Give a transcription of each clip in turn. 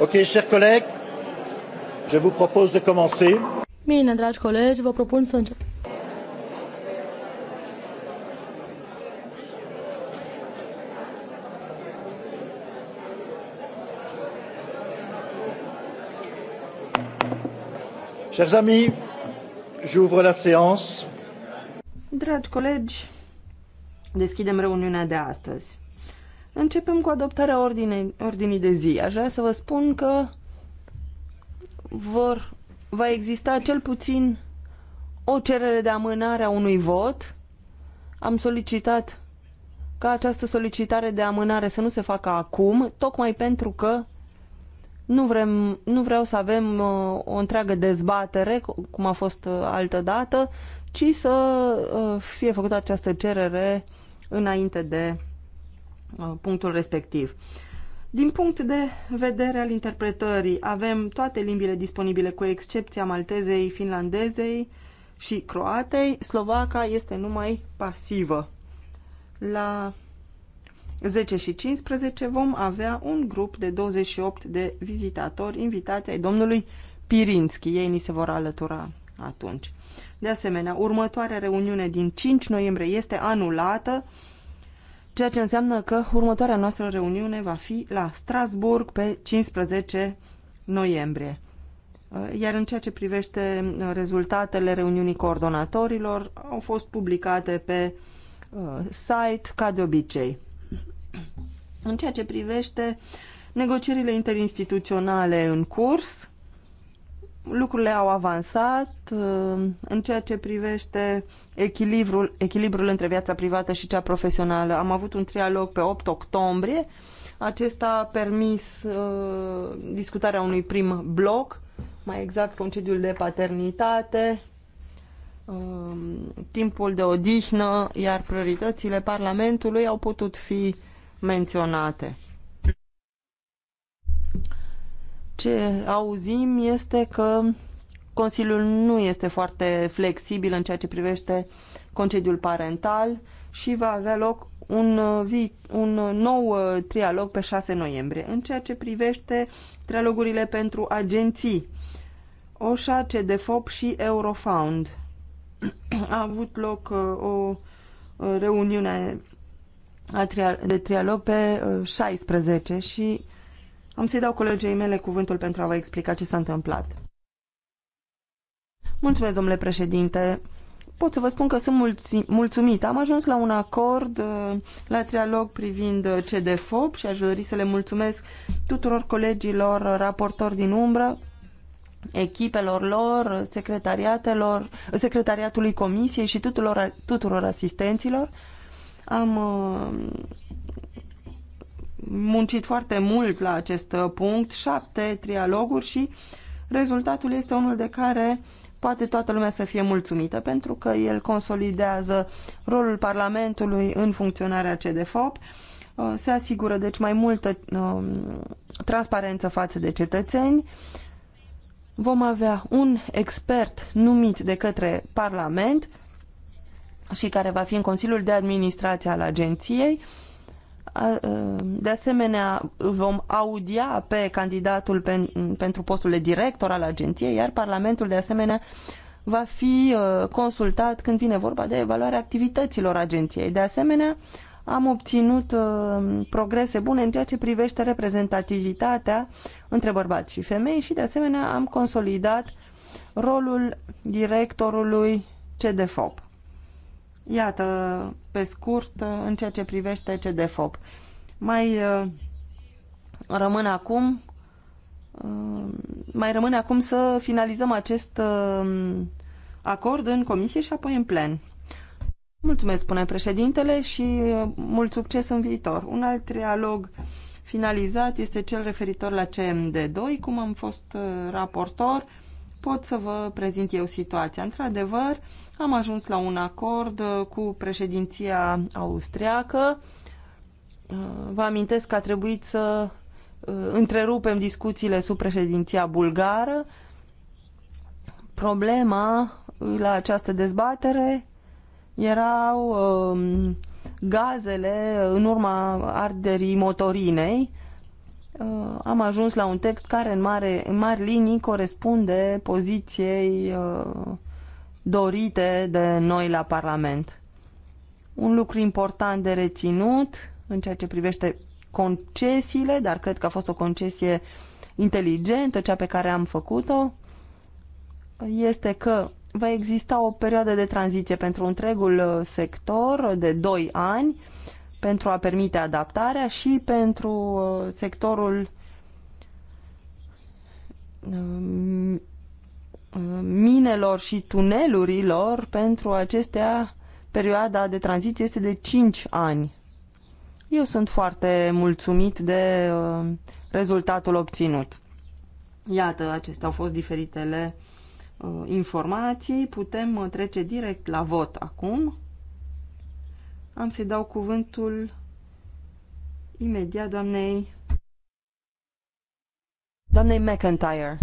Ok, chers collègues, je vous propose de commencer. Bine, dragi colegi, vă propun să începem. Chers amis, j'ouvre la séance. Dragi colegi, deschidem reuniunea de astăzi. Începem cu adoptarea ordinei, ordinii de zi. Aș vrea să vă spun că vor, va exista cel puțin o cerere de amânare a unui vot. Am solicitat ca această solicitare de amânare să nu se facă acum, tocmai pentru că nu, vrem, nu vreau să avem uh, o întreagă dezbatere, cum a fost uh, altă dată, ci să uh, fie făcută această cerere înainte de Uh, punctul respectiv. Din punct de vedere al interpretării, avem toate limbile disponibile cu excepția maltezei, finlandezei și croatei. Slovaca este numai pasivă. La 10 și 15 vom avea un grup de 28 de vizitatori invitați ai domnului Pirinski. Ei ni se vor alătura atunci. De asemenea, următoarea reuniune din 5 noiembrie este anulată ceea ce înseamnă că următoarea noastră reuniune va fi la Strasburg pe 15 noiembrie. Uh, iar în ceea ce privește uh, rezultatele reuniunii coordonatorilor, au fost publicate pe uh, site, ca de obicei. În ceea ce privește negocierile interinstituționale în curs, lucrurile au avansat uh, în ceea ce privește echilibrul, echilibrul între viața privată și cea profesională. Am avut un trialog pe 8 octombrie. Acesta a permis uh, discutarea unui prim bloc, mai exact concediul de paternitate, uh, timpul de odihnă, iar prioritățile Parlamentului au putut fi menționate. Ce auzim este că Consiliul nu este foarte flexibil în ceea ce privește concediul parental și va avea loc un, vi, un nou uh, trialog pe 6 noiembrie. În ceea ce privește trialogurile pentru agenții, OSHA, CDFOP și Eurofound. A avut loc uh, o uh, reuniune de trialog pe 16 și am să-i dau colegei mele cuvântul pentru a vă explica ce s-a întâmplat. Mulțumesc, domnule președinte. Pot să vă spun că sunt mulțumit. Am ajuns la un acord uh, la trialog privind uh, CDFOP și aș dori să le mulțumesc tuturor colegilor uh, raportori din umbră, echipelor lor, secretariatelor, secretariatului comisiei și tuturor, tuturor asistenților. Am muncit foarte mult la acest punct, șapte trialoguri și rezultatul este unul de care poate toată lumea să fie mulțumită, pentru că el consolidează rolul Parlamentului în funcționarea CDFOP, uh, se asigură deci mai multă um, transparență față de cetățeni, vom avea un expert numit de către Parlament și care va fi în Consiliul de Administrație al Agenției, de asemenea, vom audia pe candidatul pen, pentru postul de director al agenției, iar Parlamentul, de asemenea, va fi consultat când vine vorba de evaluarea activităților agenției. De asemenea, am obținut progrese bune în ceea ce privește reprezentativitatea între bărbați și femei și, de asemenea, am consolidat rolul directorului CDFOP. Iată, pe scurt, în ceea ce privește CDFOP. Mai uh, rămân acum uh, mai rămâne acum să finalizăm acest uh, acord în comisie și apoi în plen. Mulțumesc, spune președintele, și mult succes în viitor. Un alt trialog finalizat este cel referitor la CMD2. Cum am fost raportor, pot să vă prezint eu situația. Într-adevăr, am ajuns la un acord uh, cu președinția austriacă. Uh, vă amintesc că a trebuit să uh, întrerupem discuțiile sub președinția bulgară. Problema la această dezbatere erau um, gazele în urma arderii motorinei. am ajuns la un text care în, mare, în mari linii corespunde poziției uh, dorite de noi la Parlament. Un lucru important de reținut în ceea ce privește concesiile, dar cred că a fost o concesie inteligentă, cea pe care am făcut-o, este că va exista o perioadă de tranziție pentru întregul uh, sector de 2 ani pentru a permite adaptarea și pentru uh, sectorul uh, minelor și tunelurilor pentru acestea perioada de tranziție este de 5 ani. Eu sunt foarte mulțumit de uh, rezultatul obținut. Iată, acestea au fost diferitele uh, informații. Putem uh, trece direct la vot acum. Am să-i dau cuvântul imediat doamnei doamnei McIntyre.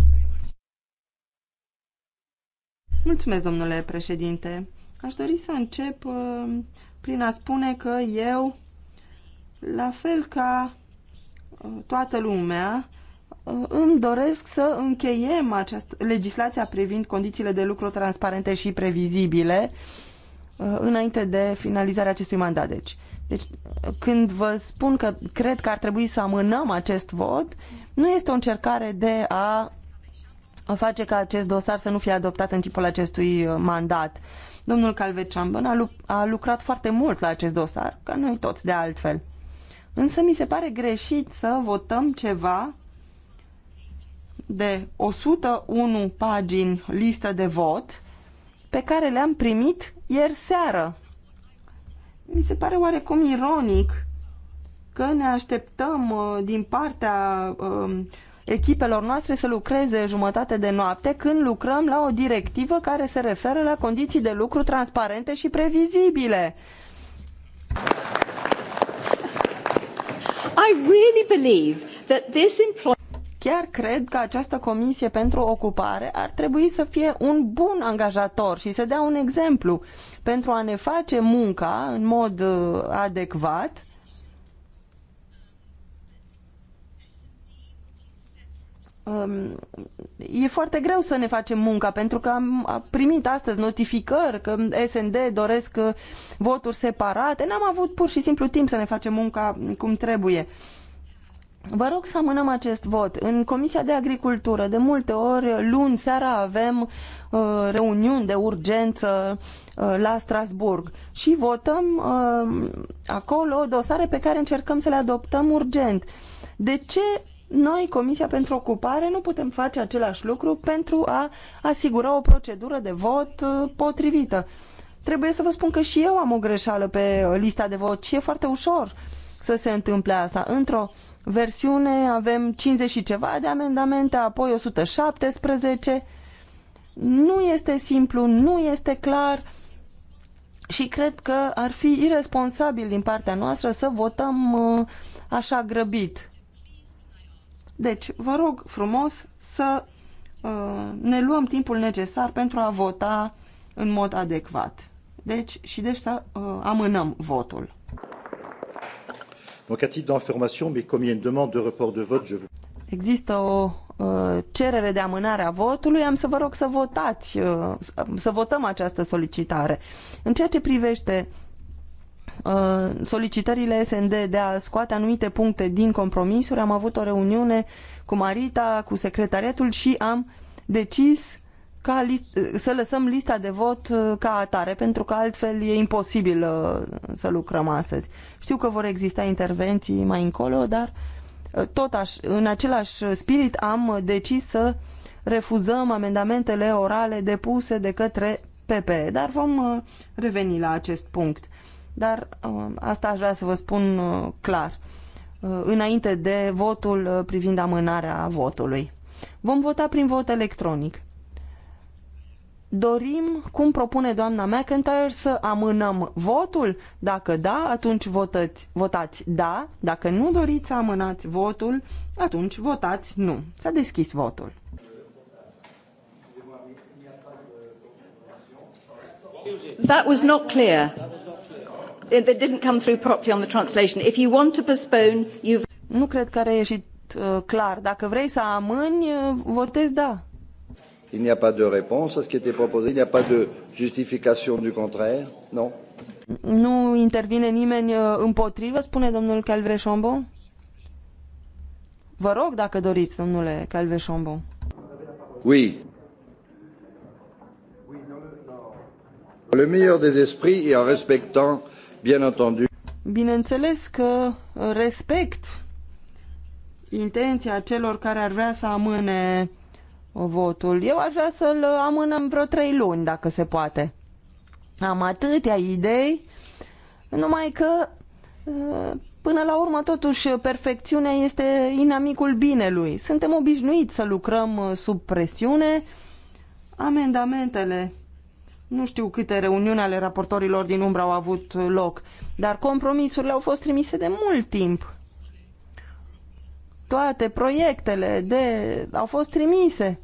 Mulțumesc, domnule președinte. Aș dori să încep uh, prin a spune că eu, la fel ca uh, toată lumea, uh, îmi doresc să încheiem această legislația privind condițiile de lucru transparente și previzibile uh, înainte de finalizarea acestui mandat. Deci, deci, când vă spun că cred că ar trebui să amânăm acest vot, nu este o încercare de a face ca acest dosar să nu fie adoptat în timpul acestui uh, mandat. Domnul Calvet Ciambăn a, lu- a lucrat foarte mult la acest dosar, ca noi toți de altfel. Însă mi se pare greșit să votăm ceva de 101 pagini listă de vot pe care le-am primit ieri seară. Mi se pare oarecum ironic că ne așteptăm uh, din partea uh, echipelor noastre să lucreze jumătate de noapte când lucrăm la o directivă care se referă la condiții de lucru transparente și previzibile. I really believe that this Chiar cred că această comisie pentru ocupare ar trebui să fie un bun angajator și să dea un exemplu pentru a ne face munca în mod uh, adecvat Um, e foarte greu să ne facem munca pentru că am primit astăzi notificări că SND doresc uh, voturi separate. N-am avut pur și simplu timp să ne facem munca cum trebuie. Vă rog să amânăm acest vot. În Comisia de Agricultură, de multe ori, luni seara avem uh, reuniuni de urgență uh, la Strasburg și votăm uh, acolo dosare pe care încercăm să le adoptăm urgent. De ce noi, Comisia pentru Ocupare, nu putem face același lucru pentru a asigura o procedură de vot uh, potrivită. Trebuie să vă spun că și eu am o greșeală pe lista de vot și e foarte ușor să se întâmple asta. Într-o versiune avem 50 și ceva de amendamente, apoi 117. Nu este simplu, nu este clar și cred că ar fi irresponsabil din partea noastră să votăm uh, așa grăbit. Deci, vă rog frumos să uh, ne luăm timpul necesar pentru a vota în mod adecvat. Deci, și deci să uh, amânăm votul. Donc, à titre d'information, mais comme il y a une demande de report de vote, je vous... Există o uh, cerere de amânare a votului, am să vă rog să votați, uh, să votăm această solicitare. În ceea ce privește Uh, solicitările SND de a scoate anumite puncte din compromisuri, am avut o reuniune cu Marita, cu secretariatul și am decis ca uh, să lăsăm lista de vot uh, ca atare, pentru că altfel e imposibil să lucrăm astăzi. Știu că vor exista intervenții mai încolo, dar tot aș, în același spirit am decis să refuzăm amendamentele orale depuse de către PP, dar vom reveni la acest punct. Dar um, asta aș vrea să vă spun uh, clar, uh, înainte de votul uh, privind amânarea votului. Vom vota prin vot electronic. Dorim, cum propune doamna McIntyre, să amânăm votul? Dacă da, atunci votați, votați da. Dacă nu doriți să amânați votul, atunci votați nu. S-a deschis votul. That was not clear that didn't come through properly on the translation. If you want to postpone, you've... Nu cred că a ieșit uh, clar. Dacă vrei să amâni, uh, votezi da. Il n'y a pas de réponse à ce qui était proposé, il n'y a pas de justification du contraire, non? Nu intervine nimeni uh, împotrivă, spune domnul Calvé-Chambon? Vă rog, dacă doriți, domnule Calvé-Chambon. Oui, le meilleur des esprits et en respectant bien entendu. Bineînțeles că respect intenția celor care ar vrea să amâne votul. Eu aș vrea să-l amânăm vreo trei luni, dacă se poate. Am atâtea idei, numai că uh, până la urmă totuși perfecțiunea este inamicul binelui. Suntem obișnuiți să lucrăm uh, sub presiune. Amendamentele nu știu câte reuniuni ale raportorilor din umbră au avut loc, dar compromisurile au fost trimise de mult timp. Toate proiectele de... au fost trimise.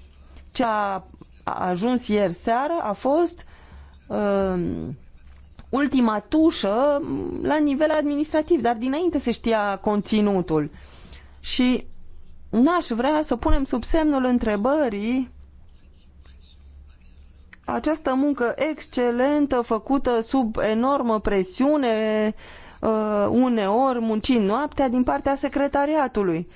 Ce a, a ajuns ieri seară a fost uh, ultima tușă la nivel administrativ, dar dinainte se știa conținutul. Și n-aș vrea să punem sub semnul întrebării această muncă excelentă făcută sub enormă presiune, uh, uneori muncind noaptea din partea secretariatului.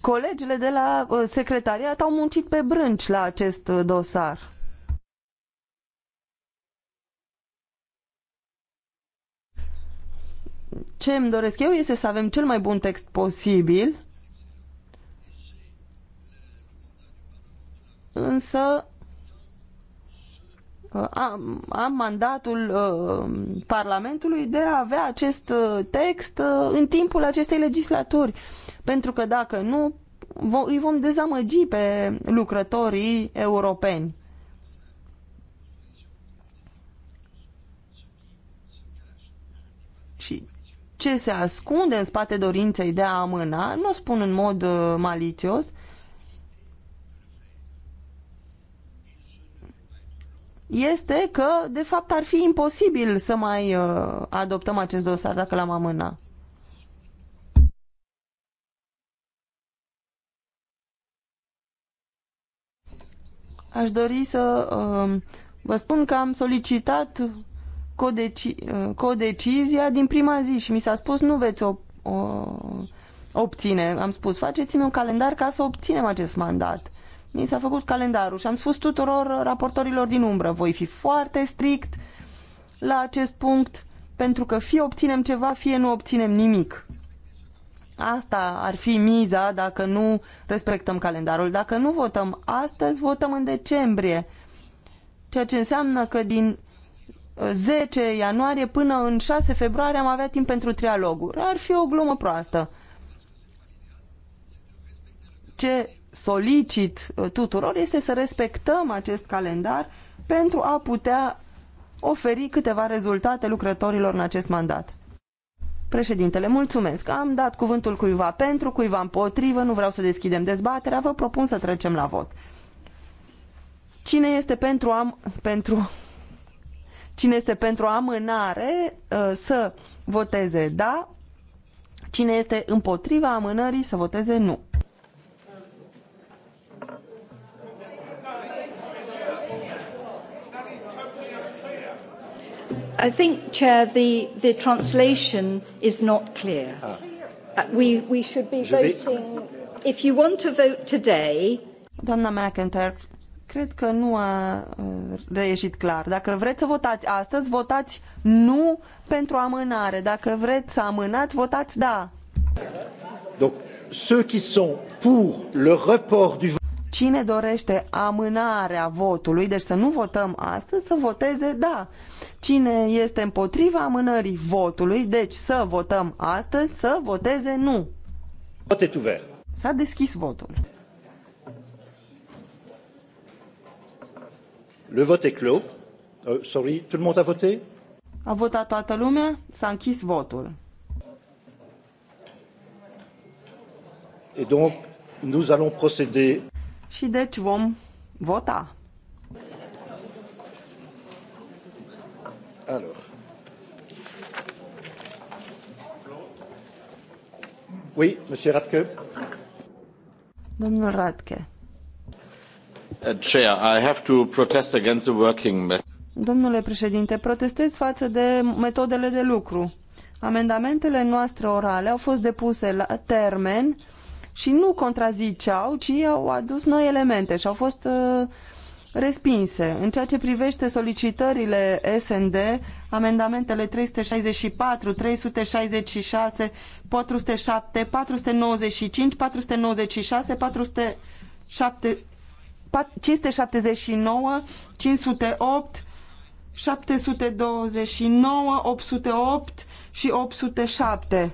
Colegile de la uh, secretariat au muncit pe brânci la acest uh, dosar. Ce îmi doresc eu este să avem cel mai bun text posibil însă uh, am, am mandatul uh, Parlamentului de a avea acest uh, text uh, în timpul acestei legislaturi. Pentru că dacă nu, vo îi vom dezamăgi pe lucrătorii europeni. Și ce se ascunde în spate dorinței de a amâna, nu spun în mod uh, malițios, uh, este că, de fapt, ar fi imposibil să mai uh, adoptăm acest dosar dacă l-am amâna. Aș dori să uh, vă spun că am solicitat codeci uh, codecizia din prima zi și mi s-a spus nu veți o, o uh, obține. Am spus faceți-mi un calendar ca să obținem acest mandat ni s-a făcut calendarul și am spus tuturor raportorilor din umbră, voi fi foarte strict la acest punct, pentru că fie obținem ceva, fie nu obținem nimic. Asta ar fi miza dacă nu respectăm calendarul. Dacă nu votăm astăzi, votăm în decembrie. Ceea ce înseamnă că din 10 uh, ianuarie până în 6 februarie am avea timp pentru trialoguri. Ar fi o glumă proastă. Ce solicit uh, tuturor este să respectăm acest calendar pentru a putea oferi câteva rezultate lucrătorilor în acest mandat. Președintele, mulțumesc. Am dat cuvântul cuiva pentru, cuiva împotrivă, nu vreau să deschidem dezbaterea, vă propun să trecem la vot. Cine este pentru am pentru cine este pentru amânare uh, să voteze da, cine este împotriva amânării să voteze nu. I think, Chair, the, the translation is not clear. Ah. Uh, we, we should be voting. If you want to vote today. Doamna McIntyre, cred că nu a uh, reieșit clar. Dacă vreți să votați astăzi, votați nu pentru amânare. Dacă vreți să amânați, votați da. Donc, ceux qui sont pour le report du Cine dorește amânarea votului, deci să nu votăm astăzi, să voteze da. Cine este împotriva amânării votului, deci să votăm astăzi, să voteze nu. S-a deschis votul. Le vote est clos. Uh, sorry, tout le monde a voté? A votat toată lumea, s-a închis votul. Et donc, nous allons procéder. Și deci vom vota. Alors. Oui, monsieur Radke. Domnul Radke. Uh, chair, I have to protest against the working method. Domnule președinte, protestez față de metodele de lucru. Amendamentele noastre orale au fost depuse la termen și nu contraziceau, ci au adus noi elemente și au fost uh, respinse. În ceea ce privește solicitările SND, amendamentele 364, 366, 407, 495, 496, 407, 579, 508, 729, 808 și 807.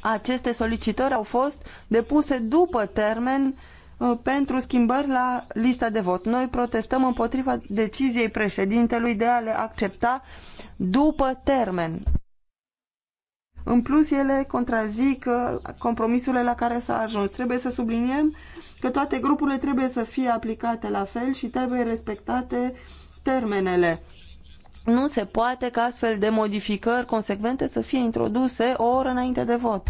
Aceste solicitări au fost depuse după termen Uh, pentru schimbări la lista de vot. Noi protestăm împotriva deciziei președintelui de a le accepta după termen. În plus, ele contrazic uh, compromisurile la care s-a ajuns. Trebuie să subliniem că toate grupurile trebuie să fie aplicate la fel și trebuie respectate termenele. Nu se poate ca astfel de modificări consecvente să fie introduse o oră înainte de vot.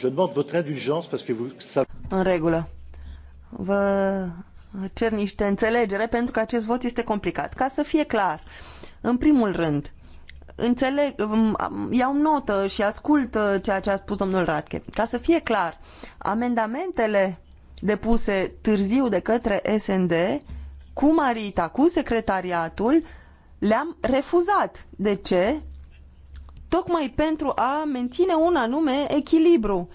Je demande votre indulgence parce que vous savez... În regulă. Vă cer niște înțelegere pentru că acest vot este complicat. Ca să fie clar, în primul rând, înțeleg, iau notă și ascult uh, ceea ce a spus domnul Radke. Ca să fie clar, amendamentele depuse târziu de către SND cu Marita, cu secretariatul, le-am refuzat. De ce? tocmai pentru a menține un anume echilibru.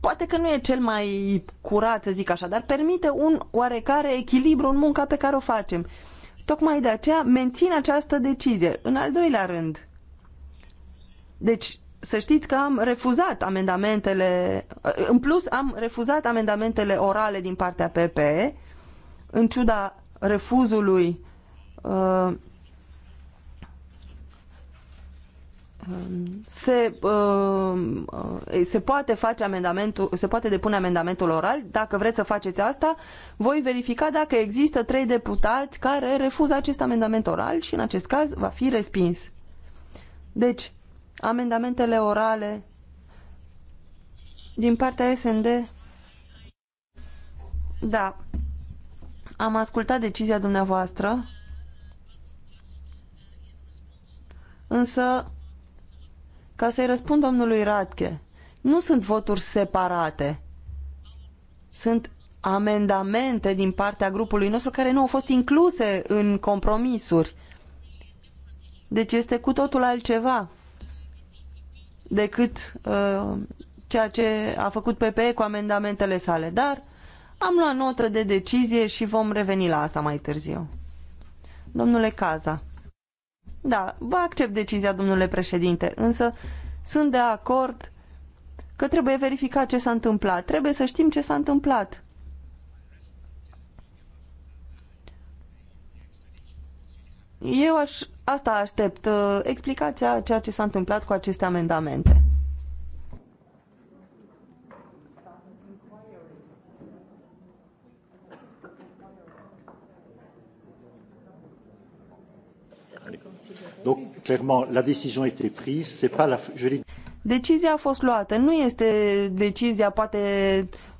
Poate că nu e cel mai curat, să zic așa, dar permite un oarecare echilibru în munca pe care o facem. Tocmai de aceea mențin această decizie. În al doilea rând, deci să știți că am refuzat amendamentele, în plus am refuzat amendamentele orale din partea PPE, în ciuda refuzului uh, se, uh, uh, se poate face amendamentul, se poate depune amendamentul oral. Dacă vreți să faceți asta, voi verifica dacă există trei deputați care refuză acest amendament oral și în acest caz va fi respins. Deci, amendamentele orale din partea SND. Da. Am ascultat decizia dumneavoastră. Însă ca să-i răspund domnului Radke, nu sunt voturi separate. Sunt amendamente din partea grupului nostru care nu au fost incluse în compromisuri. Deci este cu totul altceva decât uh, ceea ce a făcut PPE cu amendamentele sale. Dar am luat notă de decizie și vom reveni la asta mai târziu. Domnule Caza. Da, vă accept decizia, domnule președinte, însă sunt de acord că trebuie verificat ce s-a întâmplat. Trebuie să știm ce s-a întâmplat. Eu aș, asta aștept, uh, explicația a ceea ce s-a întâmplat cu aceste amendamente. Donc, clairement, la décision a été prise, c'est pas la... Je l'ai... Decizia a fost luată, nu este decizia poate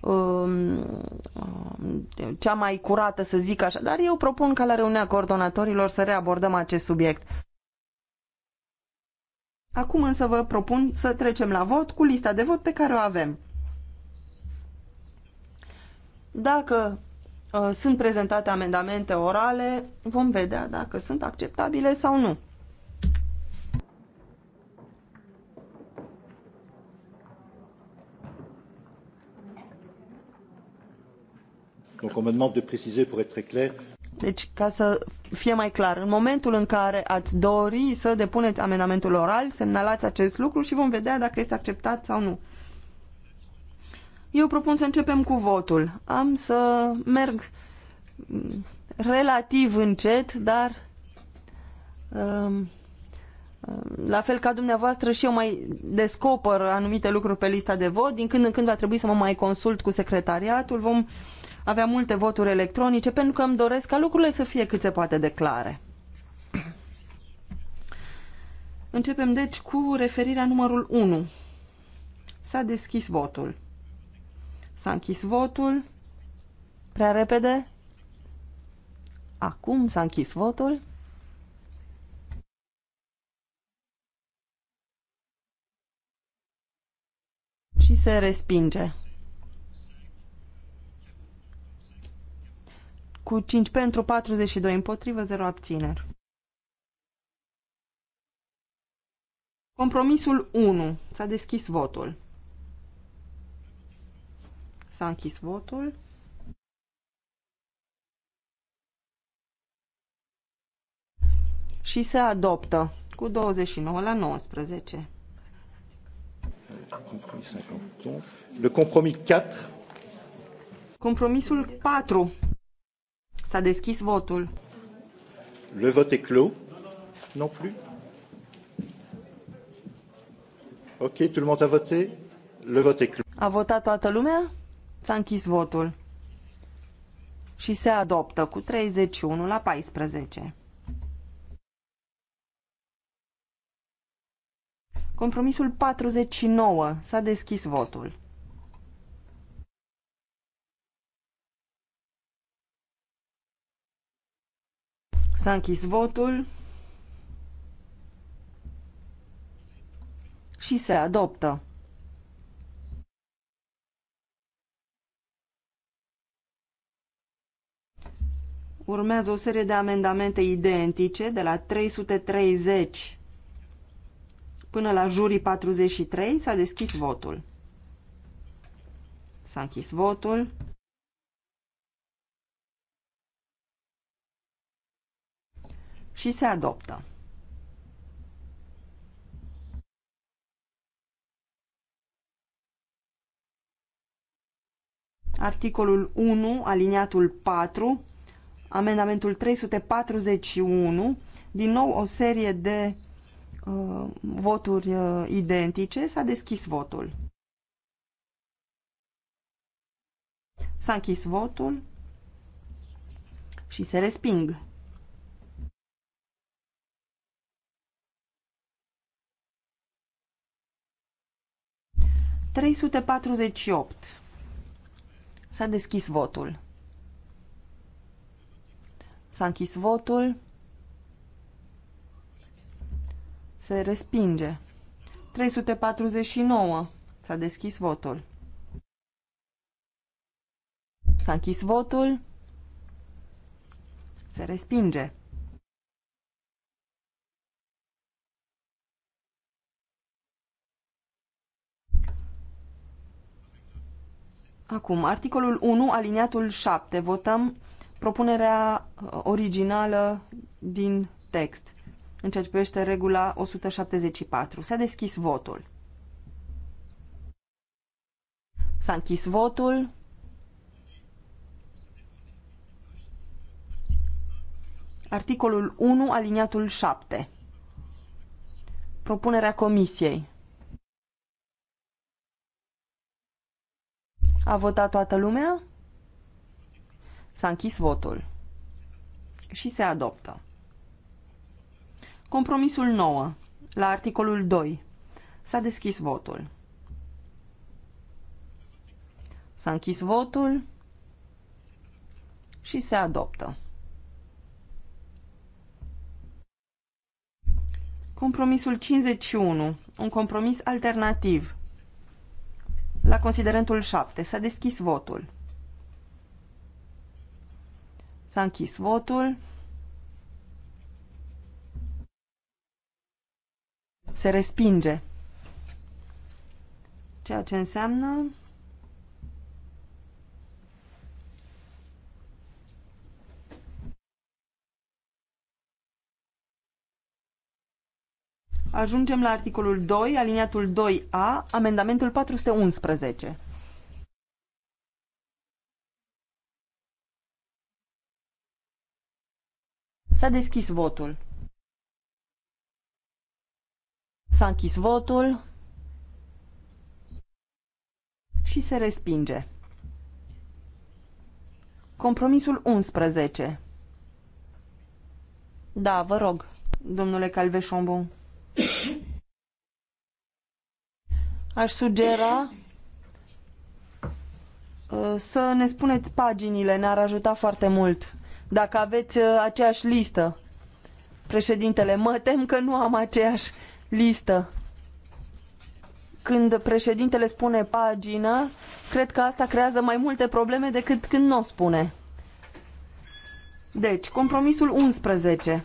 um, um, cea mai curată, să zic așa, dar eu propun ca la reuniunea coordonatorilor să reabordăm acest subiect. Acum însă vă propun să trecem la vot cu lista de vot pe care o avem. Dacă uh, sunt prezentate amendamente orale, vom vedea dacă sunt acceptabile sau nu. Donc on me demande de préciser pour être très clair. Deci, ca să fie mai clar, în momentul în care ați dori să depuneți amendamentul oral, semnalați acest lucru și vom vedea dacă este acceptat sau nu. Eu propun să începem cu votul. Am să merg mm, relativ încet, dar um, la fel ca dumneavoastră și eu mai descoper anumite lucruri pe lista de vot. Din când în când va trebui să mă mai consult cu secretariatul. Vom avea multe voturi electronice pentru că îmi doresc ca lucrurile să fie cât se poate de clare. Începem deci cu referirea numărul 1. S-a deschis votul. S-a închis votul. Prea repede. Acum s-a închis votul. și se respinge. Cu 5 pentru 42 împotrivă, 0 abțineri. Compromisul 1. S-a deschis votul. S-a închis votul. Și se adoptă cu 29 la 19. Le compromis 4. Compromisul 4. S-a deschis votul. Le vote est clos. Non plus. Ok, tout le monde a voté. Le vote est clos. A votat toată lumea? S-a închis votul. Și se adoptă cu 31 la 14. Compromisul 49. S-a deschis votul. S-a închis votul și se adoptă. Urmează o serie de amendamente identice de la 330 până la jurii 43 s-a deschis votul. S-a închis votul. Și se adoptă. Articolul 1, aliniatul 4, amendamentul 341, din nou o serie de uh, voturi uh, identice. S-a deschis votul. S-a închis votul și se resping. Trei sute patruzeci opt. S-a deschis votul. S-a închis votul Se respinge. 349. S-a deschis votul. S-a închis votul. Se respinge. Acum, articolul 1, aliniatul 7. Votăm propunerea uh, originală din text în ceea ce privește regula 174. S-a deschis votul. S-a închis votul. Articolul 1, aliniatul 7. Propunerea comisiei. A votat toată lumea? S-a închis votul. Și se adoptă. Compromisul 9, la articolul 2. S-a deschis votul. S-a închis votul și se adoptă. Compromisul 51, un compromis alternativ. La considerentul 7 s-a deschis votul. S-a închis votul se respinge. Ceea ce înseamnă Ajungem la articolul 2, aliniatul 2A, amendamentul 411. S-a deschis votul. S-a închis votul și se respinge. Compromisul 11. Da, vă rog, domnule Calveșombon. Aș sugera uh, să ne spuneți paginile, ne-ar ajuta foarte mult. Dacă aveți uh, aceeași listă, președintele, mă tem că nu am aceeași listă. Când președintele spune pagină, cred că asta creează mai multe probleme decât când nu o spune. Deci, compromisul 11.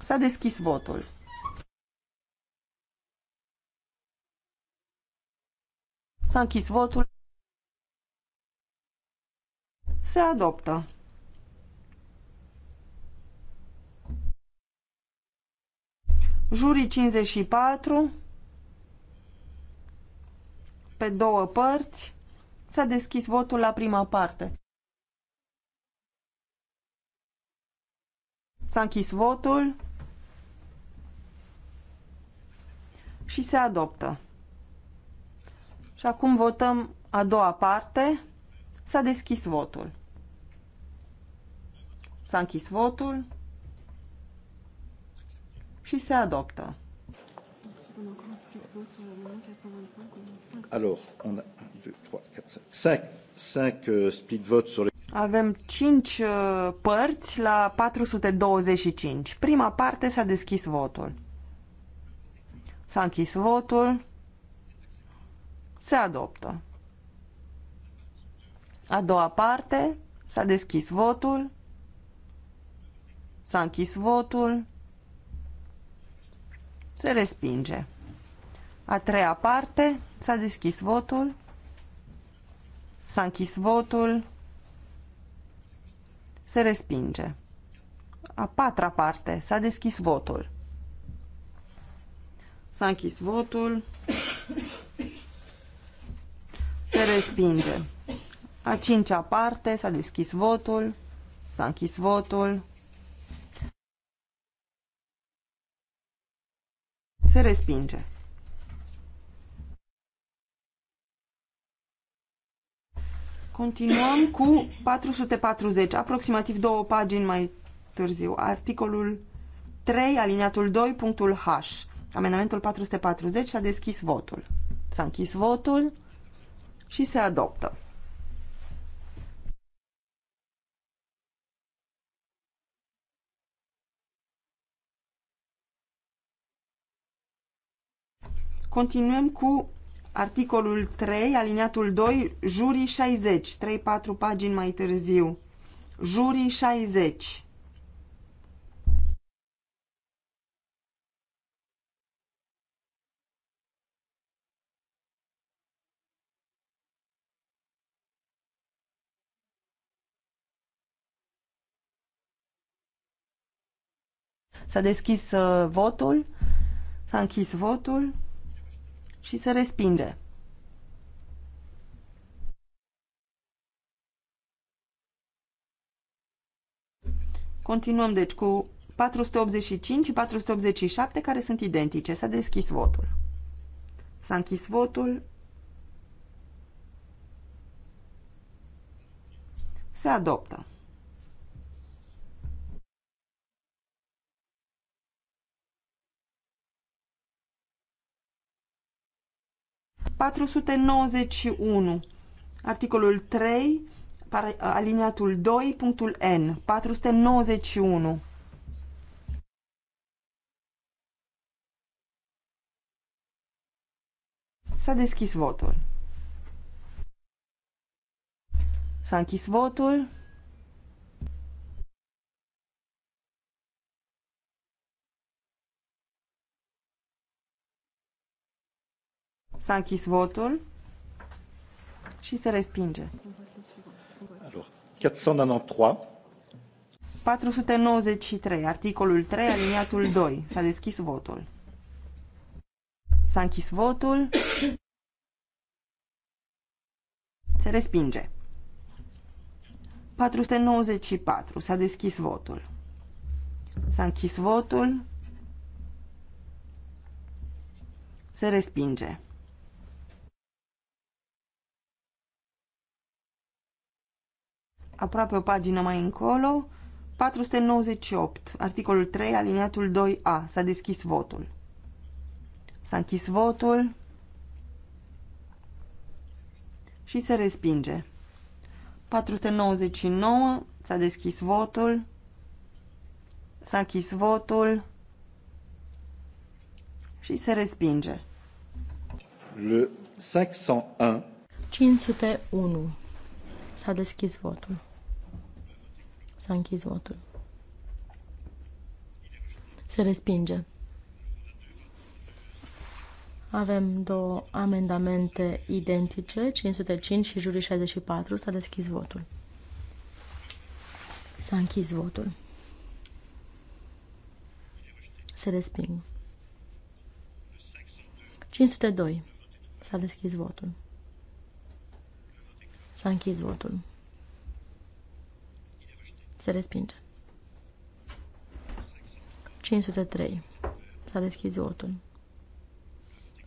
S-a deschis votul. S-a închis votul. Se adoptă. Jurii 54, pe două părți, s-a deschis votul la prima parte. S-a închis votul și se adoptă. Și acum votăm a doua parte. S-a deschis votul. S-a închis votul și se adoptă. Euh, split Avem 5 uh, părți la 425. Prima parte s-a deschis votul. S-a închis votul. Se adoptă. A doua parte s-a deschis votul. S-a închis votul. Se respinge. A treia parte. S-a deschis votul. S-a închis votul. Se respinge. A patra parte. S-a deschis votul. S-a închis votul. Se respinge. A cincea parte. S-a deschis votul. S-a închis votul. Se respinge. Continuăm cu 440, aproximativ două pagini mai târziu. Articolul 3, aliniatul 2, punctul H. Amendamentul 440 s-a deschis votul. S-a închis votul și se adoptă. Continuăm cu articolul 3, aliniatul 2, jurii 60, 3-4 pagini mai târziu. Jurii 60. S-a deschis uh, votul, s-a închis votul și se respinge. Continuăm deci cu 485 și 487 care sunt identice. S-a deschis votul. S-a închis votul. Se adoptă. 491. Articolul 3, aliniatul 2, punctul N. 491. S-a deschis votul. S-a închis votul. S-a închis votul și se respinge. 493. articolul 3, aliniatul 2. S-a deschis votul. S-a închis votul. Se respinge. 494. S-a deschis votul. S-a închis votul. Se respinge. aproape o pagină mai încolo, 498, articolul 3, aliniatul 2A. S-a deschis votul. S-a închis votul și se respinge. 499, s-a deschis votul, s-a închis votul și se respinge. Le 501. 501. S-a deschis votul. S-a închis votul. Se respinge. Avem două amendamente identice, 505 și jurii 64. S-a deschis votul. S-a închis votul. Se resping. 502. S-a deschis votul. S-a închis votul. Se respinge. 503. S-a deschis votul.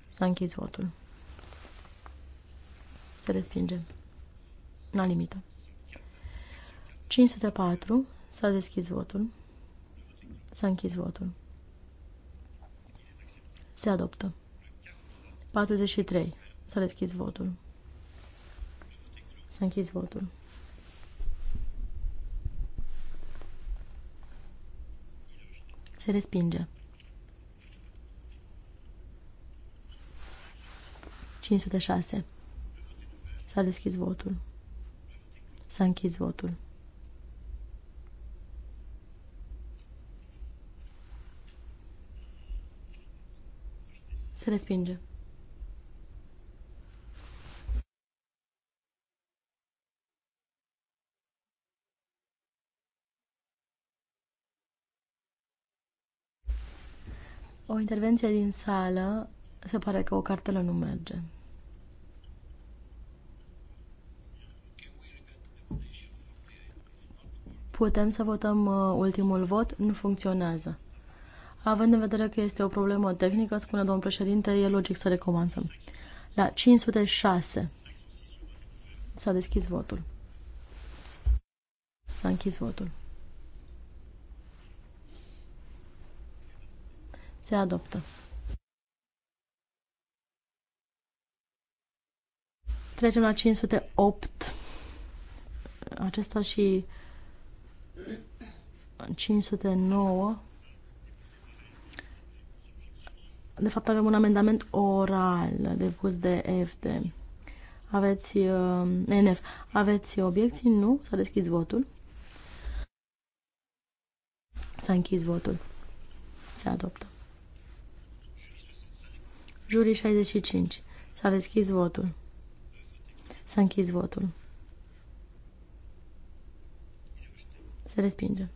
S-a închis votul. Se respinge. N-a limită. 504. S-a deschis votul. S-a închis votul. Se adoptă. 43. S-a deschis votul. Să închizi votul. Se respinge. 506. S-a deschis votul. S-a închis votul. Se respinge. O intervenție din sală. Se pare că o cartelă nu merge. Putem să votăm uh, ultimul vot? Nu funcționează. Având în vedere că este o problemă tehnică, spune domnul președinte, e logic să recomandăm. La da, 506 s-a deschis votul. S-a închis votul. Se adoptă. Trecem la 508. Acesta și 509. De fapt, avem un amendament oral depus de FD. Aveți, uh, NF, aveți obiecții? Nu? S-a deschis votul. S-a închis votul. Se adoptă. Jurii 65. S-a deschis votul. S-a închis votul. Se respinge.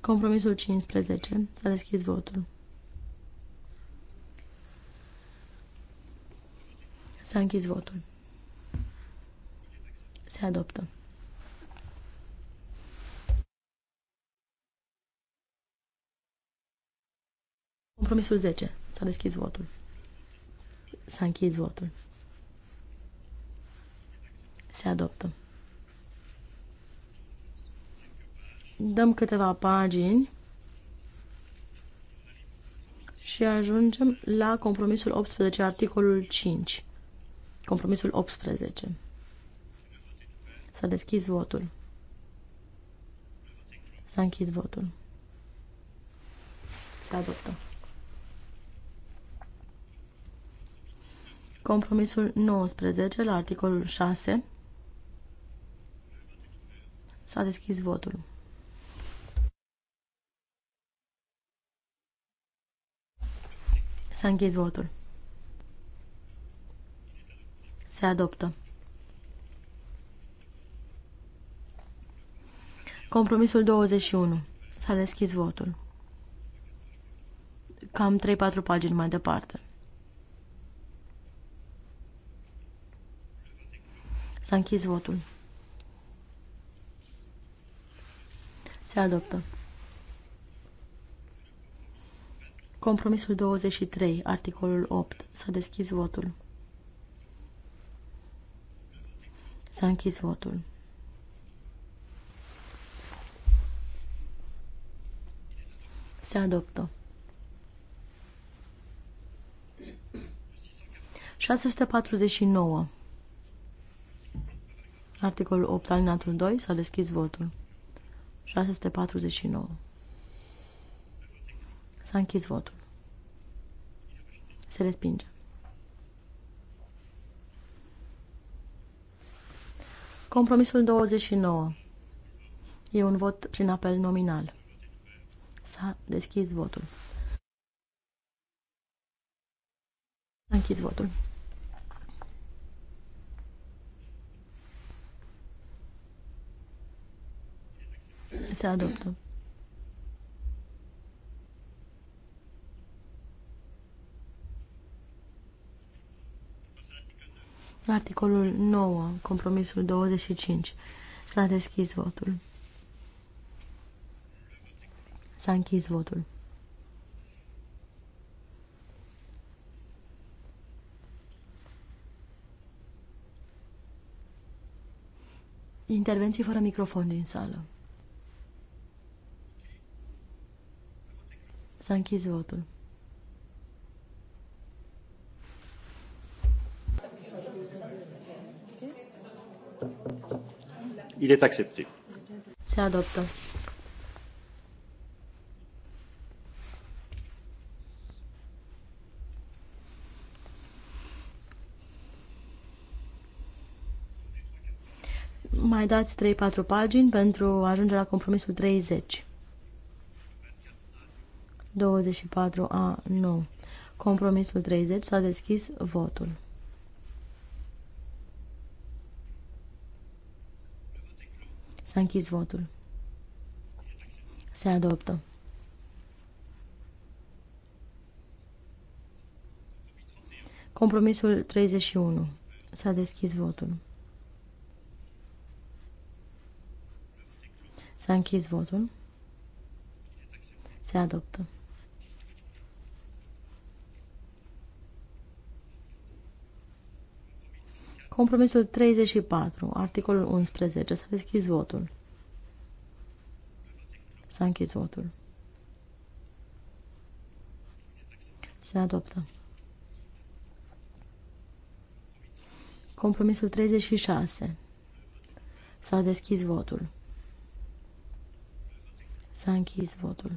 Compromisul 15. S-a deschis votul. S-a închis votul. Se adoptă. Compromisul 10. S-a deschis votul. S-a închis votul. Se adoptă. Dăm câteva pagini și ajungem la compromisul 18, articolul 5. Compromisul 18. S-a deschis votul. S-a închis votul. Se adoptă. Compromisul 19 la articolul 6. S-a deschis votul. S-a închis votul. Se adoptă. Compromisul 21. S-a deschis votul. Cam 3-4 pagini mai departe. S-a închis votul. Se adoptă. Compromisul 23, articolul 8. S-a deschis votul. S-a închis votul. Se adoptă. 649. Articolul 8, alinatul 2, s-a deschis votul. 649. S-a închis votul. Se respinge. Compromisul 29. E un vot prin apel nominal. S-a deschis votul. S-a închis votul. Se adoptă. articolul 9, compromisul 25, s-a deschis votul. S-a închis votul. Intervenții fără microfon din sală. S-a închis votul. Il est accepté. Se adoptă. Mai dați 3-4 pagini pentru a ajunge la compromisul 30. 24A9. Compromisul 30 s-a deschis votul. S-a închis votul. Se adoptă. Compromisul 31. S-a deschis votul. S-a închis votul. Se adoptă. Compromisul 34, articolul 11. S-a deschis votul. S-a închis votul. Se adoptă. Compromisul 36. S-a deschis votul. S-a închis votul.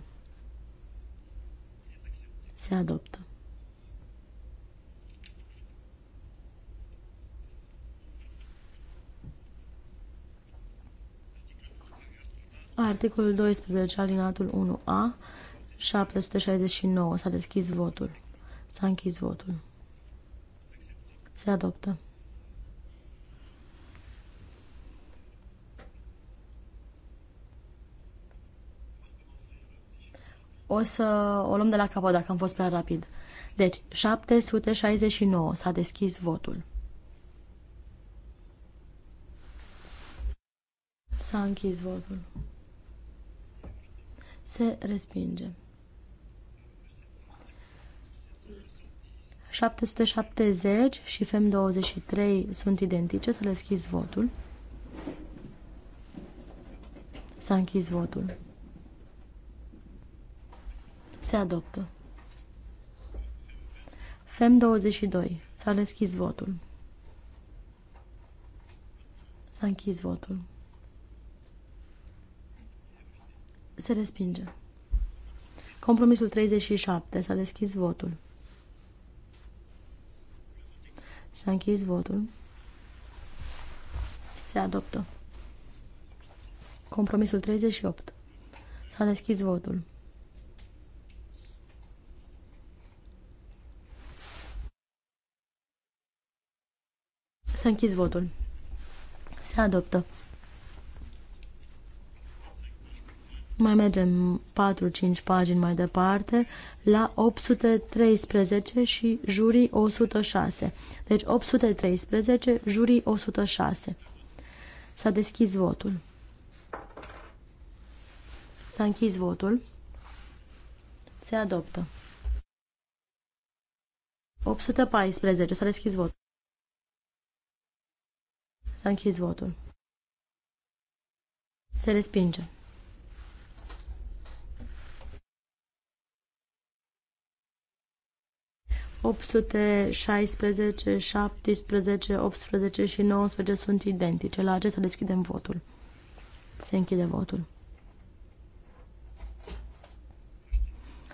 Se adoptă. Articolul 12, alinatul 1A, 769. S-a deschis votul. S-a închis votul. Se adoptă. O să o luăm de la capăt dacă am fost prea rapid. Deci, 769. S-a deschis votul. S-a închis votul se respinge. 770 și FEM 23 sunt identice, să le schizi votul. S-a închis votul. Se adoptă. FEM 22. S-a deschis votul. S-a închis votul. Se respinge. Compromisul 37. S-a deschis votul. S-a închis votul. Se adoptă. Compromisul 38. S-a deschis votul. S-a închis votul. Se adoptă. Mai mergem 4-5 pagini mai departe la 813 și jurii 106. Deci 813, jurii 106. S-a deschis votul. S-a închis votul. Se adoptă. 814. S-a deschis votul. S-a închis votul. Se respinge. 816, 17, 18 și 19 sunt identice. La acesta deschidem votul. Se închide votul.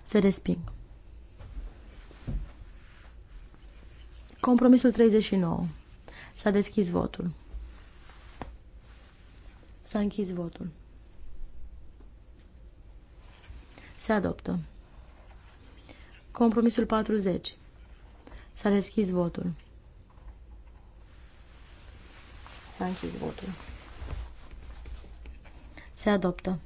Se resping. Compromisul 39. S-a deschis votul. S-a închis votul. Se adoptă. Compromisul 40. S-a deschis votul. S-a închis votul. Se adoptă.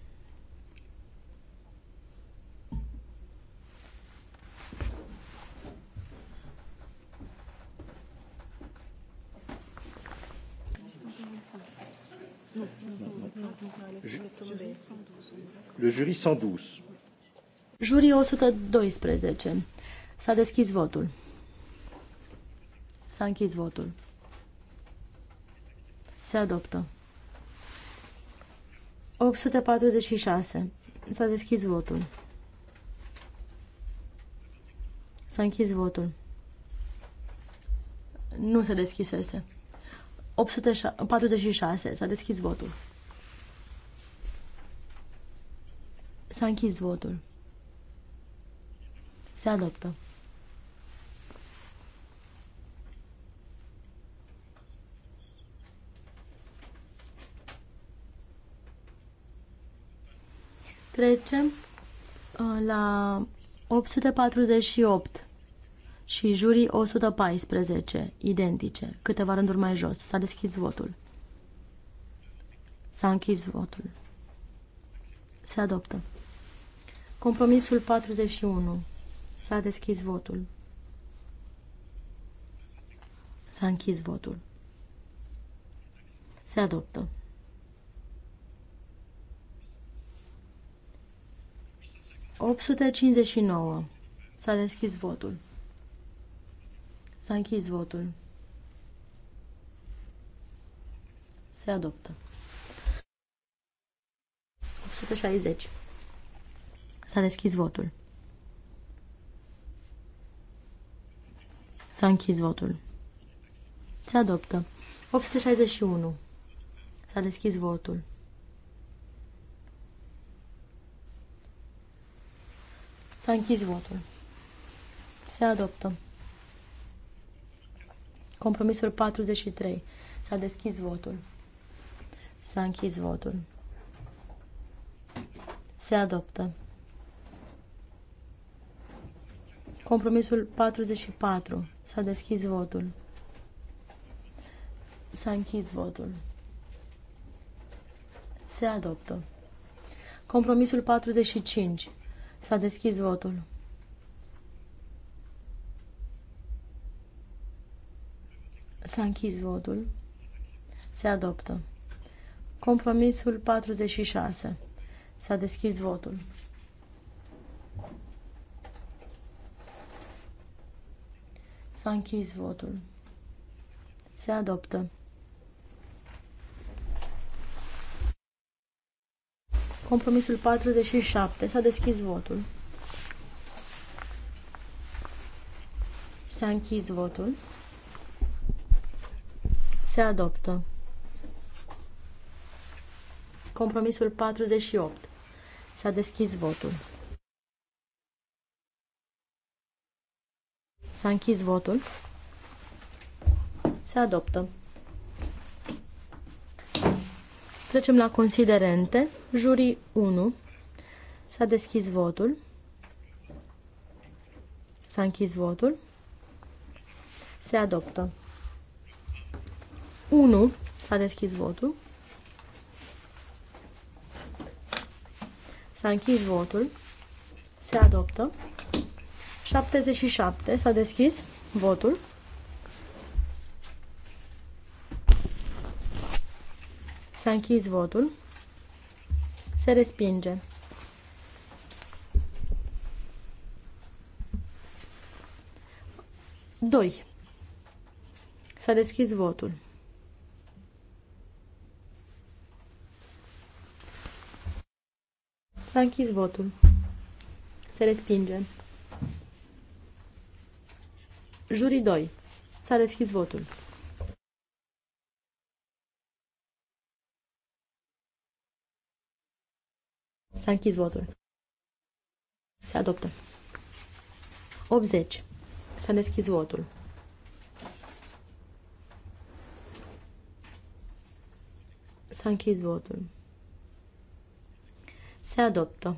Le jury 112. Jury 112. S-a deschis votul. S-a închis votul. Se adoptă. 846. S-a deschis votul. S-a închis votul. Nu se deschisese. 846. S-a deschis votul. S-a închis votul. Se adoptă. Trecem uh, la 848 și jurii 114, identice, câteva rânduri mai jos. S-a deschis votul. S-a închis votul. Se adoptă. Compromisul 41. S-a deschis votul. S-a închis votul. Se adoptă. 859. S-a deschis votul. S-a închis votul. Se adoptă. 860. S-a deschis votul. S-a închis votul. Se adoptă. 861. S-a deschis votul. S-a închis votul. Se adoptă. Compromisul 43. S-a deschis votul. S-a închis votul. Se adoptă. Compromisul 44. S-a deschis votul. S-a închis votul. Se adoptă. Compromisul 45. S-a deschis votul. S-a închis votul. Se adoptă. Compromisul 46. S-a deschis votul. S-a închis votul. Se adoptă. Compromisul 47. S-a deschis votul. S-a închis votul. Se adoptă. Compromisul 48. S-a deschis votul. S-a închis votul. Se adoptă. Trecem la considerente. Jurii 1. S-a deschis votul. S-a închis votul. Se adoptă. 1. S-a deschis votul. S-a închis votul. Se adoptă. 77. S-a deschis votul. S-a închis votul. Se respinge. Doi. S-a deschis votul. S-a închis votul. Se respinge. Jurii 2. S-a deschis votul. S-a închis votul. Se adoptă. 80. S-a deschis votul. S-a închis votul. Se adoptă.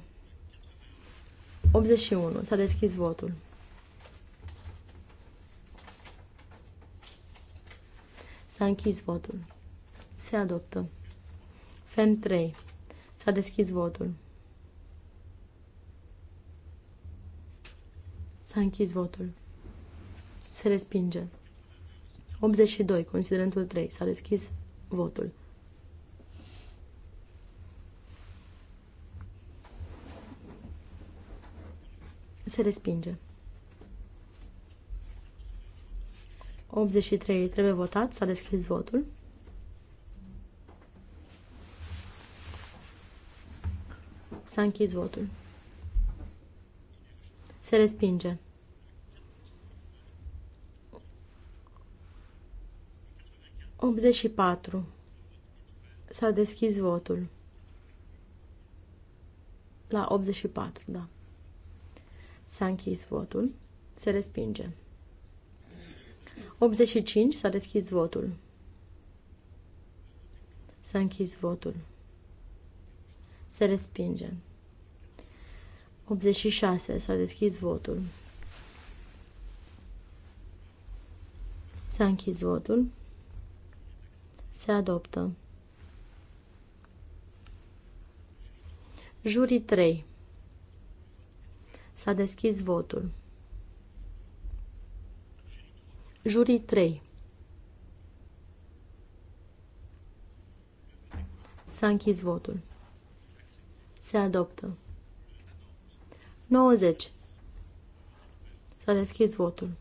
81. S-a deschis votul. S-a închis votul. Se adoptă. FEM 3. S-a deschis votul. S-a închis votul. Se respinge. 82, considerentul 3. S-a deschis votul. Se respinge. 83 trebuie votat, s-a deschis votul. S-a închis votul. Se respinge. 84. S-a deschis votul. La 84, da. S-a închis votul. Se respinge. 85. S-a deschis votul. S-a închis votul. Se respinge. 86. S-a deschis votul. S-a închis votul. Se adoptă. Jurii 3. S-a deschis votul. Jurii 3. S-a închis votul. Se adoptă. 90. S-a deschis votul.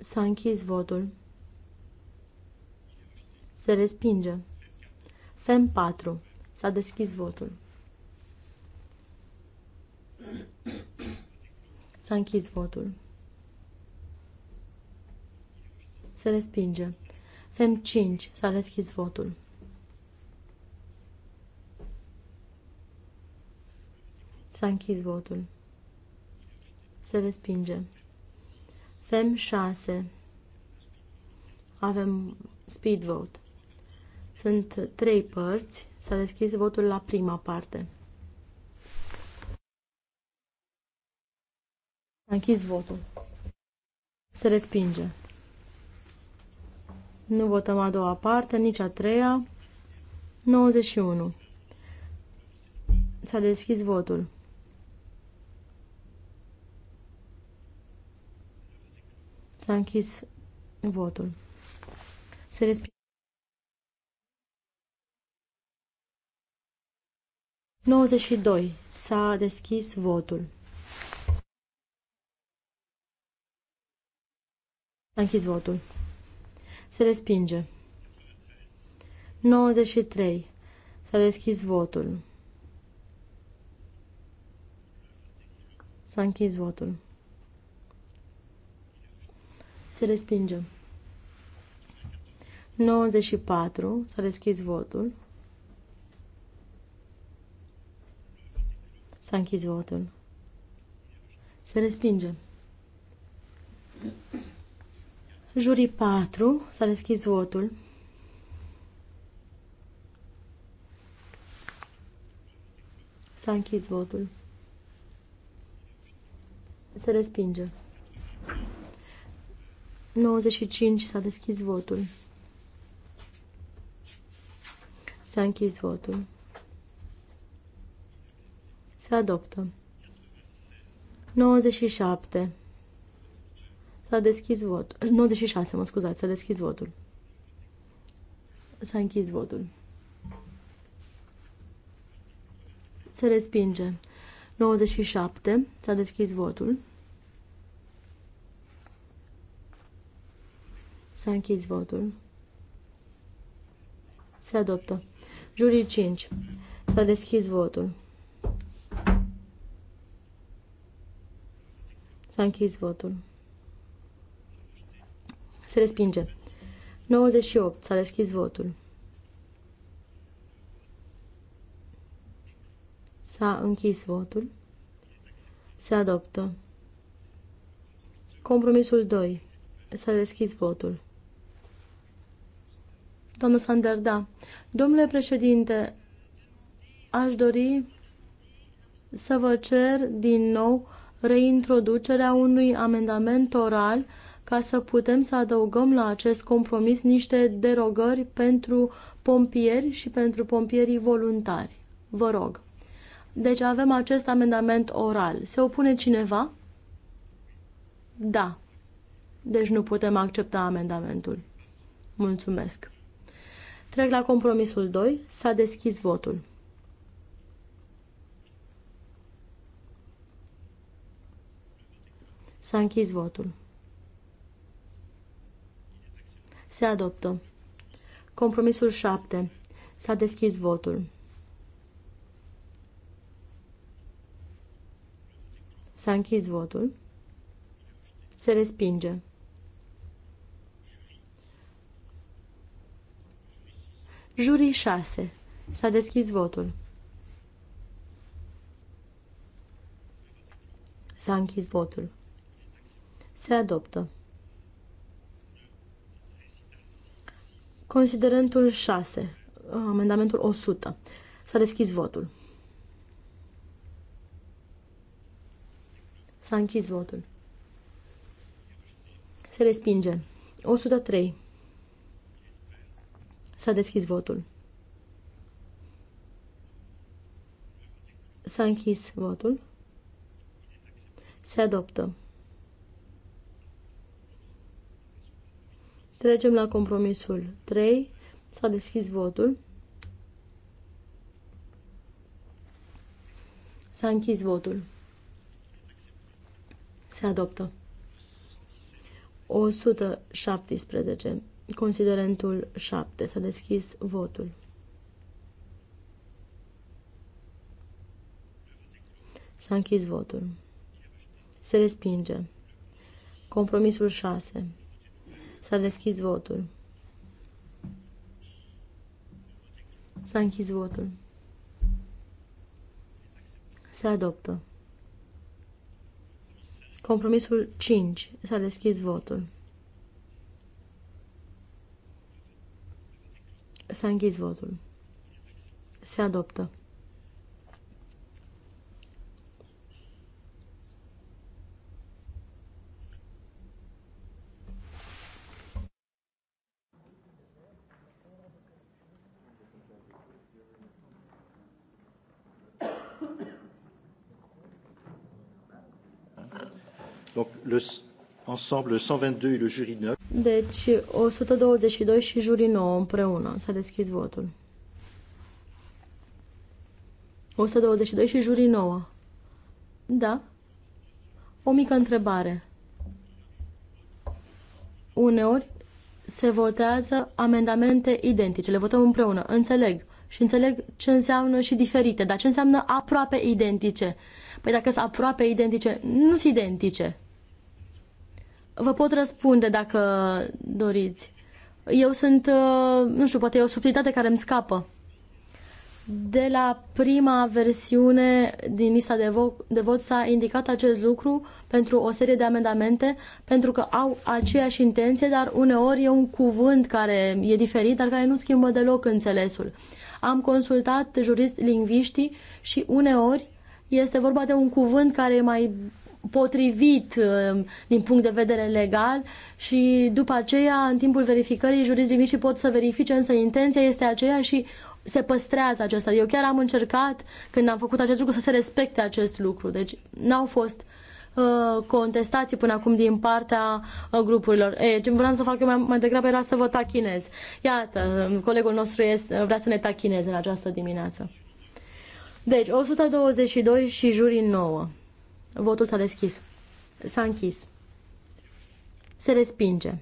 S-a închis votul. Se respinge. FEM 4. S-a deschis votul. S-a închis votul. Se respinge. FEM 5. S-a deschis votul. S-a închis votul. Se respinge. FEM 6. Avem speed vote. Sunt trei părți. S-a deschis votul la prima parte. A închis votul. Se respinge. Nu votăm a doua parte, nici a treia. 91. S-a deschis votul. S-a închis votul. Se respinge. 92. S-a deschis votul. S-a închis votul. Se respinge. 93. S-a deschis votul. S-a închis votul. Se respinge. 94. S-a deschis votul. S-a închis votul. Se respinge. Jurii 4. S-a deschis votul. S-a închis votul. Se respinge. 95 s-a deschis votul. S-a închis votul. Se adoptă. 97. S-a deschis votul. 96, mă scuzați, s-a deschis votul. S-a închis votul. Se respinge. 97. S-a deschis votul. S-a închis votul. Se adoptă. Jurii 5. S-a deschis votul. S-a închis votul. Se respinge. 98. S-a deschis votul. S-a închis votul. Se adoptă. Compromisul 2. S-a deschis votul. Doamnă Sander, da. Domnule președinte, aș dori să vă cer din nou reintroducerea unui amendament oral ca să putem să adăugăm la acest compromis niște derogări pentru pompieri și pentru pompierii voluntari. Vă rog. Deci avem acest amendament oral. Se opune cineva? Da. Deci nu putem accepta amendamentul. Mulțumesc. Trec la compromisul 2. S-a deschis votul. S-a închis votul. Se adoptă. Compromisul 7. S-a deschis votul. S-a închis votul. Se respinge. Jurii 6. S-a deschis votul. S-a închis votul. Se adoptă. Considerentul 6. Amendamentul 100. S-a deschis votul. S-a închis votul. Se respinge. 103. S-a deschis votul. S-a închis votul. Se adoptă. Trecem la compromisul 3. S-a deschis votul. S-a închis votul. Se adoptă. 117 Considerentul 7. S-a deschis votul. S-a închis votul. Se respinge. Compromisul 6. S-a deschis votul. S-a închis votul. Se adoptă. Compromisul 5. S-a deschis votul. S-a închis votul. Se adoptă. Donc, le, ensemble, le 122 et le jury 9. Deci 122 și jurii 9 împreună. S-a deschis votul. 122 și jurii 9. Da. O mică întrebare. Uneori se votează amendamente identice. Le votăm împreună. Înțeleg. Și înțeleg ce înseamnă și diferite. Dar ce înseamnă aproape identice? Păi dacă sunt aproape identice, nu sunt identice. Vă pot răspunde dacă doriți. Eu sunt, uh, nu știu, poate e o subtilitate care îmi scapă. De la prima versiune din lista de, vo- de vot s-a indicat acest lucru pentru o serie de amendamente, pentru că au aceeași intenție, dar uneori e un cuvânt care e diferit, dar care nu schimbă deloc înțelesul. Am consultat juriști lingviștii și uneori este vorba de un cuvânt care e mai potrivit um, din punct de vedere legal și după aceea, în timpul verificării, jurisdicții pot să verifice, însă intenția este aceea și se păstrează acesta. Eu chiar am încercat, când am făcut acest lucru, să se respecte acest lucru. Deci n-au fost uh, contestații până acum din partea uh, grupurilor. E, ce vreau să fac eu mai, mai degrabă era să vă tachinez. Iată, uh, colegul nostru este, vrea să ne tachineze în această dimineață. Deci, 122 și jurii 9. Votul s-a deschis. S-a închis. Se respinge.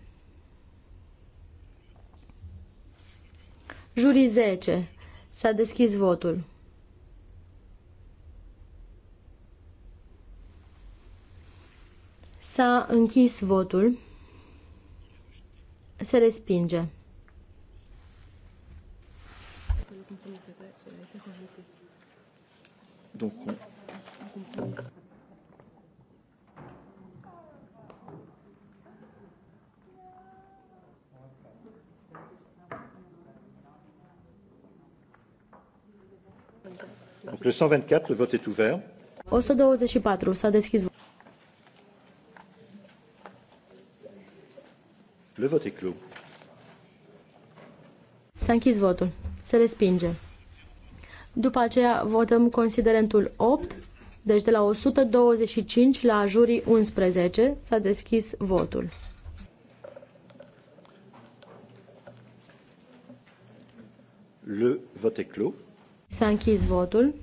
Juri 10. S-a deschis votul. S-a închis votul. Se respinge. Donc on, le 124, le vote est ouvert. 124, s-a deschis votul. Le vote est clos. S-a închis votul. Se respinge. După aceea votăm considerentul 8, deci de la 125 la jurii 11 s-a deschis votul. Le vote est clos. S-a închis votul.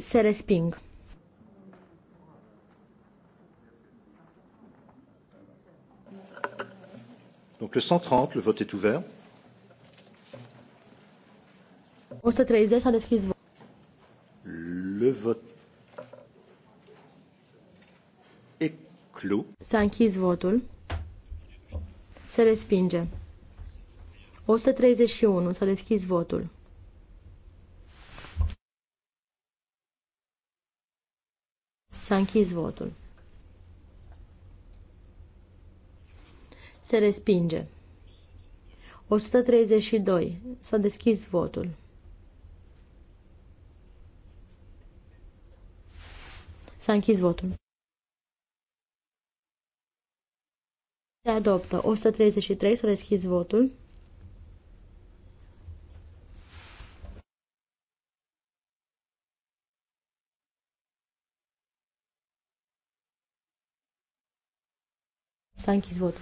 se resping. Donc le 130, le vote est ouvert. 130 s-a deschis votul. Le vote est clos. S-a închis votul. Se respinge. 131 s-a deschis votul. S-a închis votul. Se respinge. 132. S-a deschis votul. S-a închis votul. Se adoptă. 133. S-a deschis votul. S-a închis votul.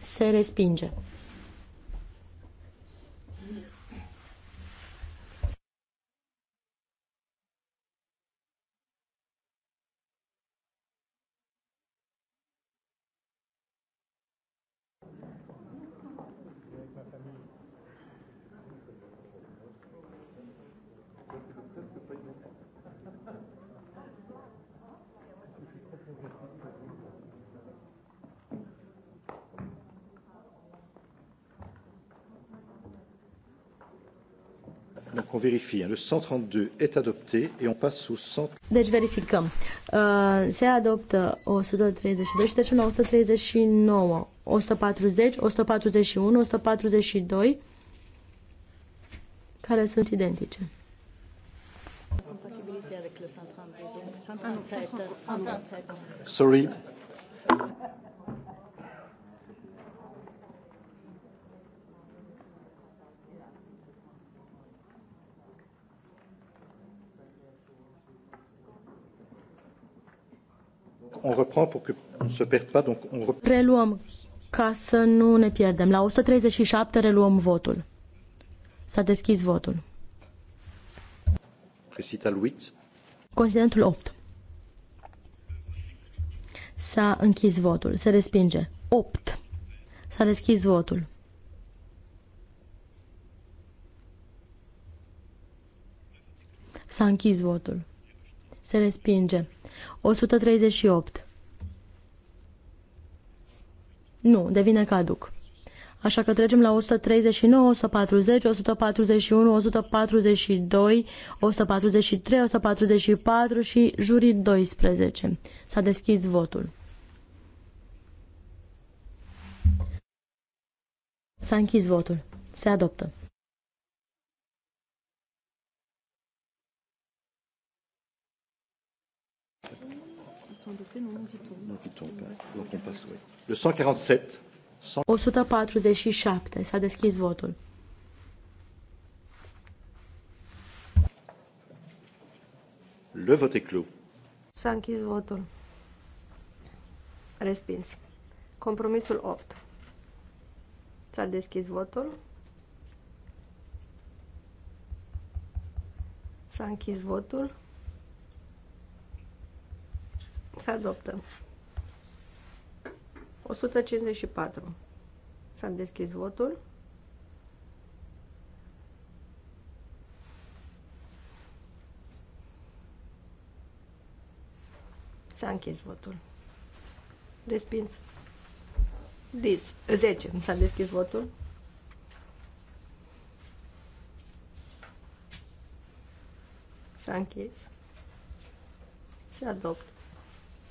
Se respinge. vérifie. Le 132 est adopté et on passe au 100. Deci verificăm. Uh, se adoptă 132 și deci trecem la 139, 140, 141, 142 care sunt identice. Sorry, on reprend pour que on se perde pas, donc on reprend. Reluăm ca să nu ne pierdem. La 137 reluăm votul. S-a deschis votul. Recital 8. Considerentul 8. S-a închis votul. Se respinge. 8. S-a deschis votul. S-a închis votul. Se respinge. 138. Nu, devine caduc. Așa că trecem la 139, 140, 141, 142, 143, 144 și jurii 12. S-a deschis votul. S-a închis votul. Se adoptă. adopté, non, tombe. Donc on passe, oui. Le 147. 100... 147. S-a deschis votul. Le vote est clos. S-a închis votul. Respins. Compromisul 8. S-a deschis votul. S-a închis votul. Se adoptă. 154. S-a deschis votul. S-a închis votul. Respins. Dis. 10. S-a deschis votul. S-a închis. Se adoptă.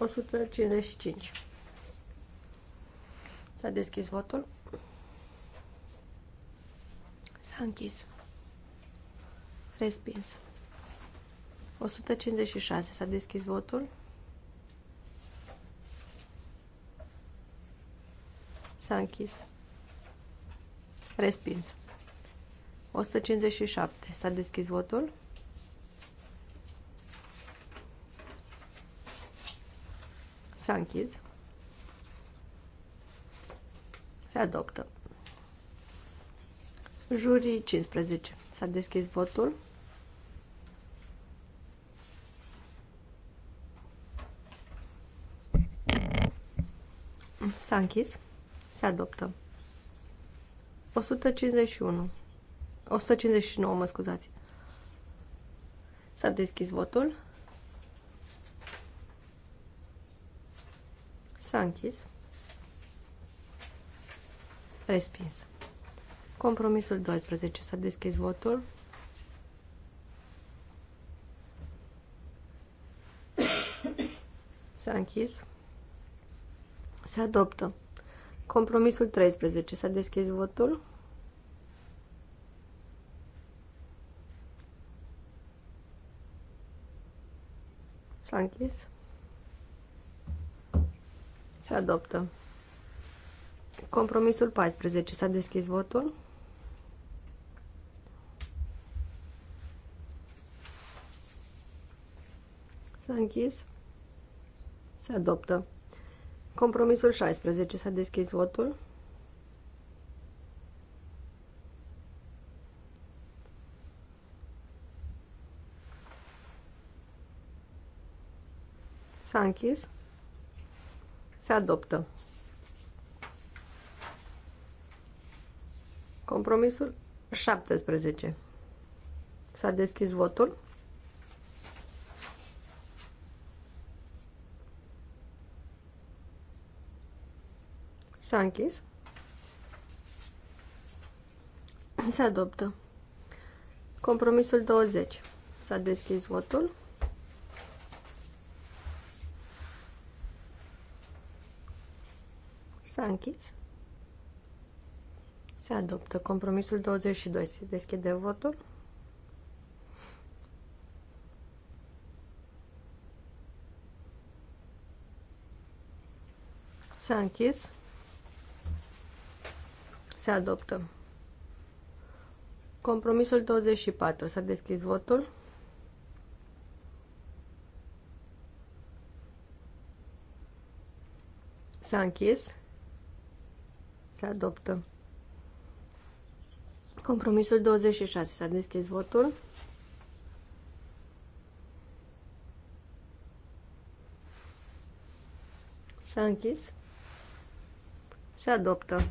155. S-a deschis votul. S-a închis. Respins. 156. S-a deschis votul. S-a închis. Respins. 157. S-a deschis votul. S-a închis. Se adoptă. Jurii 15. S-a deschis votul. S-a închis. Se adoptă. 151. 159, mă scuzați. S-a deschis votul. S-a închis. Respins. Compromisul 12. S-a deschis votul. S-a închis. Se adoptă. Compromisul 13. S-a deschis votul. S-a închis. Se adoptă. Compromisul 14. S-a deschis votul. S-a închis. Se adoptă. Compromisul 16. S-a deschis votul. S-a închis. Se adoptă. Compromisul 17. S-a deschis votul. S-a închis. Se adoptă. Compromisul 20. S-a deschis votul. S-a închis. Se adoptă. Compromisul 22. Se deschide votul. S-a închis. Se adoptă. Compromisul 24. S-a deschis votul. S-a închis. Se adoptă. Compromisul 26. S-a deschis votul. S-a închis. Se adoptă.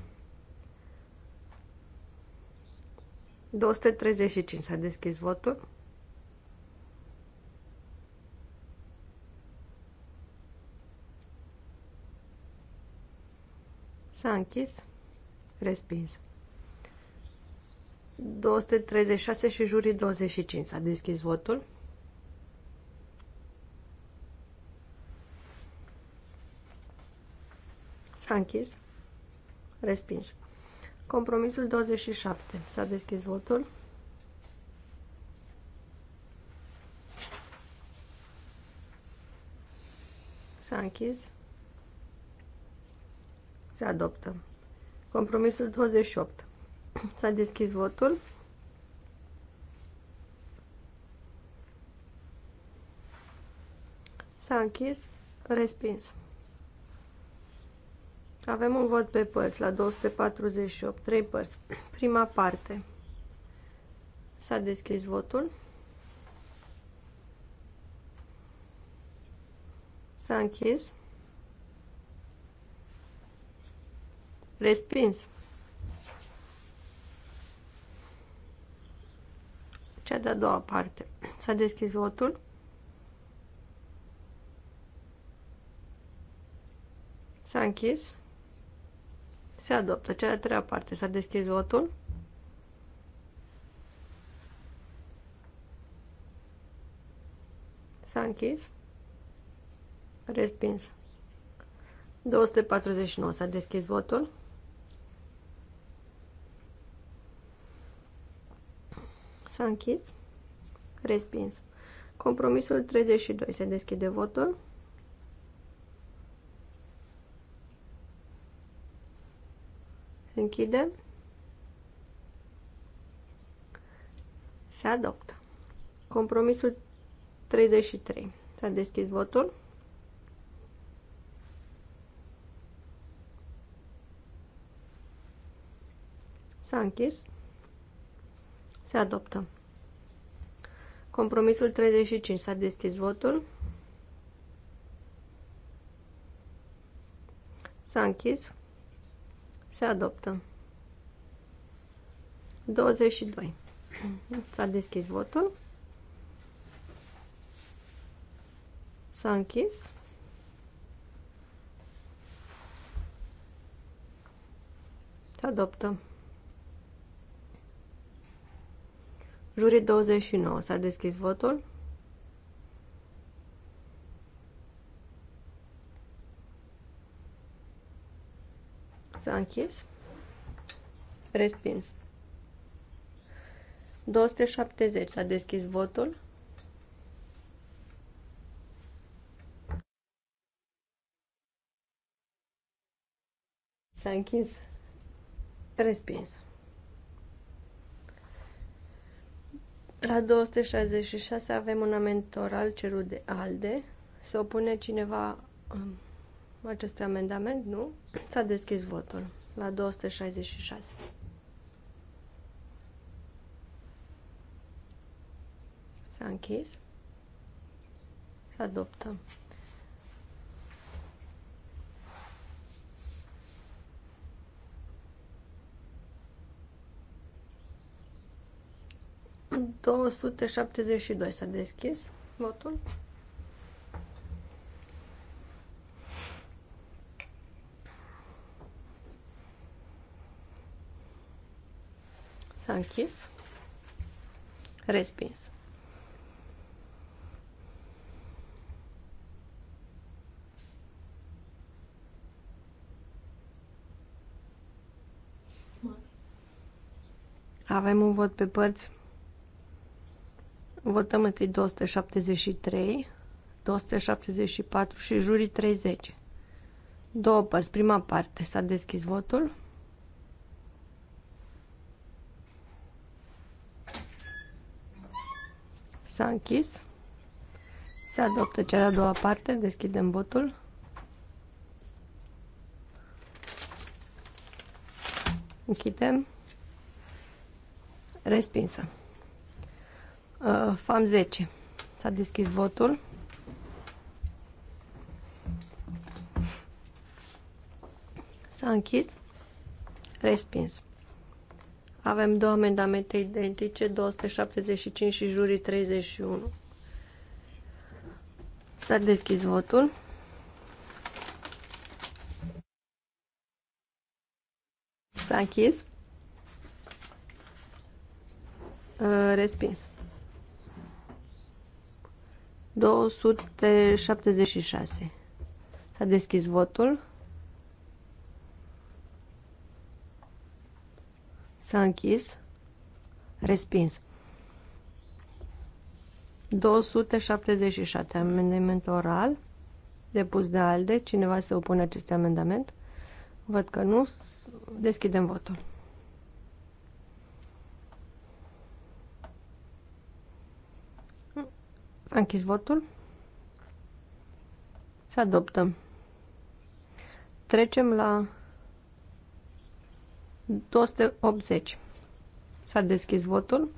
235. S-a deschis votul. S-a închis. Respins. 236 și jurii 25. S-a deschis votul. S-a închis. Respins. Compromisul 27. S-a deschis votul. S-a închis. Se adoptă. Compromisul 28. S-a deschis votul. S-a închis. Respins. Avem un vot pe părți la 248. Trei părți. Prima parte. S-a deschis votul. S-a închis. Respins. Cea de-a doua parte. S-a deschis votul. S-a închis. Se adoptă. Cea de-a treia parte. S-a deschis votul. S-a închis. Respins. 249. S-a deschis votul. S-a închis. Respins. Compromisul 32. Se deschide votul. Se închide. Se adoptă. Compromisul 33. S-a deschis votul. S-a închis. Se adoptă. Compromisul 35. S-a deschis votul. S-a închis. Se adoptă. 22. S-a deschis votul. S-a închis. Se adoptă. Jurii 29. S-a deschis votul. S-a închis. Respins. 270. S-a deschis votul. S-a închis. Respins. La 266 avem un amendor al cerut de ALDE. Se opune cineva um, acestui amendament? Nu? S-a deschis votul la 266. S-a închis. Se adoptă. 272 s-a deschis votul. S-a închis. Respins. Avem un vot pe părți. Votăm întâi 273, 274 și jurii 30. Două părți. Prima parte. S-a deschis votul. S-a închis. Se adoptă cea de-a doua parte. Deschidem votul. Închidem. Respinsă. Uh, FAM 10. S-a deschis votul. S-a închis. Respins. Avem două amendamente identice, 275 și jurii 31. S-a deschis votul. S-a închis. Uh, respins. 276. S-a deschis votul. S-a închis. Respins. 277. Amendament oral depus de ALDE. Cineva se opune acest amendament? Văd că nu. Deschidem votul. A închis votul. Se adoptă. Trecem la 280. S-a deschis votul.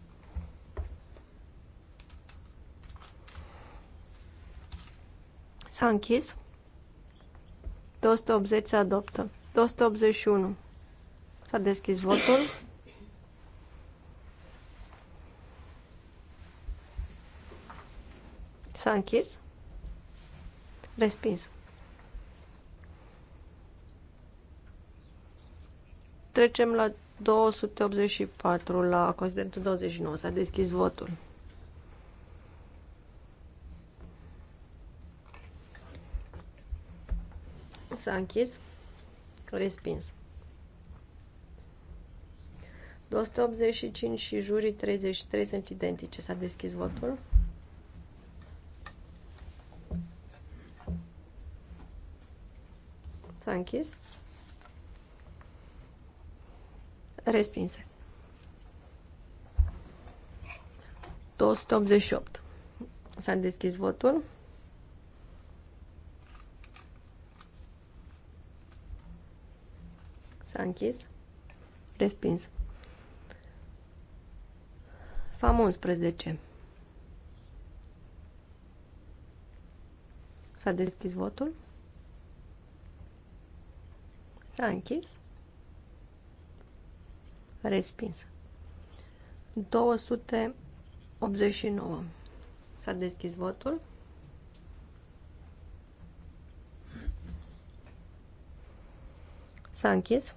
S-a închis. 280 se adoptă. 281. S-a deschis votul. S-a închis. Respins. Trecem la 284, la considerentul 29. S-a deschis votul. S-a închis. Respins. 285 și jurii 33 sunt identice. S-a deschis votul. S-a închis. Respinse. 288. S-a deschis votul. S-a închis. Respins. FAM 11. S-a deschis votul. S-a închis. Respins. 289. S-a deschis votul. S-a închis.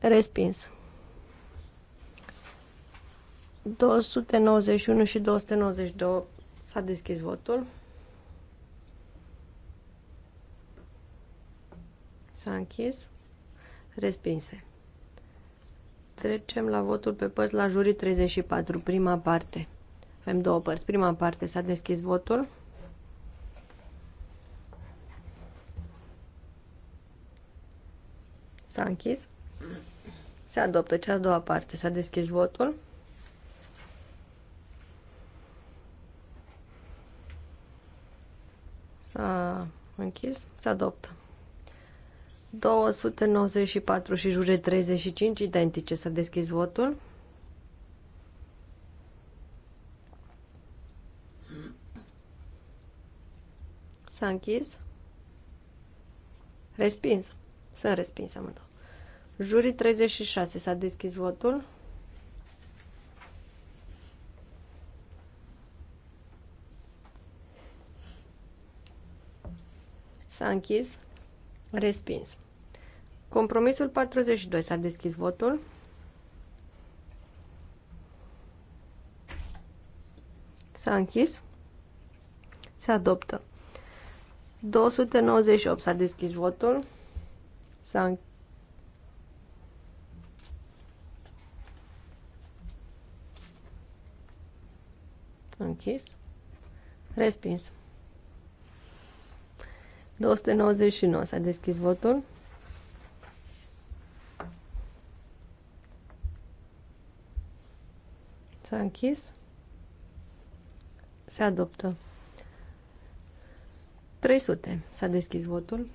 Respins. 291 și 292 s-a deschis votul. S-a închis. Respinse. Trecem la votul pe părți la jurii 34, prima parte. Avem două părți. Prima parte s-a deschis votul. S-a închis. Se adoptă cea a doua parte. S-a deschis votul. S-a închis. Se adoptă. 294 și jure 35 identice. Să deschizi votul. S-a închis. Respins. Sunt respins amândouă. Juri 36. S-a deschis votul. S-a închis. Respins. Compromisul 42. S-a deschis votul. S-a închis. Se adoptă. 298. S-a deschis votul. S-a închis. Închis. Respins. 299. S-a deschis votul. S-a închis. Se adoptă. 300. S-a deschis votul.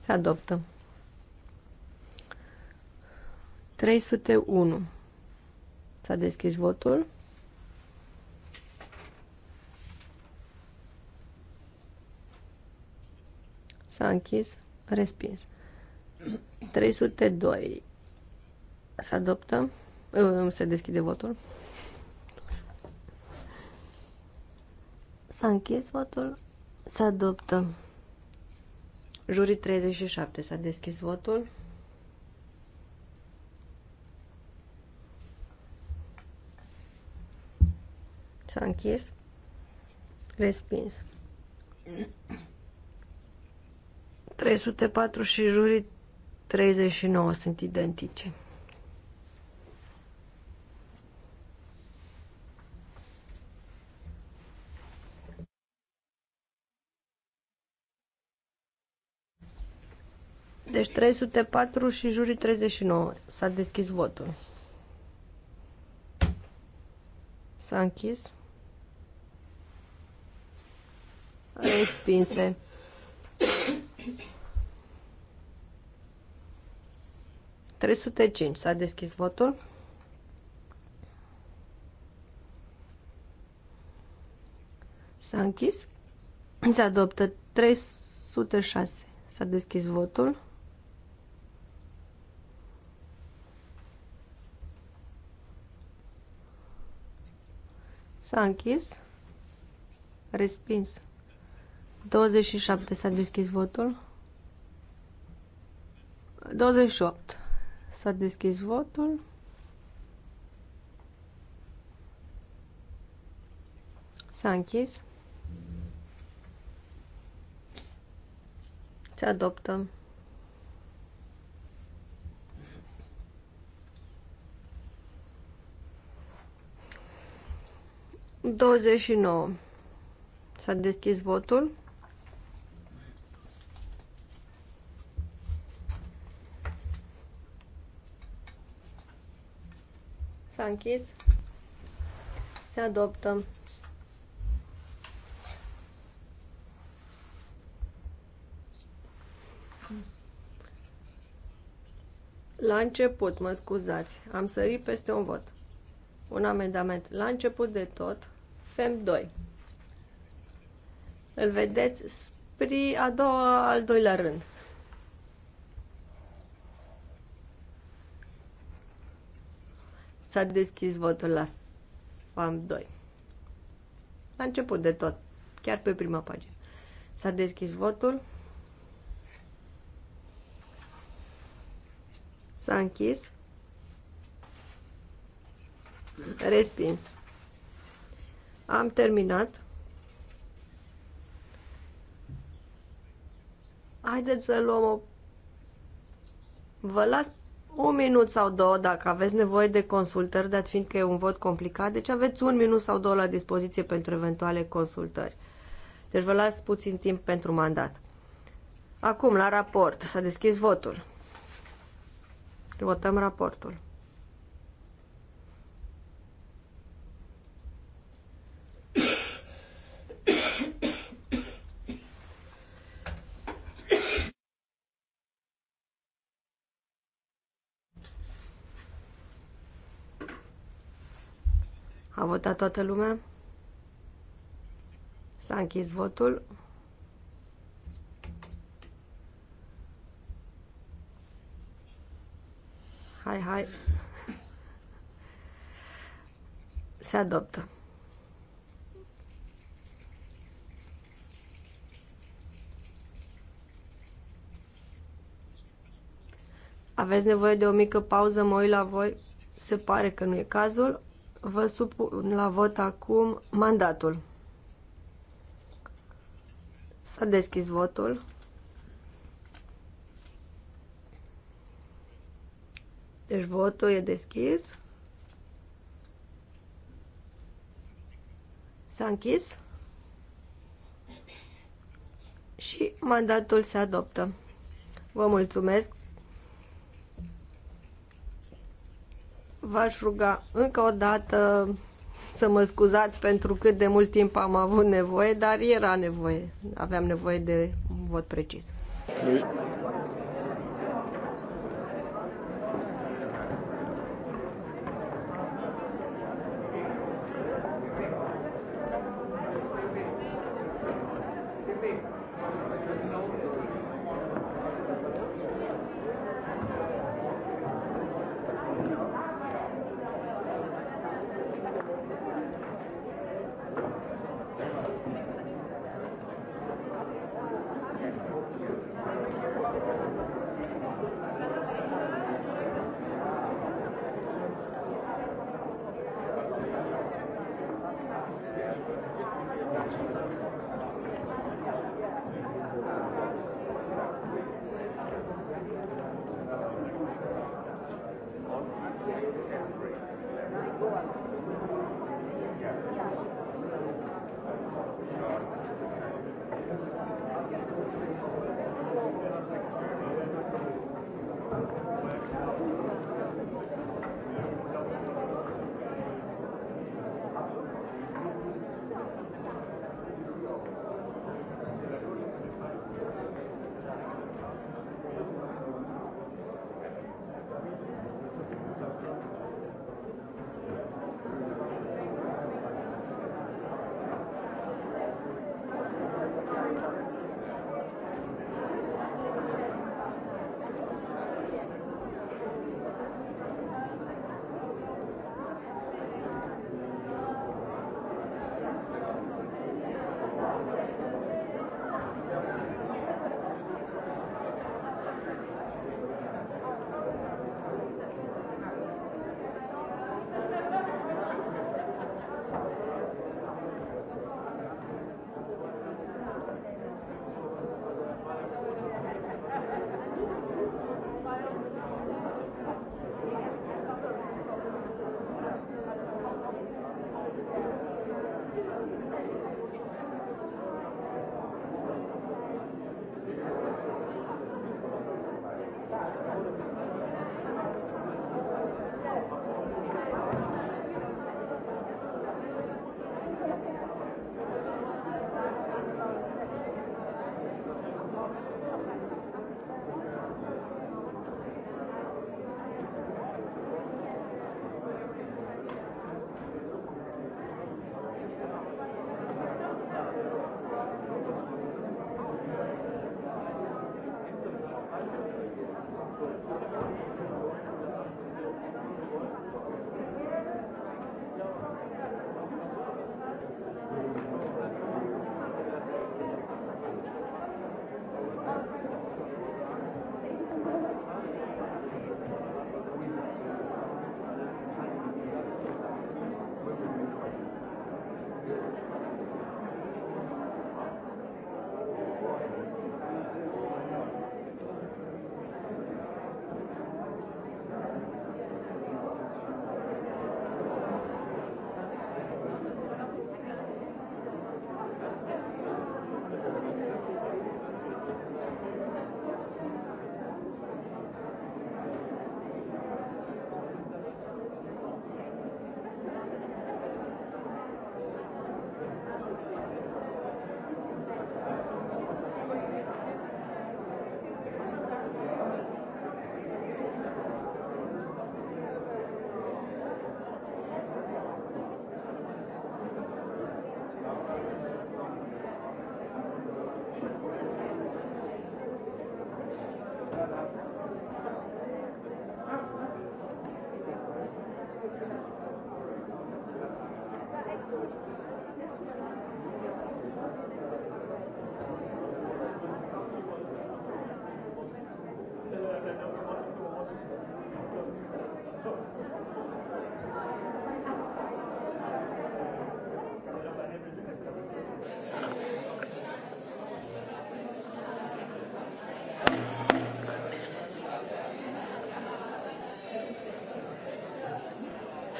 Se adoptă. 301. S-a deschis votul. S-a închis. Respins. 302. Se adoptă. Se deschide votul. S-a închis votul. Se adoptă. Jurii 37. S-a deschis votul. S-a închis. Respins. 304 și jurii 39 sunt identice. Deci 304 și jurii 39. S-a deschis votul. S-a închis. Respinse. 305. S-a deschis votul. S-a închis. Se adoptă 306. S-a deschis votul. S-a închis. Respins. 27 s-a deschis votul. 28. S-a deschis votul. S-a închis. Se adoptă. Douăzeci și nouă. S-a deschis votul. S-a închis. Se adoptă. La început, mă scuzați, am sărit peste un vot. Un amendament. La început de tot, FEM 2. Îl vedeți spre a doua, al doilea rând. S-a deschis votul la FAM 2. La început de tot, chiar pe prima pagină. S-a deschis votul. S-a închis. Respins. Am terminat. Haideți să luăm o... Vă las un minut sau două dacă aveți nevoie de consultări, dat fiindcă e un vot complicat, deci aveți un minut sau două la dispoziție pentru eventuale consultări. Deci vă las puțin timp pentru mandat. Acum, la raport. S-a deschis votul. Votăm raportul. votat toată lumea? S-a închis votul. Hai, hai. Se adoptă. Aveți nevoie de o mică pauză, mă uit la voi. Se pare că nu e cazul. Vă supun la vot acum mandatul. S-a deschis votul. Deci votul e deschis. S-a închis. Și mandatul se adoptă. Vă mulțumesc! v-aș ruga încă o dată să mă scuzați pentru cât de mult timp am avut nevoie, dar era nevoie. Aveam nevoie de un vot precis.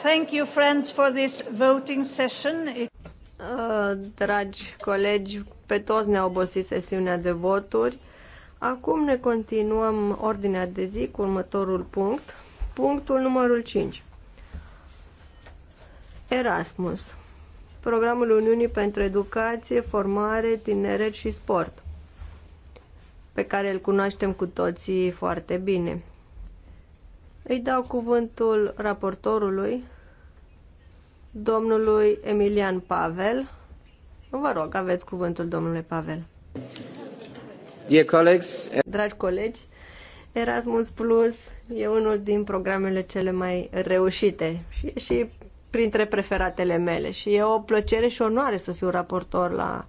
Thank you, friends, for this voting session. It... Uh, dragi colegi, pe toți ne-a obosit sesiunea de voturi. Acum ne continuăm ordinea de zi cu următorul punct, punctul numărul 5. Erasmus, programul Uniunii pentru Educație, Formare, Tineret și Sport, pe care îl cunoaștem cu toții foarte bine. Îi dau cuvântul raportorului, domnului Emilian Pavel. Vă rog, aveți cuvântul domnului Pavel. Dear colleagues, Dragi colegi, Erasmus Plus e unul din programele cele mai reușite și, și printre preferatele mele și e o plăcere și onoare să fiu raportor la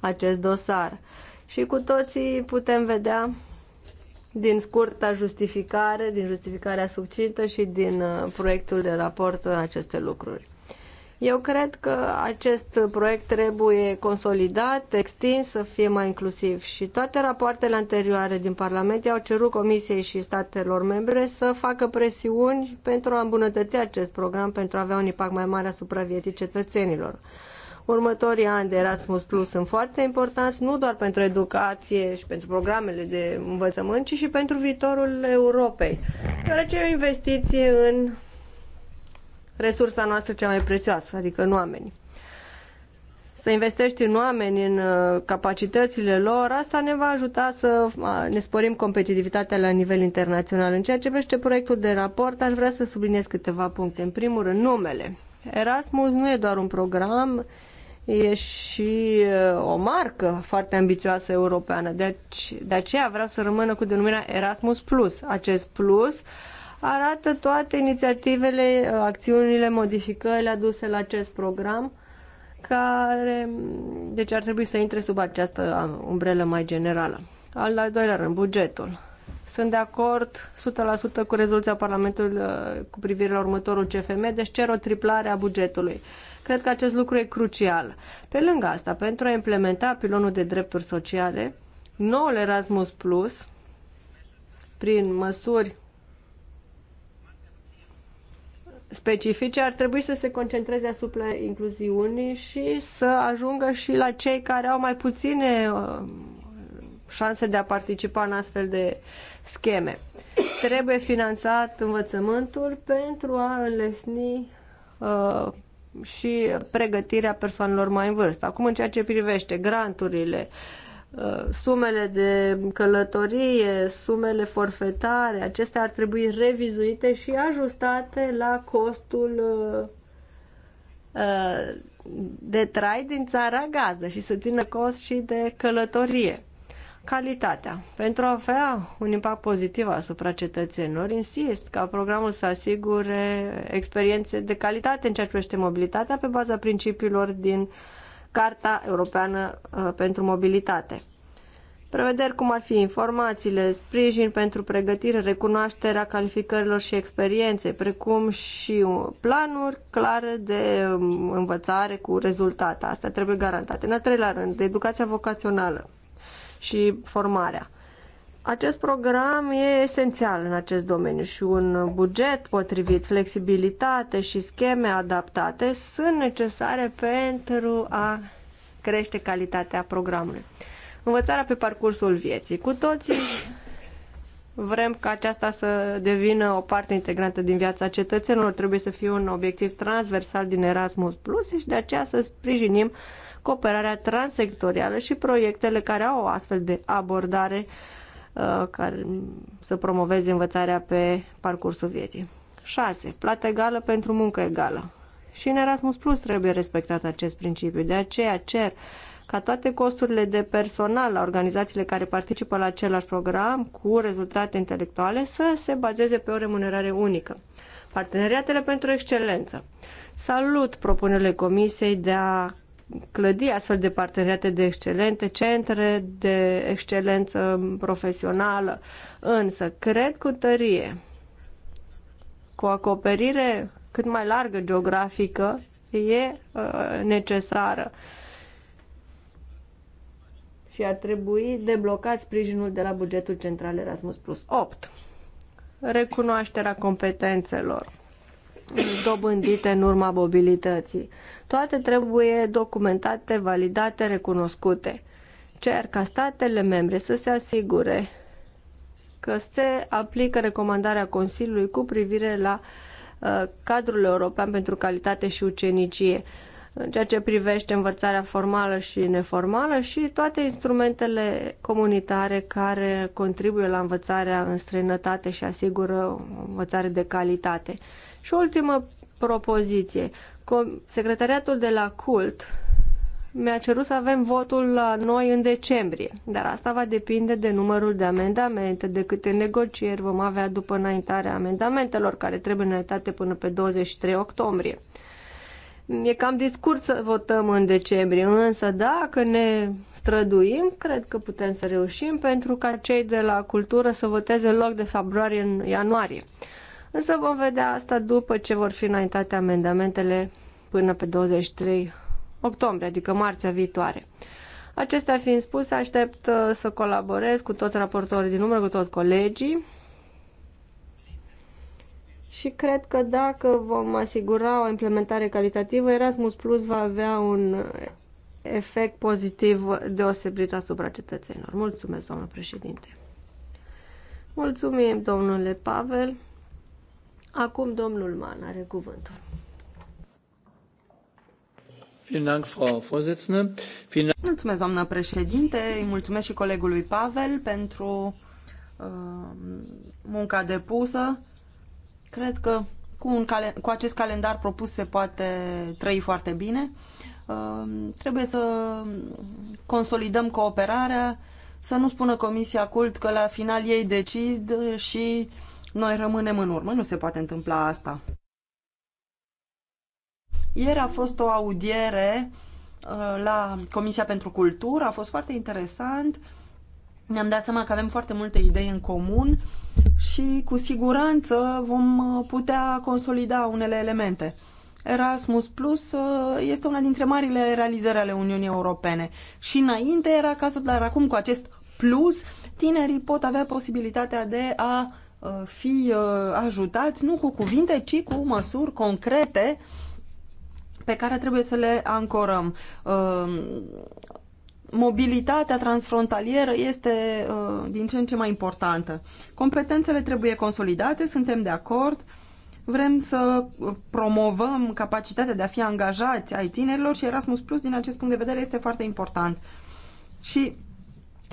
acest dosar. Și cu toții putem vedea din scurta justificare, din justificarea succintă și din uh, proiectul de raport uh, aceste lucruri. Eu cred că acest proiect trebuie consolidat, extins, să fie mai inclusiv și toate rapoartele anterioare din Parlament au cerut Comisiei și statelor membre să facă presiuni pentru a îmbunătăți acest program pentru a avea un impact mai mare asupra vieții cetățenilor. Următorii ani de Erasmus Plus sunt foarte importanți, nu doar pentru educație și pentru programele de învățământ, ci și pentru viitorul Europei, deoarece e o investiție în resursa noastră cea mai prețioasă, adică în oameni. Să investești în oameni, în uh, capacitățile lor, asta ne va ajuta să uh, ne sporim competitivitatea la nivel internațional. În ceea ce privește proiectul de raport, aș vrea să subliniez câteva puncte. În primul rând, numele. Erasmus nu e doar un program, e și uh, o marcă foarte ambițioasă europeană. Deci, de aceea vreau să rămână cu denumirea Erasmus Plus. Acest plus uh, arată toate inițiativele, acțiunile, modificările aduse la acest program care deci ar trebui să intre sub această umbrelă mai generală. Al, doilea rând, bugetul. Sunt de acord 100% cu rezoluția Parlamentului uh, cu privire la următorul CFM, deci cer o triplare a bugetului. Cred că acest lucru e crucial. Pe lângă asta, pentru a implementa pilonul de drepturi sociale, noul Erasmus Plus, prin măsuri specifice ar trebui să se concentreze asupra incluziunii și să ajungă și la cei care au mai puține uh, șanse de a participa în astfel de scheme. Trebuie finanțat învățământul pentru a înlesni uh, și pregătirea persoanelor mai în vârstă. Acum, în ceea ce privește granturile, uh, Uh, sumele de călătorie, sumele forfetare, acestea ar trebui revizuite și ajustate la costul uh, uh, de trai din țara gazdă și să țină cost și de călătorie. Calitatea. Pentru a avea un impact pozitiv asupra cetățenilor, insist ca programul să asigure experiențe de calitate în ceea ce privește mobilitatea pe baza principiilor din uh, Carta Europeană uh, pentru Mobilitate. Prevederi cum ar fi informațiile, sprijin pentru pregătire, recunoașterea calificărilor și experiențe, precum și planuri clare de um, învățare cu rezultate. Asta trebuie garantate. În al treilea rând, educația vocațională și formarea. Acest program e esențial în acest domeniu și un buget potrivit, flexibilitate și scheme adaptate sunt necesare pentru a crește calitatea programului. Învățarea pe parcursul vieții. Cu toții vrem ca aceasta să devină o parte integrantă din viața cetățenilor. Trebuie să fie un obiectiv transversal din Erasmus Plus și de aceea să sprijinim cooperarea transsectorială și proiectele care au o astfel de abordare uh, Uh, care să promoveze învățarea pe parcursul vieții. 6. Plată egală pentru muncă egală. Și în Erasmus Plus trebuie respectat acest principiu. De aceea cer ca toate costurile de personal la organizațiile care participă la același program cu rezultate intelectuale să se bazeze pe o remunerare unică. Parteneriatele pentru excelență. Salut propunerile Comisiei de a clădi astfel de parteneriate de excelente, centre de excelență profesională. Însă, cred cu tărie cu acoperire cât mai largă geografică e uh, necesară. Și ar trebui deblocat sprijinul de la bugetul central Erasmus Plus 8. Recunoașterea competențelor dobândite în urma mobilității. Toate trebuie documentate, validate, recunoscute. Cer ca statele membre să se asigure că se aplică recomandarea Consiliului cu privire la uh, cadrul european pentru calitate și ucenicie în ceea ce privește învățarea formală și neformală și toate instrumentele comunitare care contribuie la învățarea în străinătate și asigură învățare de calitate. Și o ultimă propoziție. Secretariatul de la CULT mi-a cerut să avem votul la noi în decembrie, dar asta va depinde de numărul de amendamente, de câte negocieri vom avea după înaintarea amendamentelor care trebuie înaintate până pe 23 octombrie. E cam discurs să votăm în decembrie, însă dacă ne străduim, cred că putem să reușim pentru ca cei de la cultură să voteze în loc de februarie în ianuarie. Însă vom vedea asta după ce vor fi înaintate amendamentele până pe 23 octombrie, adică marțea viitoare. Acestea fiind spuse, aștept uh, să colaborez cu toți raportorii din număr, cu toți colegii și cred că dacă vom asigura o implementare calitativă, Erasmus Plus va avea un efect pozitiv deosebit asupra cetățenilor. Mulțumesc, domnul președinte! Mulțumim, domnule Pavel! Acum domnul Man are cuvântul. Mulțumesc, doamnă președinte, îi mulțumesc și colegului Pavel pentru uh, munca depusă. Cred că cu, un cu acest calendar propus se poate trăi foarte bine. Uh, trebuie să consolidăm cooperarea, să nu spună Comisia Cult că la final ei decid și uh, noi rămânem în urmă, nu se poate întâmpla asta. Ieri a fost o audiere uh, la Comisia pentru Cultură, a fost foarte interesant. Ne-am dat seama că avem foarte multe idei în comun și cu siguranță vom uh, putea consolida unele elemente. Erasmus Plus uh, este una dintre marile realizări ale Uniunii Europene și înainte era cazul, dar acum cu acest plus tinerii pot avea posibilitatea de a Uh, fi uh, ajutați nu cu cuvinte, ci cu măsuri concrete pe care trebuie să le ancorăm. Uh, mobilitatea transfrontalieră este din ce în ce mai importantă. Competențele trebuie consolidate, suntem de acord. Vrem să promovăm capacitatea de a fi angajați ai tinerilor și Erasmus Plus din acest punct de vedere este foarte important. Și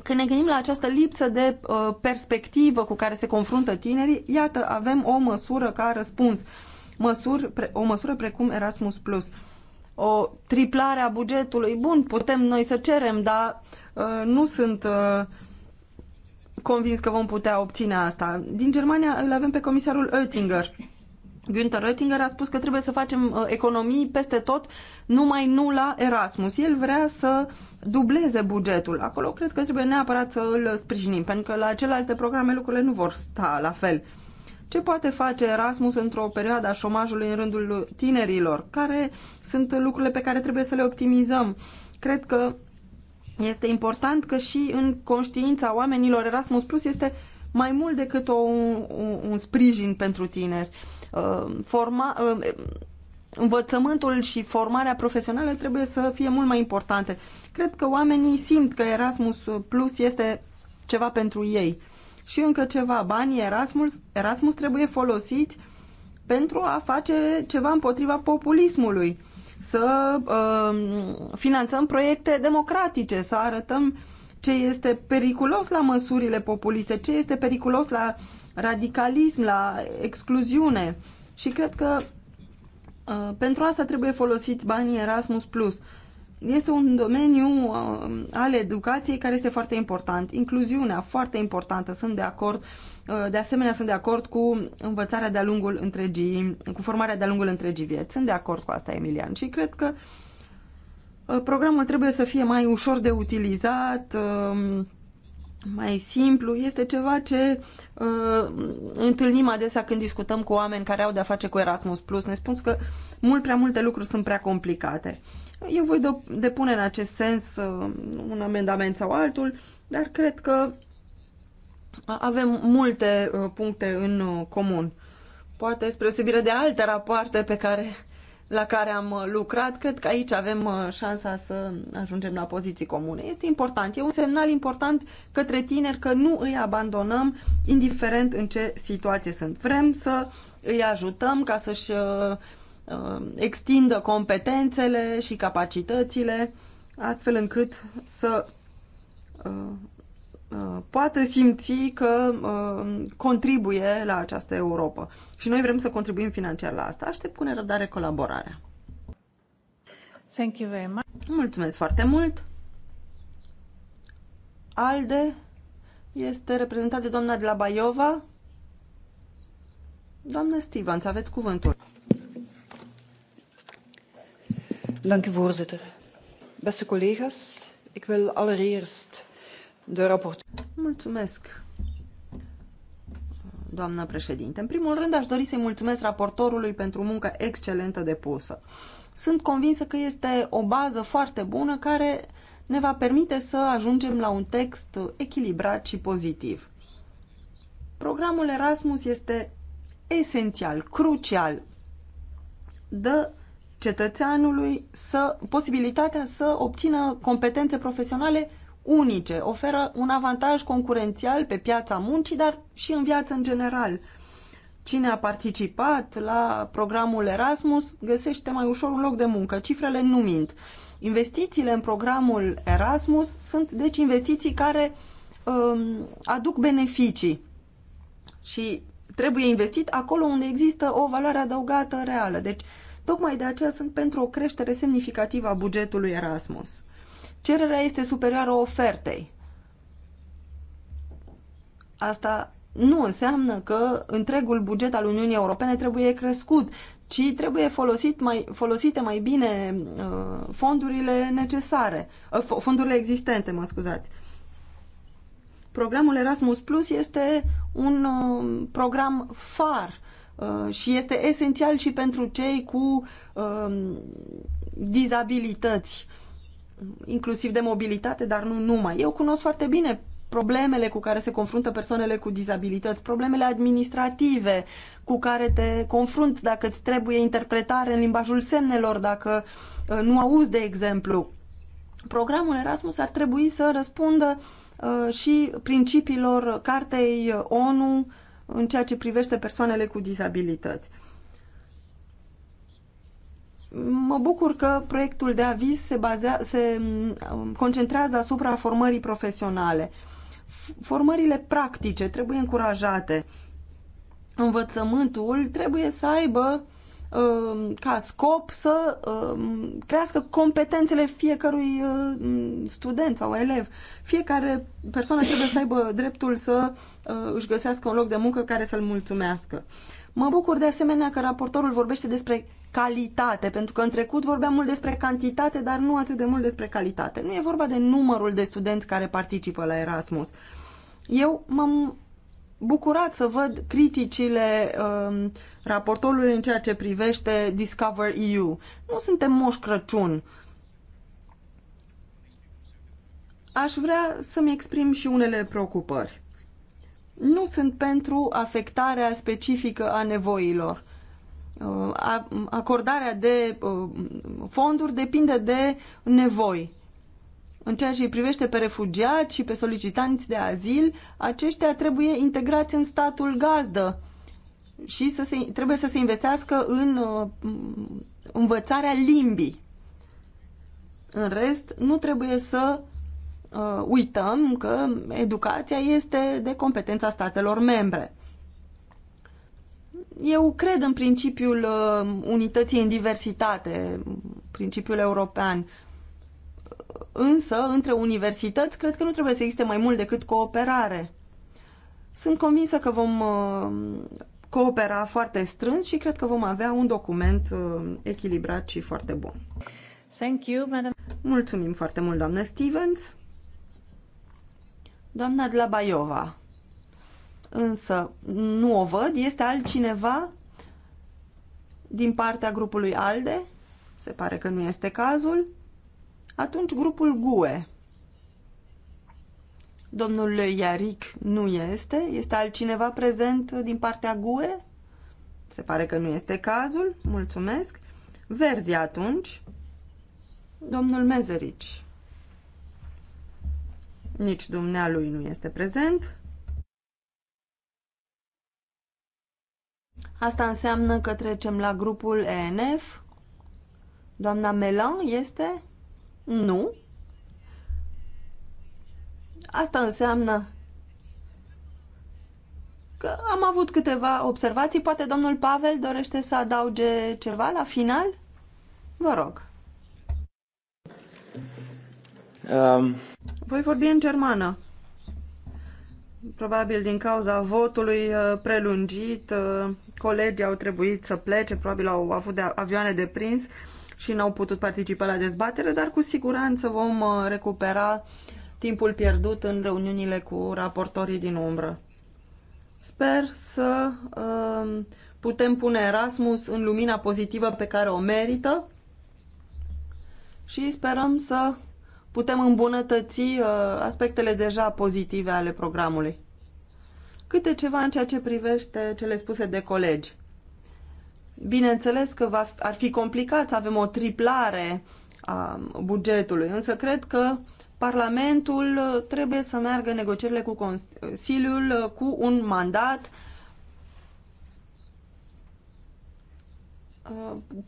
când ne gândim la această lipsă de uh, perspectivă cu care se confruntă tinerii, iată, avem o măsură ca răspuns. Măsuri, pre, o măsură precum Erasmus+. Plus. O triplare a bugetului, bun, putem noi să cerem, dar uh, nu sunt uh, convins că vom putea obține asta. Din Germania îl avem pe comisarul Oettinger Günther Oettinger a spus că trebuie să facem uh, economii peste tot, numai nu la Erasmus. El vrea să dubleze bugetul. Acolo cred că trebuie neapărat să îl sprijinim, pentru că la celelalte programe lucrurile nu vor sta la fel. Ce poate face Erasmus într-o perioadă a șomajului în rândul tinerilor? Care sunt lucrurile pe care trebuie să le optimizăm? Cred că este important că și în conștiința oamenilor Erasmus Plus este mai mult decât o, un, un sprijin pentru tineri Ehm, forma, ehm, învățământul și formarea profesională trebuie să fie mult mai importante. Cred că oamenii simt că Erasmus Plus este ceva pentru ei. Și încă ceva, banii Erasmus, Erasmus trebuie folosiți pentru a face ceva împotriva populismului, să uh, finanțăm proiecte democratice, să arătăm ce este periculos la măsurile populiste, ce este periculos la uh, radicalism, la excluziune. Și cred că uh, pentru asta trebuie folosiți banii Erasmus+. plus. Este un domeniu uh, al educației care este foarte important. Incluziunea, foarte importantă, sunt de acord. Uh, de asemenea, sunt de acord cu învățarea de-a lungul întregii, cu formarea de-a lungul întregii vieți. Sunt de acord cu asta, Emilian. Și cred că programul trebuie să fie mai ușor de utilizat, mai simplu, este ceva ce uh, întâlnim adesea când discutăm cu oameni care au de-a face cu Erasmus+. Plus. Ne spun că mult prea multe lucruri sunt prea complicate. Eu voi depune în acest sens uh, un amendament sau altul, dar cred că avem multe uh, puncte în uh, comun. Poate spre osebire de alte rapoarte pe care la care am uh, lucrat, cred că aici avem uh, șansa să ajungem la poziții comune. Este important, e un semnal important către tineri că nu îi abandonăm, indiferent în ce situație sunt. Vrem să îi ajutăm ca să-și uh, extindă competențele și capacitățile, astfel încât să Uh, poată simți că uh, contribuie la această Europa. Și noi vrem să contribuim financiar la asta. Aștept cu nerăbdare colaborarea. Thank you very much. Mulțumesc foarte mult. ALDE este reprezentat de doamna de la Baiova. Doamna Stevens, aveți cuvântul. Dank u, voorzitter. Beste collega's, ik wil allereerst de raport. Mulțumesc, doamnă președinte. În primul rând, aș dori să-i mulțumesc raportorului pentru munca excelentă depusă. Sunt convinsă că este o bază foarte bună care ne va permite să ajungem la un text echilibrat și pozitiv. Programul Erasmus este esențial, crucial. Dă cetățeanului să, posibilitatea să obțină competențe profesionale unice, oferă un avantaj concurențial pe piața muncii, dar și în viață în general. Cine a participat la programul Erasmus găsește mai ușor un loc de muncă. Cifrele nu mint. Investițiile în programul Erasmus sunt deci investiții care um, aduc beneficii și trebuie investit acolo unde există o valoare adăugată reală. Deci, tocmai de aceea sunt pentru o creștere semnificativă a bugetului Erasmus cererea este superioară ofertei. Asta nu înseamnă că întregul buget al Uniunii Europene trebuie crescut, ci trebuie folosit mai, folosite mai bine uh, fondurile necesare, uh, fondurile existente, mă scuzați. Programul Erasmus Plus este un uh, program far uh, și este esențial și pentru cei cu uh, dizabilități. Uh, inclusiv de mobilitate, dar nu numai. Eu cunosc foarte bine problemele cu care se confruntă persoanele cu dizabilități, problemele administrative cu care te confrunți dacă îți trebuie interpretare în limbajul semnelor, dacă uh, nu auzi, de exemplu. Programul Erasmus ar trebui să răspundă uh, și principiilor cartei ONU în ceea ce privește persoanele cu dizabilități. Mă bucur că proiectul de aviz se, bazea, se mm, concentrează asupra formării profesionale. Formările practice trebuie încurajate. Învățământul trebuie să aibă um, ca scop să um, crească competențele fiecărui um, student sau elev. Fiecare persoană trebuie să aibă dreptul să uh, își găsească un loc de muncă care să-l mulțumească. Mă bucur de asemenea că raportorul vorbește despre calitate, pentru că în trecut vorbeam mult despre cantitate, dar nu atât de mult despre calitate. Nu e vorba de numărul de studenți care participă la Erasmus. Eu m-am bucurat să văd criticile um, raportorului în ceea ce privește Discover EU. Nu suntem moș Crăciun. Aș vrea să-mi exprim și unele preocupări nu sunt pentru afectarea specifică a nevoilor. Uh, acordarea de uh, fonduri depinde de nevoi. În ceea ce îi privește pe refugiați și pe solicitanți de azil, aceștia trebuie integrați în statul gazdă și să se, trebuie să se investească în uh, învățarea limbii. În rest, nu trebuie să uh, uităm că educația este de competența statelor membre. Eu cred în principiul uh, unității în diversitate, principiul european. Însă, între universități, cred că nu trebuie să existe mai mult decât cooperare. Sunt convinsă că vom uh, coopera foarte strâns și cred că vom avea un document uh, echilibrat și foarte bun. Thank you, madam. Mulțumim foarte mult, doamnă Stevens. Doamna Dlabaiova. Însă nu o văd. Este altcineva din partea grupului ALDE? Se pare că nu este cazul. Atunci grupul GUE. Domnul Iaric nu este. Este altcineva prezent din partea GUE? Se pare că nu este cazul. Mulțumesc. Verzi atunci. Domnul Mezerici. Nici dumnealui nu este prezent. Asta înseamnă că trecem la grupul ENF. Doamna Melan este? Nu. Asta înseamnă că am avut câteva observații. Poate domnul Pavel dorește să adauge ceva la final? Vă rog. Um, voi vorbi în germană. Probabil din cauza votului uh, prelungit, uh, colegii au trebuit să plece, probabil au avut de avioane de prins și n-au putut participa la dezbatere, dar cu siguranță vom uh, recupera timpul pierdut în reuniunile cu raportorii din umbră. Sper să putem pune Erasmus în lumina pozitivă pe care o merită și sperăm să putem îmbunătăți uh, aspectele deja pozitive ale programului. Câte ceva în ceea ce privește cele spuse de colegi. Bineînțeles că va, ar fi complicat să avem o triplare a bugetului, însă cred că Parlamentul trebuie să meargă negocierile cu Consiliul uh, cu un mandat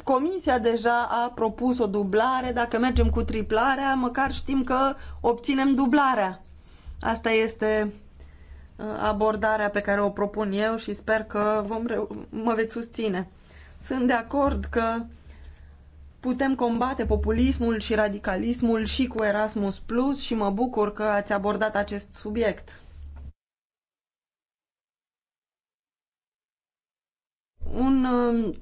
Comisia deja a propus o dublare, dacă mergem cu triplarea, măcar știm că obținem dublarea. Asta este uh, abordarea pe care o propun eu și sper că vom mă veți susține. Sunt de acord că putem combate populismul și radicalismul și cu Erasmus Plus și mă bucur că ați abordat acest subiect. Un uh,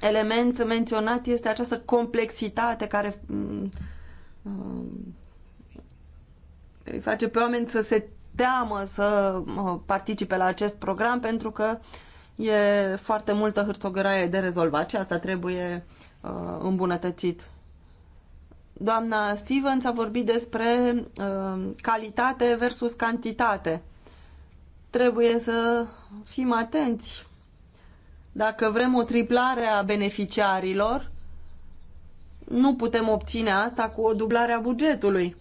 element menționat este această complexitate care mm, mm, îi face pe oameni să se teamă să participe la acest program pentru că e foarte multă hârtogăraie de rezolvat și asta trebuie uh, îmbunătățit. Doamna Stevens a vorbit despre uh, calitate versus cantitate. Trebuie să fim atenți dacă vrem o triplare a beneficiarilor, nu putem obține asta cu o dublare a bugetului.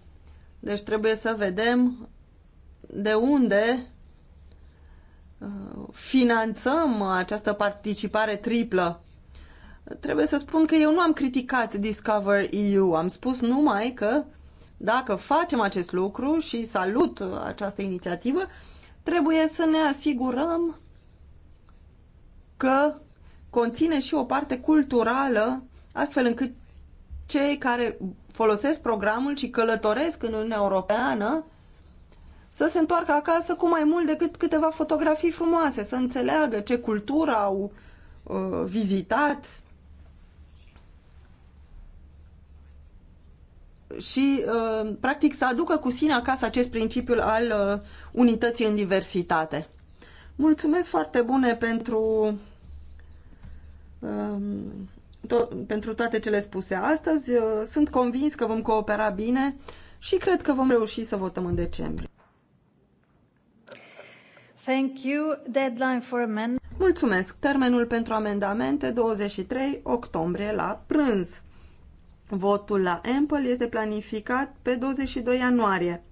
Deci trebuie să vedem de unde uh, finanțăm această participare triplă. Trebuie să spun că eu nu am criticat Discover EU, am spus numai că dacă facem acest lucru și salut această inițiativă, trebuie să ne asigurăm că conține și o parte culturală, astfel încât cei care folosesc programul și călătoresc în Uniunea Europeană să se întoarcă acasă cu mai mult decât câteva fotografii frumoase, să înțeleagă ce cultură au uh, vizitat și, uh, practic, să aducă cu sine acasă acest principiu al uh, unității în diversitate. Mulțumesc foarte bune pentru, um, to- pentru toate cele spuse astăzi. Uh, sunt convins că vom coopera bine și cred că vom reuși să votăm în decembrie. Thank you. Deadline for amend- Mulțumesc. Termenul pentru amendamente 23 octombrie la prânz. Votul la Ample este planificat pe 22 ianuarie,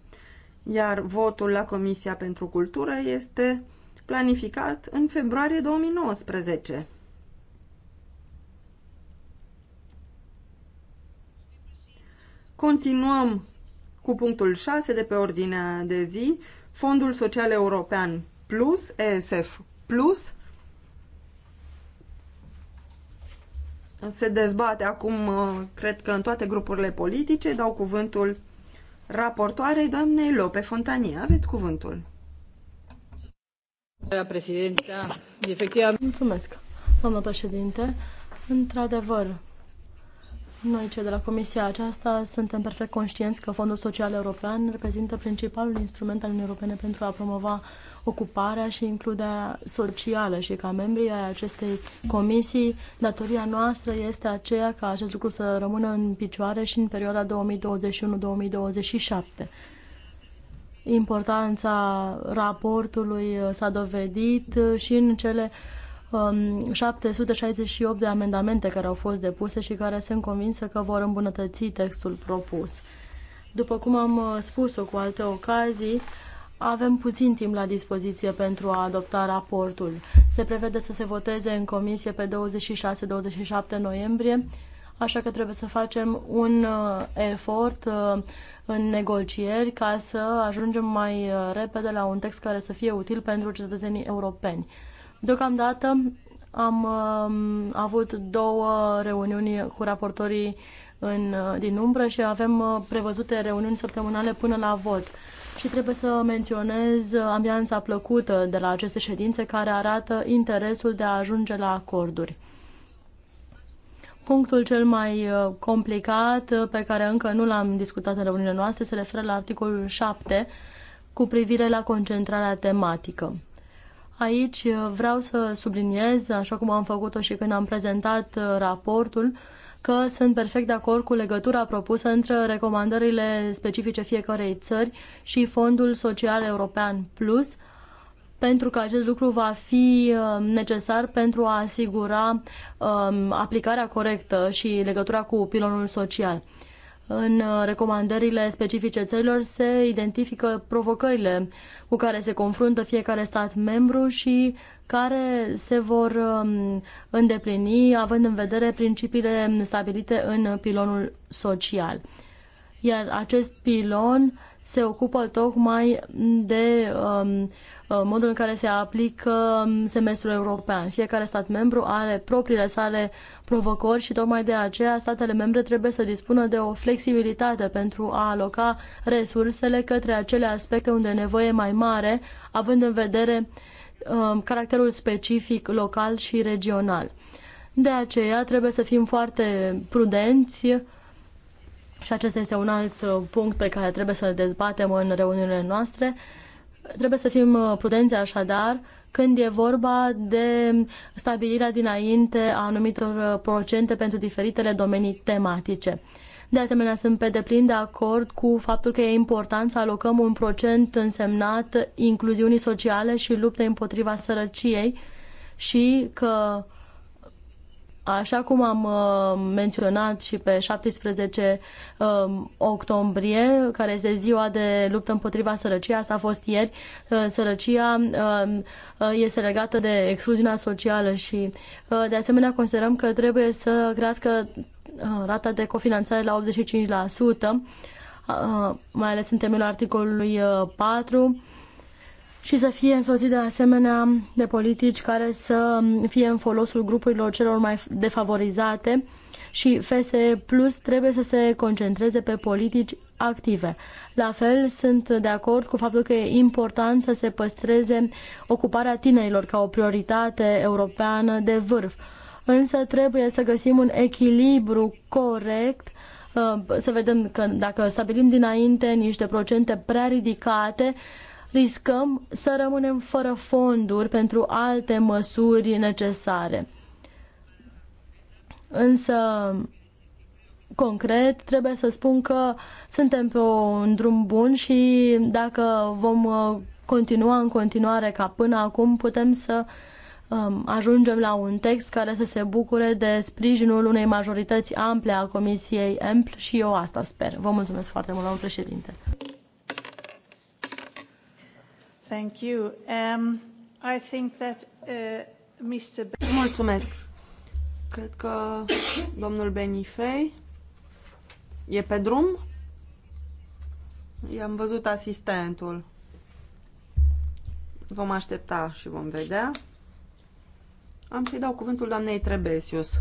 iar votul la Comisia pentru Cultură este planificat în februarie 2019. Continuăm cu punctul 6 de pe ordinea de zi, Fondul Social European Plus, ESF Plus. Se dezbate acum, cred că în toate grupurile politice, dau cuvântul raportoarei doamnei Lope Fontanie. Aveți cuvântul doamnă președinte. Într-adevăr, noi, cei de la Comisia aceasta, suntem perfect conștienți că Fondul Social European reprezintă principalul instrument al Uniunii Europene pentru a promova ocuparea și includerea socială și ca membrii ai acestei comisii, datoria noastră este aceea ca acest lucru să rămână în picioare și în perioada 2021-2027 importanța raportului uh, s-a dovedit uh, și în cele 768 um, de amendamente care au fost depuse și care sunt convinsă că vor îmbunătăți textul propus. După cum am uh, spus-o cu alte ocazii, avem puțin timp la dispoziție pentru a adopta raportul. Se prevede să se voteze în comisie pe 26-27 noiembrie așa că trebuie să facem un uh, efort uh, în negocieri ca să ajungem mai uh, repede la un text care să fie util pentru cetățenii europeni. Deocamdată am avut două reuniuni cu raportorii în, din umbră și avem prevăzute reuniuni săptămânale până la vot. Și trebuie să menționez ambianța plăcută de la aceste ședințe care arată interesul de a ajunge la acorduri. Punctul cel mai uh, complicat, uh, pe care încă nu l-am discutat în reuniunea Noastră, se referă la articolul 7 cu privire la concentrarea tematică. Aici uh, vreau să subliniez, așa cum am făcut-o și când am prezentat raportul, că sunt perfect de acord cu legătura propusă între recomandările specifice fiecarei țări și Fondul Social European Plus, pentru că acest lucru va fi uh, necesar pentru a asigura um, aplicarea corectă și legătura cu pilonul social. În uh, recomandările specifice țărilor se identifică provocările cu care se confruntă fiecare stat membru și care se vor um, îndeplini având în vedere principiile stabilite în pilonul social. Iar acest pilon se ocupă tocmai de um, Uh, modul în care se aplică um, semestrul european. Fiecare stat membru are propriile sale provocări și tocmai de aceea statele membre trebuie să dispună de o flexibilitate pentru a aloca resursele către acele aspecte unde e nevoie mai mare, având în vedere um, caracterul specific local și regional. De aceea trebuie să fim foarte prudenți și acesta este un alt uh, punct pe care trebuie să-l dezbatem în reuniunile noastre Trebuie să fim uh, prudenți așadar când e vorba de stabilirea dinainte a anumitor uh, procente pentru diferitele domenii tematice. De asemenea, sunt pe deplin de acord cu faptul că e important să alocăm un procent însemnat incluziunii sociale și lupte împotriva sărăciei și că Așa cum am uh, menționat și pe 17 um, octombrie, care este ziua de luptă împotriva sărăciei, asta a fost ieri, uh, sărăcia um, uh, este legată de excluziunea socială și de asemenea considerăm că trebuie să crească rata de cofinanțare la 85%, mai ales în temeiul articolului 4 și să fie însoțit de asemenea de politici care să fie în folosul grupurilor celor mai defavorizate și FSE Plus trebuie să se concentreze pe politici active. La fel, sunt de acord cu faptul că e important să se păstreze ocuparea tinerilor ca o prioritate europeană de vârf. Însă trebuie să găsim un echilibru corect uh, să vedem că dacă stabilim dinainte niște procente prea ridicate, riscăm să rămânem fără fonduri pentru alte măsuri necesare. Însă, concret, trebuie să spun că suntem pe un drum bun și dacă vom uh, continua în continuare ca până acum, putem să um, ajungem la un text care să se bucure de sprijinul unei majorități ample a Comisiei EMPL și eu asta sper. Vă mulțumesc foarte mult, domnul președinte. Thank you. Um, I think that uh, Mr. Mulțumesc. Cred că domnul Benifei e pe drum. I-am văzut asistentul. Vom aștepta și vom vedea. Am să-i dau cuvântul doamnei Trebesius.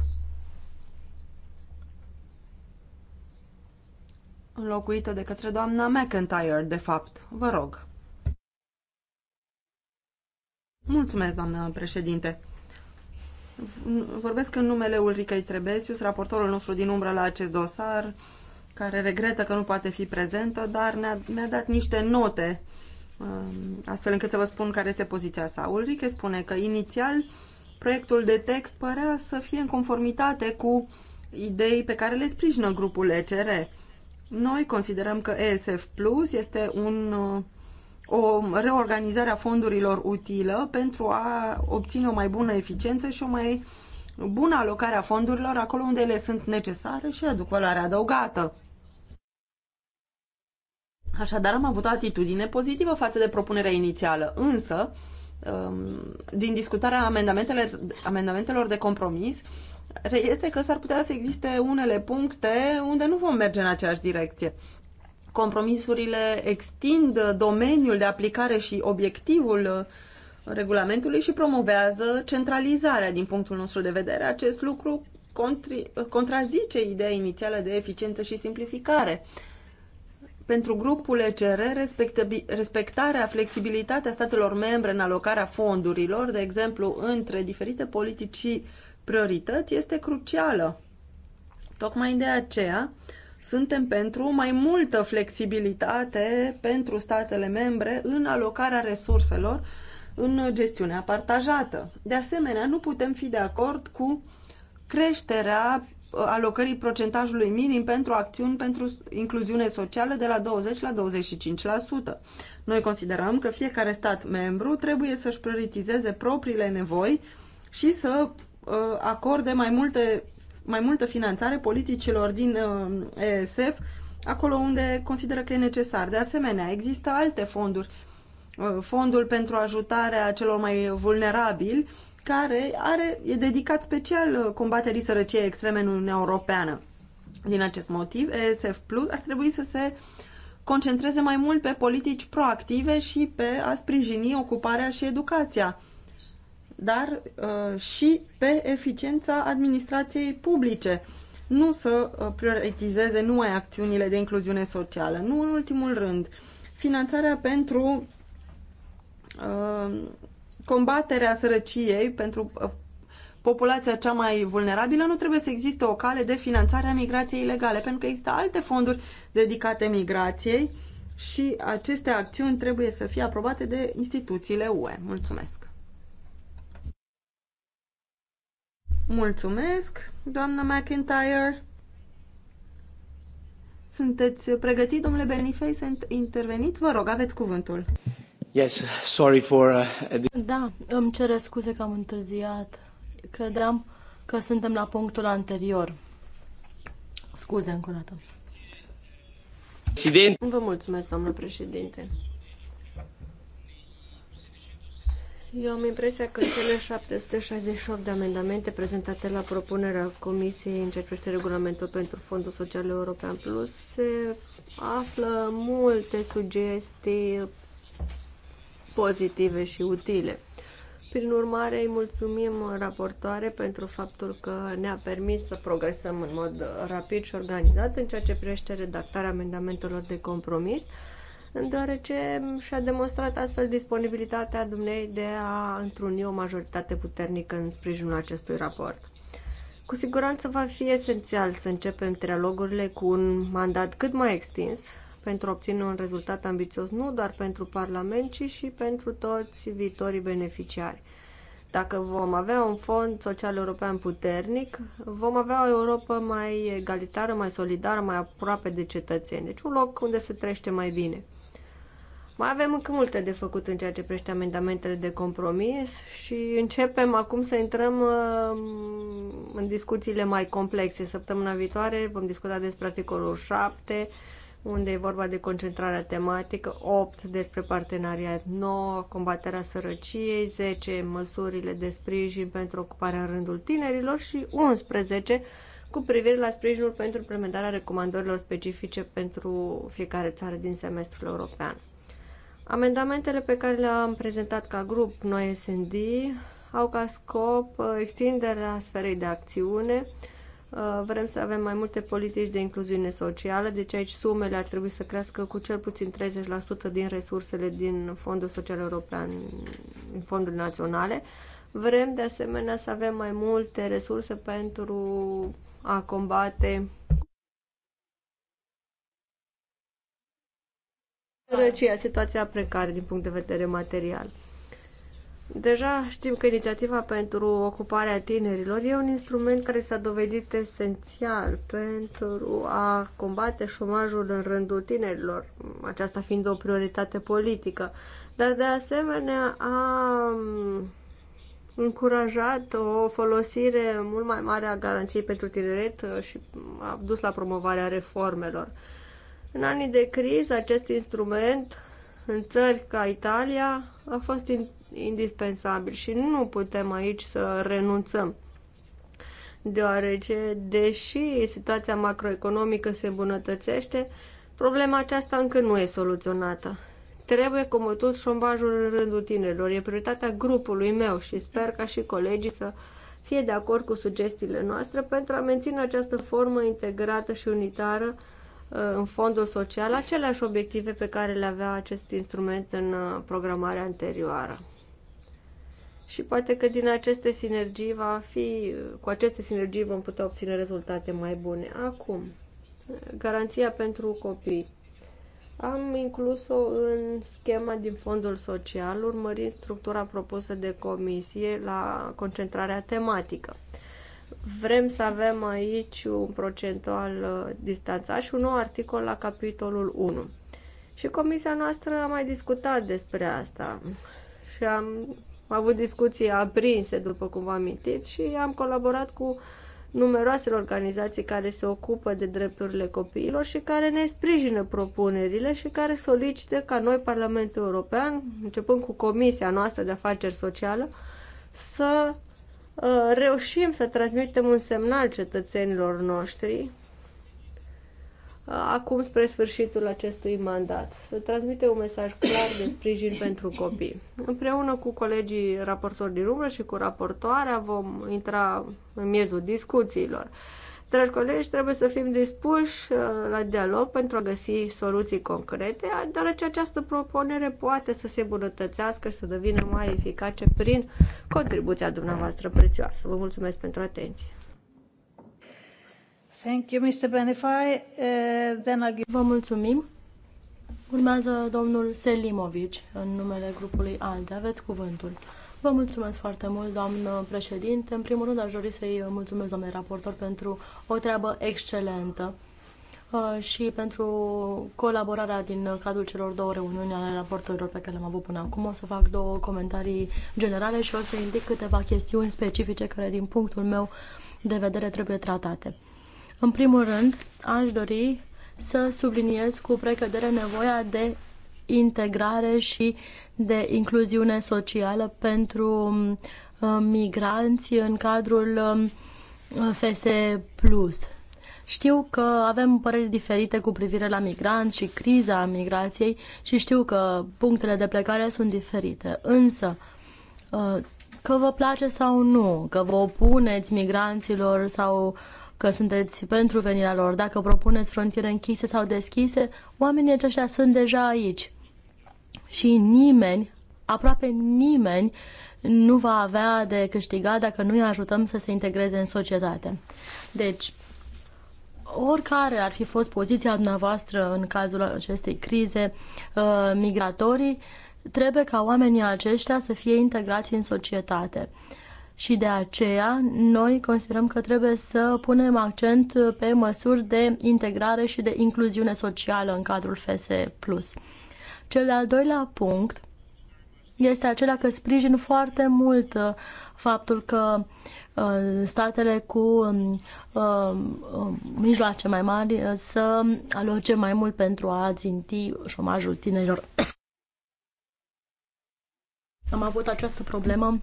Înlocuită de către doamna McIntyre, de fapt. Vă rog. Mulțumesc, doamnă președinte. Vorbesc în numele Ulricăi Trebesius, raportorul nostru din umbră la acest dosar, care regretă că nu poate fi prezentă, dar ne-a, ne dat niște note um, astfel încât să vă spun care este poziția sa. Ulrike spune că inițial proiectul de text părea să fie în conformitate cu idei pe care le sprijină grupul ECR. Noi considerăm că ESF Plus este un uh, o reorganizare a fondurilor utilă pentru a obține o mai bună eficiență și o mai bună alocare a fondurilor acolo unde ele sunt necesare și aduc valoare adăugată. Așadar, am avut o atitudine pozitivă față de propunerea inițială, însă, um, din discutarea amendamentelor de compromis, este că s-ar putea să existe unele puncte unde nu vom merge în aceeași direcție. Compromisurile extind domeniul de aplicare și obiectivul regulamentului și promovează centralizarea din punctul nostru de vedere. Acest lucru contri, contrazice ideea inițială de eficiență și simplificare. Pentru grupul ECR, respectarea, flexibilitatea statelor membre în alocarea fondurilor, de exemplu, între diferite politici și priorități, este crucială. Tocmai de aceea, uh, suntem pentru mai multă flexibilitate pentru statele membre în alocarea resurselor în gestiunea partajată. De asemenea, nu putem fi de acord cu creșterea uh, alocării procentajului minim pentru acțiuni pentru incluziune socială de la 20 la 25%. Noi considerăm că fiecare stat membru trebuie să-și prioritizeze propriile nevoi și să uh, acorde mai multe mai multă finanțare politicilor din uh, ESF acolo unde consideră că e necesar. De asemenea, există alte fonduri. Uh, fondul pentru ajutarea celor mai vulnerabili, care are, e dedicat special uh, combaterii sărăciei extreme în Uniunea Europeană. Din acest motiv, ESF Plus ar trebui să se concentreze mai mult pe politici proactive și pe a sprijini ocuparea și educația dar uh, și pe eficiența administrației publice. Nu să uh, prioritizeze numai acțiunile de incluziune socială. Nu în ultimul rând. Finanțarea pentru uh, combaterea sărăciei, pentru uh, populația cea mai vulnerabilă, nu trebuie să existe o cale de finanțare a migrației ilegale, pentru că există alte fonduri dedicate migrației și aceste acțiuni trebuie să fie aprobate de instituțiile UE. Mulțumesc! Mulțumesc, doamna McIntyre. Sunteți pregătit, domnule Benifei, să interveniți? Vă rog, aveți cuvântul. Yes, sorry for... Uh, da, îmi cer scuze că am întârziat. Credeam că suntem la punctul anterior. Scuze încă o dată. Vă mulțumesc, doamnă președinte. Eu am impresia că cele 768 de amendamente prezentate la propunerea Comisiei în ceea ce privește regulamentul pentru Fondul Social European Plus se află multe sugestii pozitive și utile. Prin urmare, îi mulțumim raportoare pentru faptul că ne-a permis să progresăm în mod rapid și organizat în ceea ce privește redactarea amendamentelor de compromis deoarece și-a demonstrat astfel disponibilitatea dumnei de a întruni o majoritate puternică în sprijinul acestui raport. Cu siguranță va fi esențial să începem trialogurile cu un mandat cât mai extins pentru a obține un rezultat ambițios nu doar pentru Parlament, ci și pentru toți viitorii beneficiari. Dacă vom avea un fond social european puternic, vom avea o Europa mai egalitară, mai solidară, mai aproape de cetățeni. Deci un loc unde se trăiește mai bine. Mai avem încă multe de făcut în ceea ce privește amendamentele de compromis și începem acum să intrăm uh, în discuțiile mai complexe. Săptămâna viitoare vom discuta despre articolul 7, unde e vorba de concentrarea tematică, 8 despre parteneriat, 9 combaterea sărăciei, 10 măsurile de sprijin pentru ocuparea în rândul tinerilor și 11 cu privire la sprijinul pentru implementarea recomandărilor specifice pentru fiecare țară din semestrul european. Amendamentele pe care le-am prezentat ca grup Noi SND au ca scop uh, extinderea sferei de acțiune. Uh, vrem să avem mai multe politici de incluziune socială, deci aici sumele ar trebui să crească cu cel puțin 30% din resursele din Fondul Social European, din fondul naționale. Vrem de asemenea să avem mai multe resurse pentru a combate sărăcia, situația precară din punct de vedere material. Deja știm că inițiativa pentru ocuparea tinerilor e un instrument care s-a dovedit esențial pentru a combate șomajul în rândul tinerilor, aceasta fiind o prioritate politică, dar de asemenea a încurajat o folosire mult mai mare a garanției pentru tineret și a dus la promovarea reformelor. În anii de criză, acest instrument în țări ca Italia a fost indispensabil și nu putem aici să renunțăm deoarece, deși situația macroeconomică se îmbunătățește, problema aceasta încă nu e soluționată. Trebuie tot, șombajul în rândul tinerilor. E prioritatea grupului meu și sper ca și colegii să fie de acord cu sugestiile noastre pentru a menține această formă integrată și unitară Uh, în fondul social aceleași obiective pe care le avea acest instrument în uh, programarea anterioară. Și poate că din aceste sinergii va fi, cu aceste sinergii vom putea obține rezultate mai bune. Acum, garanția pentru copii. Am inclus-o în schema din fondul social, urmărind structura propusă de comisie la concentrarea tematică vrem să avem aici un procentual uh, distanțat și un nou articol la capitolul 1. Și comisia noastră a mai discutat despre asta și am avut discuții aprinse, după cum vă amintiți, și am colaborat cu numeroasele organizații care se ocupă de drepturile copiilor și care ne sprijină propunerile și care solicită ca noi, Parlamentul European, începând cu Comisia noastră de Afaceri sociale, să Uh, reușim să transmitem un semnal cetățenilor noștri uh, acum spre sfârșitul acestui mandat, să transmite un mesaj clar de sprijin pentru copii. Împreună cu colegii raportori din umbră și cu raportoarea vom intra în miezul discuțiilor. Dragi colegi, trebuie să fim dispuși uh, la dialog pentru a găsi soluții concrete, deoarece această propunere poate să se îmbunătățească și să devină mai eficace prin contribuția dumneavoastră prețioasă. Vă mulțumesc pentru atenție. Thank you, Mr. Benify. Uh, then I'll give... Vă mulțumim. Urmează domnul Selimovici în numele grupului ALDE. Aveți cuvântul. Vă mulțumesc foarte mult, doamnă președinte. În primul rând, aș dori să-i mulțumesc, doamne raportor, pentru o treabă excelentă uh, și pentru colaborarea din cadrul celor două reuniuni ale raportorilor pe care le-am avut până acum. O să fac două comentarii generale și o să indic câteva chestiuni specifice care, din punctul meu de vedere, trebuie tratate. În primul rând, aș dori să subliniez cu precădere nevoia de integrare și de incluziune socială pentru uh, migranți în cadrul um, FSE+. Știu că avem păreri diferite cu privire la migranți și criza migrației și știu că punctele de plecare sunt diferite, însă uh, că vă place sau nu, că vă opuneți migranților sau că sunteți pentru venirea lor, dacă propuneți frontiere închise sau deschise, oamenii aceștia sunt deja aici și nimeni, aproape nimeni, nu va avea de câștigat dacă nu îi ajutăm să se integreze în societate. Deci, oricare ar fi fost poziția dumneavoastră în cazul acestei crize uh, migratorii, trebuie ca oamenii aceștia să fie integrați în societate. Și de aceea noi considerăm că trebuie să punem accent pe măsuri de integrare și de incluziune socială în cadrul FSE+. Cel de-al doilea punct este acela că sprijin foarte mult uh, faptul că uh, statele cu um, um, um, mijloace mai mari uh, să aloce mai mult pentru a ținti șomajul tinerilor. Am avut această problemă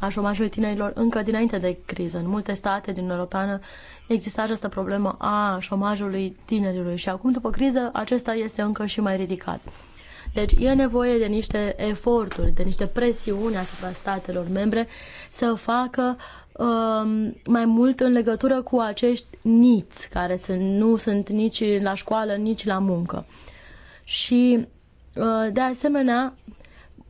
a șomajului tinerilor încă dinainte de criză. În multe state din Europeană exista această problemă a șomajului tinerilor și acum, după criză, acesta este încă și mai ridicat. Deci e nevoie de niște eforturi, de niște presiuni asupra statelor membre să facă um, mai mult în legătură cu acești niți care sunt, nu sunt nici la școală, nici la muncă. Și uh, de asemenea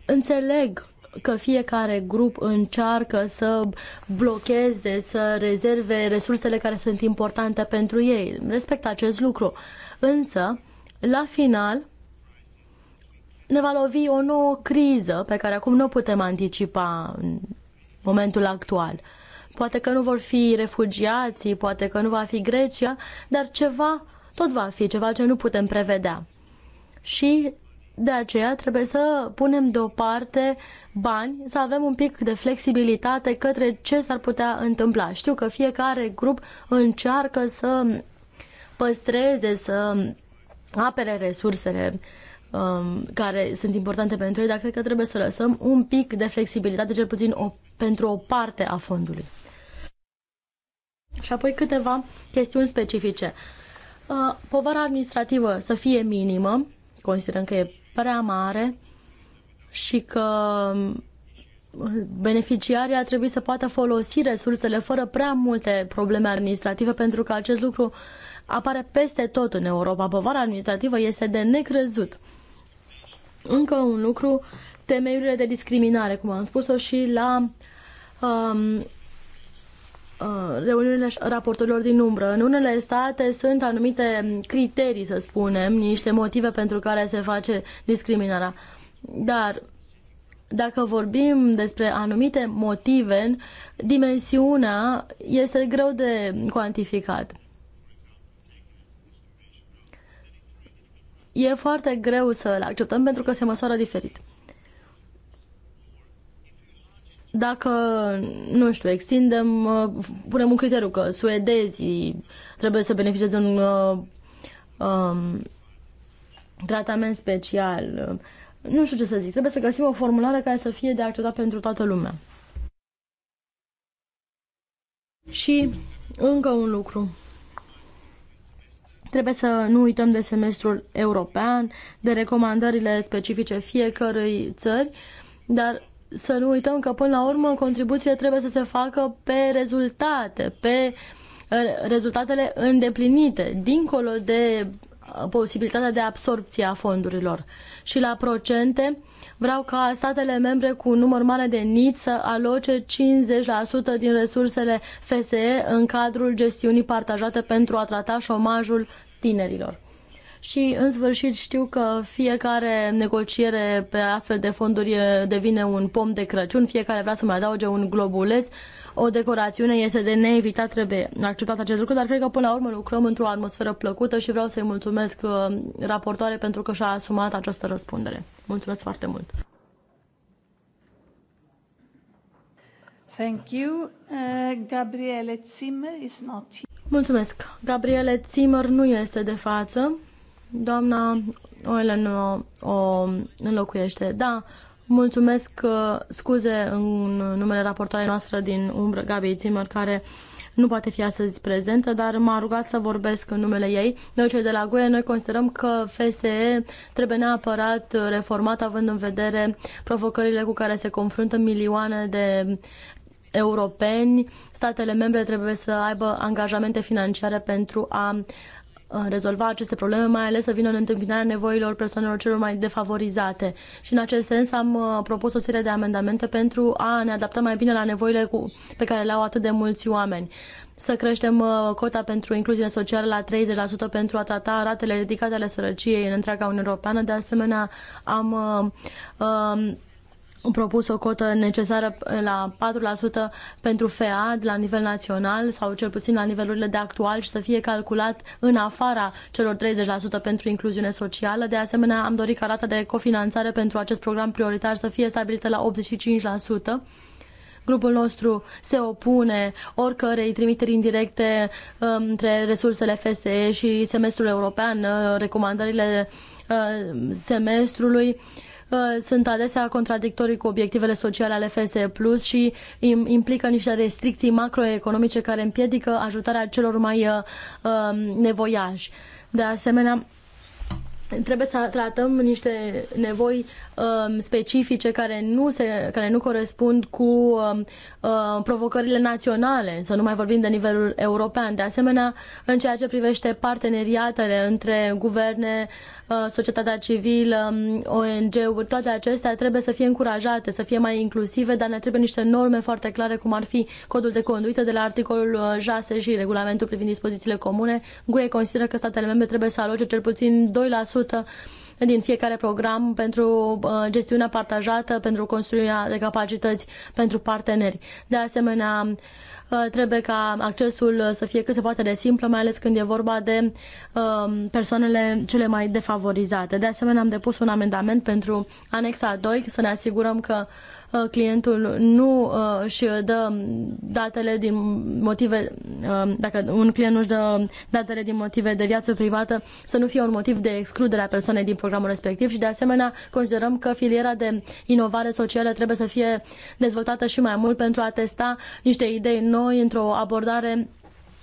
înțeleg că fiecare grup încearcă să blocheze, să rezerve resursele care sunt importante pentru ei. Respect acest lucru. Însă, la final, ne va lovi o nouă criză pe care acum nu putem anticipa în momentul actual. Poate că nu vor fi refugiații, poate că nu va fi Grecia, dar ceva tot va fi, ceva ce nu putem prevedea. Și de aceea trebuie să punem deoparte bani, să avem un pic de flexibilitate către ce s-ar putea întâmpla. Știu că fiecare grup încearcă să păstreze, să apere resursele um, care sunt importante pentru ei, dar cred că trebuie să lăsăm un pic de flexibilitate, cel puțin o, pentru o parte a fondului. Și apoi câteva chestiuni specifice. Uh, povara administrativă să fie minimă, considerăm că e prea mare și că beneficiarii ar trebui să poată folosi resursele fără prea multe probleme administrative, pentru că acest lucru apare peste tot în Europa. Povara administrativă este de necrezut. Încă un lucru, temeiurile de discriminare, cum am spus-o și la um, Uh, reuniunile raportorilor din umbră. În unele state sunt anumite criterii, să spunem, niște motive pentru care se face discriminarea. Dar dacă vorbim despre anumite motive, dimensiunea este greu de cuantificat. E foarte greu să-l acceptăm pentru că se măsoară diferit dacă, nu știu, extindem, uh, punem un criteriu că suedezii trebuie să beneficieze un uh, um, tratament special, uh, nu știu ce să zic, trebuie să găsim o formulare care să fie de acceptat pentru toată lumea. Și încă un lucru. Trebuie să nu uităm de semestrul european, de recomandările specifice fiecărui țări, dar să nu uităm că până la urmă contribuția trebuie să se facă pe rezultate, pe uh, rezultatele îndeplinite, dincolo de uh, posibilitatea de absorpție a fondurilor. Și la procente, vreau ca statele membre cu un număr mare de NIT să aloce 50% din resursele FSE în cadrul gestiunii partajate pentru a trata șomajul tinerilor și în sfârșit știu că fiecare negociere pe astfel de fonduri devine un pom de Crăciun, fiecare vrea să mai adauge un globuleț, o decorațiune este de neevitat, trebuie acceptat acest lucru, dar cred că până la urmă lucrăm într-o atmosferă plăcută și vreau să-i mulțumesc uh, raportoare pentru că și-a asumat această răspundere. Mulțumesc foarte mult! Thank you. Uh, Gabriele Zimmer is not here. Mulțumesc. Gabriele Zimmer nu este de față. Doamna Oelen o, o înlocuiește. Da, mulțumesc uh, scuze în numele raportoarei noastră din umbră, Gabi Zimmer, care nu poate fi astăzi prezentă, dar m-a rugat să vorbesc în numele ei. Noi, cei de la GUE, noi considerăm că FSE trebuie neapărat reformat, având în vedere provocările cu care se confruntă milioane de europeni. Statele membre trebuie să aibă angajamente financiare pentru a Uh, rezolva aceste probleme, mai ales să vină în întâmpinarea nevoilor persoanelor celor mai defavorizate. Și în acest sens am uh, propus o serie de amendamente pentru a ne adapta mai bine la nevoile cu, pe care le au atât de mulți oameni. Să creștem uh, cota pentru incluziune socială la 30% pentru a trata ratele ridicate ale sărăciei în întreaga Uniune Europeană. De asemenea, am uh, um, propus o cotă necesară la 4% pentru FEAD la nivel național sau cel puțin la nivelurile de actual și să fie calculat în afara celor 30% pentru incluziune socială. De asemenea, am dorit ca rata de cofinanțare pentru acest program prioritar să fie stabilită la 85%. Grupul nostru se opune oricărei trimiteri indirecte um, între resursele FSE și semestrul european, uh, recomandările uh, semestrului Uh, sunt adesea contradictorii cu obiectivele sociale ale FSE Plus și implică niște restricții macroeconomice care împiedică ajutarea celor mai uh, um, nevoiași. De asemenea, trebuie să tratăm niște nevoi um, specifice care nu, se, care nu corespund cu um, uh, provocările naționale, să nu mai vorbim de nivelul european. De asemenea, în ceea ce privește parteneriatele între guverne, uh, Uh, societatea civilă, um, ONG-uri, toate acestea trebuie să fie încurajate, să fie mai inclusive, dar ne trebuie niște norme foarte clare, cum ar fi codul de conduită de la articolul 6 uh, și regulamentul privind dispozițiile comune. GUE consideră că statele membre trebuie să aloce cel puțin 2% din fiecare program pentru uh, gestiunea partajată, pentru construirea de capacități pentru parteneri. De asemenea, Uh, trebuie ca accesul uh, să fie cât se poate de simplu, mai ales când e vorba de um, persoanele cele mai defavorizate. De asemenea, am depus un amendament pentru anexa 2 să ne asigurăm că Uh, clientul nu uh, își dă datele din motive, uh, dacă un client nu își dă datele din motive de viață privată, să nu fie un motiv de excludere a persoanei din programul respectiv și de asemenea considerăm că filiera de inovare socială trebuie să fie dezvoltată și mai mult pentru a testa niște idei noi într-o abordare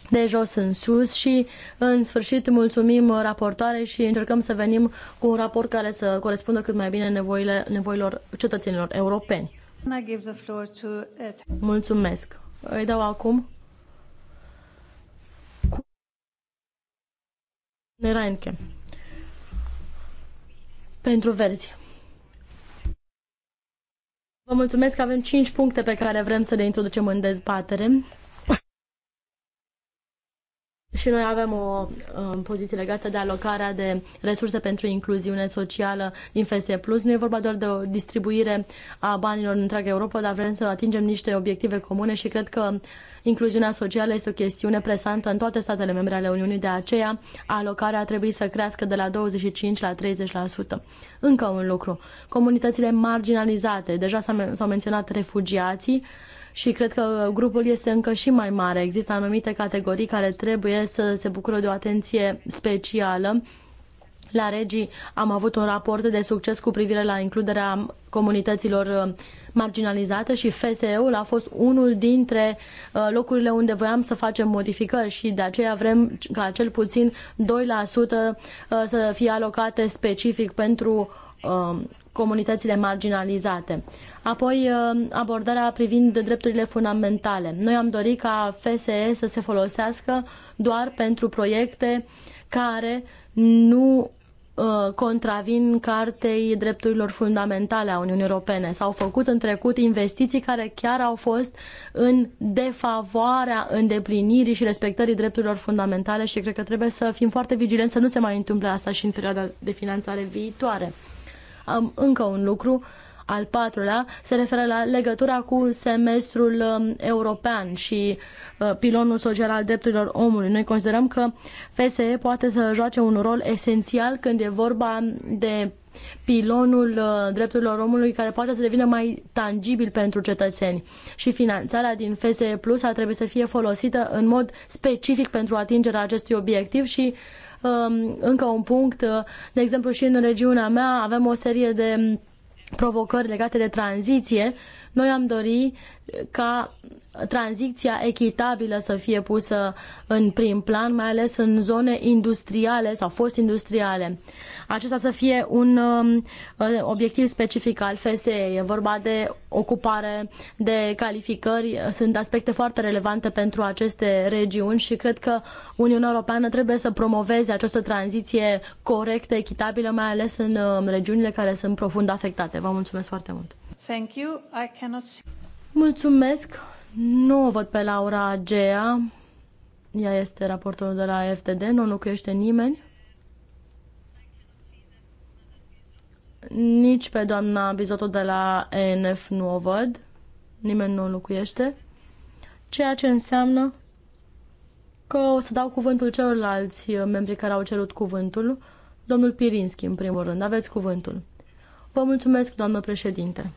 de jos în sus și în sfârșit mulțumim raportoare și încercăm să venim cu un raport care să corespundă cât mai bine nevoile, nevoilor cetățenilor europeni. Mulțumesc. Îi dau acum cu Nerainche. Pentru verzi. Vă mulțumesc că avem 5 puncte pe care vrem să le introducem în dezbatere. Și noi avem o um, poziție legată de alocarea de resurse pentru incluziune socială din FSE+. Plus. Nu e vorba doar de o distribuire a banilor în întreaga Europa, dar vrem să atingem niște obiective comune și cred că incluziunea socială este o chestiune presantă în toate statele membre ale Uniunii, de aceea alocarea trebuie să crească de la 25 la 30%. Încă un lucru. Comunitățile marginalizate, deja s-au menționat refugiații, și cred că grupul este încă și mai mare. Există anumite categorii care trebuie să se bucură de o atenție specială. La Regii am avut un raport de succes cu privire la includerea comunităților uh, marginalizate și FSE-ul a fost unul dintre uh, locurile unde voiam să facem modificări și de aceea vrem ca cel puțin 2% uh, să fie alocate specific pentru comunitățile marginalizate. Apoi, uh, abordarea privind drepturile fundamentale. Noi am dorit ca FSE să se folosească doar pentru proiecte care nu uh, contravin cartei drepturilor fundamentale a Uniunii Europene. S-au făcut în trecut investiții care chiar au fost în defavoarea îndeplinirii și respectării drepturilor fundamentale și cred că trebuie să fim foarte vigilenți să nu se mai întâmple asta și în perioada de finanțare viitoare. Um, încă un lucru, al patrulea, se referă la legătura cu semestrul um, european și uh, pilonul social al drepturilor omului. Noi considerăm că FSE poate să joace un rol esențial când e vorba de pilonul uh, drepturilor omului care poate să devină mai tangibil pentru cetățeni. Și finanțarea din FSE Plus ar trebui să fie folosită în mod specific pentru atingerea acestui obiectiv și uh, Um, încă un punct. Uh, de exemplu, și în regiunea mea avem o serie de provocări legate de tranziție. Noi am dori ca tranziția echitabilă să fie pusă în prim plan, mai ales în zone industriale sau fost industriale. Acesta să fie un um, uh, obiectiv specific al FSE. E vorba de ocupare, de calificări. Sunt aspecte foarte relevante pentru aceste regiuni și cred că Uniunea Europeană trebuie să promoveze această tranziție corectă, echitabilă, mai ales în um, regiunile care sunt profund afectate. Vă mulțumesc foarte mult! Thank you. I cannot... Mulțumesc! Nu o văd pe Laura Agea. Ea este raportorul de la FTD, nu locuiește nimeni. Nici pe doamna Bizotul de la ENF nu o văd. Nimeni nu locuiește. Ceea ce înseamnă că o să dau cuvântul celorlalți uh, membri care au cerut cuvântul. Domnul Pirinski, în primul rând, aveți cuvântul. Vă mulțumesc, doamnă președinte.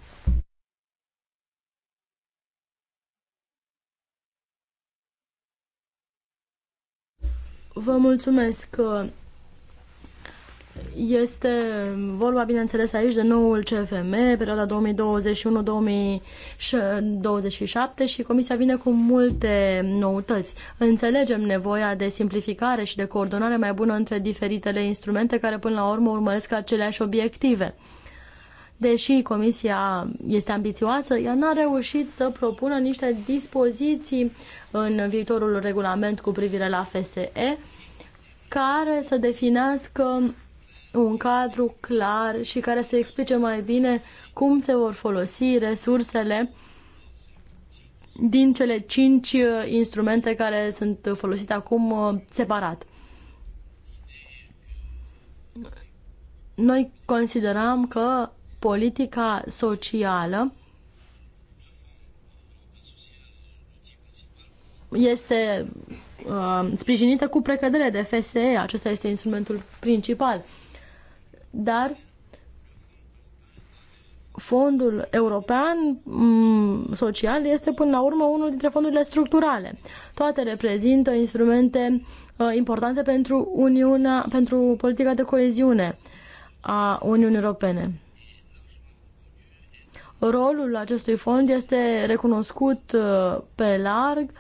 Vă mulțumesc. Este vorba, bineînțeles, aici de noul CFM, perioada 2021-2027 și Comisia vine cu multe noutăți. Înțelegem nevoia de simplificare și de coordonare mai bună între diferitele instrumente care până la urmă urmăresc aceleași obiective. Deși Comisia este ambițioasă, ea n-a reușit să propună niște dispoziții în viitorul regulament cu privire la FSE, care să definească un cadru clar și care să explice mai bine cum se vor folosi resursele din cele cinci uh, instrumente care sunt folosite acum uh, separat. Noi considerăm că politica socială este Uh, sprijinită cu precădere de FSE, acesta este instrumentul principal. Dar fondul european mm, social este până la urmă unul dintre fondurile structurale. Toate reprezintă instrumente uh, importante pentru Uniunea, pentru politica de coeziune a Uniunii Europene. Rolul acestui fond este recunoscut uh, pe larg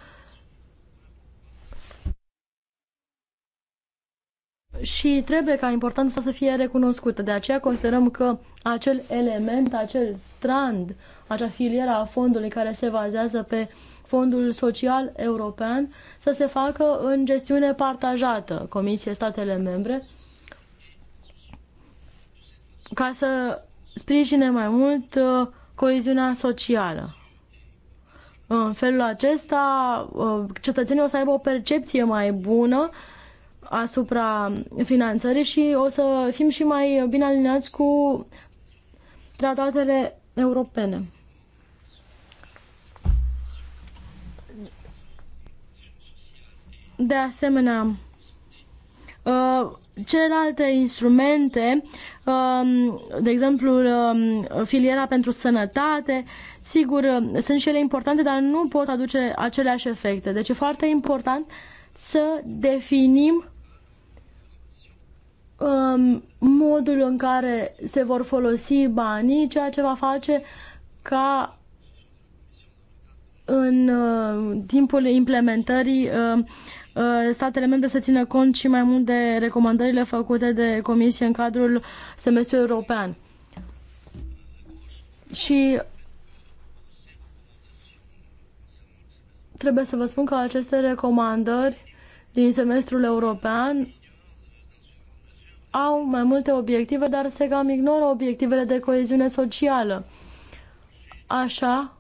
și trebuie ca importanța să fie recunoscută. De aceea considerăm că acel element, acel strand, acea filieră a fondului care se bazează pe fondul social european să se facă în gestiune partajată, Comisie, statele membre, ca să sprijine mai mult uh, coeziunea socială. În felul acesta, uh, cetățenii o să aibă o percepție mai bună uh, asupra finanțării și o să fim și mai bine alineați cu tratatele europene. De asemenea, uh, celelalte instrumente, um, de exemplu um, filiera pentru sănătate, sigur, uh, sunt și ele importante, dar nu pot aduce aceleași efecte. Deci e foarte important să definim um, modul în care se vor folosi banii, ceea ce va face ca în uh, timpul implementării uh, uh, statele membre să țină cont și mai mult de recomandările făcute de Comisie în cadrul semestrului european. Și trebuie să vă spun că aceste recomandări din semestrul european au mai multe obiective, dar se cam ignoră obiectivele de coeziune socială. Așa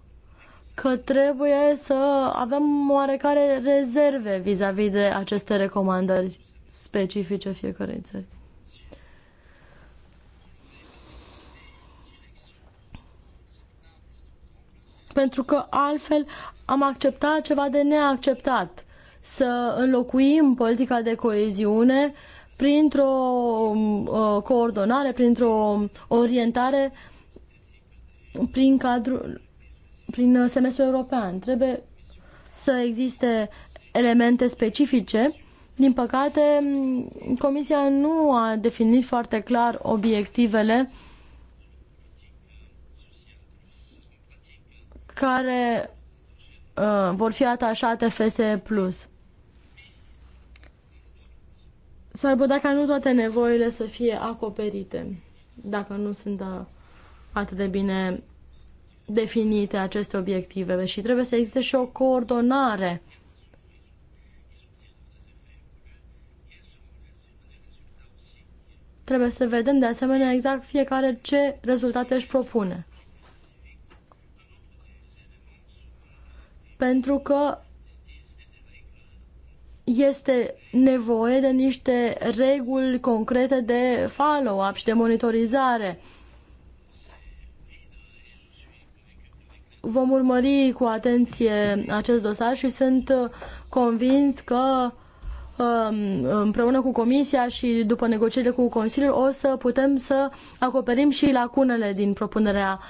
că trebuie să avem oarecare rezerve vis-a-vis -vis de aceste recomandări specifice fiecărei țări. Pentru că altfel am acceptat ceva de neacceptat. Să înlocuim politica de coeziune uh, printr-o um, uh, coordonare, printr-o orientare prin cadrul prin semestrul european. Trebuie să existe elemente specifice. Din păcate, Comisia nu a definit foarte clar obiectivele care uh, vor fi atașate FSE+ s-ar putea ca nu toate nevoile să fie acoperite dacă nu sunt uh, atât de bine definite aceste obiective și trebuie să existe și o coordonare trebuie să vedem de asemenea exact fiecare ce rezultate își propune. Pentru că este nevoie de niște reguli concrete de follow-up și de monitorizare. Vom urmări cu atenție acest dosar și sunt convins că um, împreună cu Comisia și după negocierile cu Consiliul o să putem să acoperim și lacunele din propunerea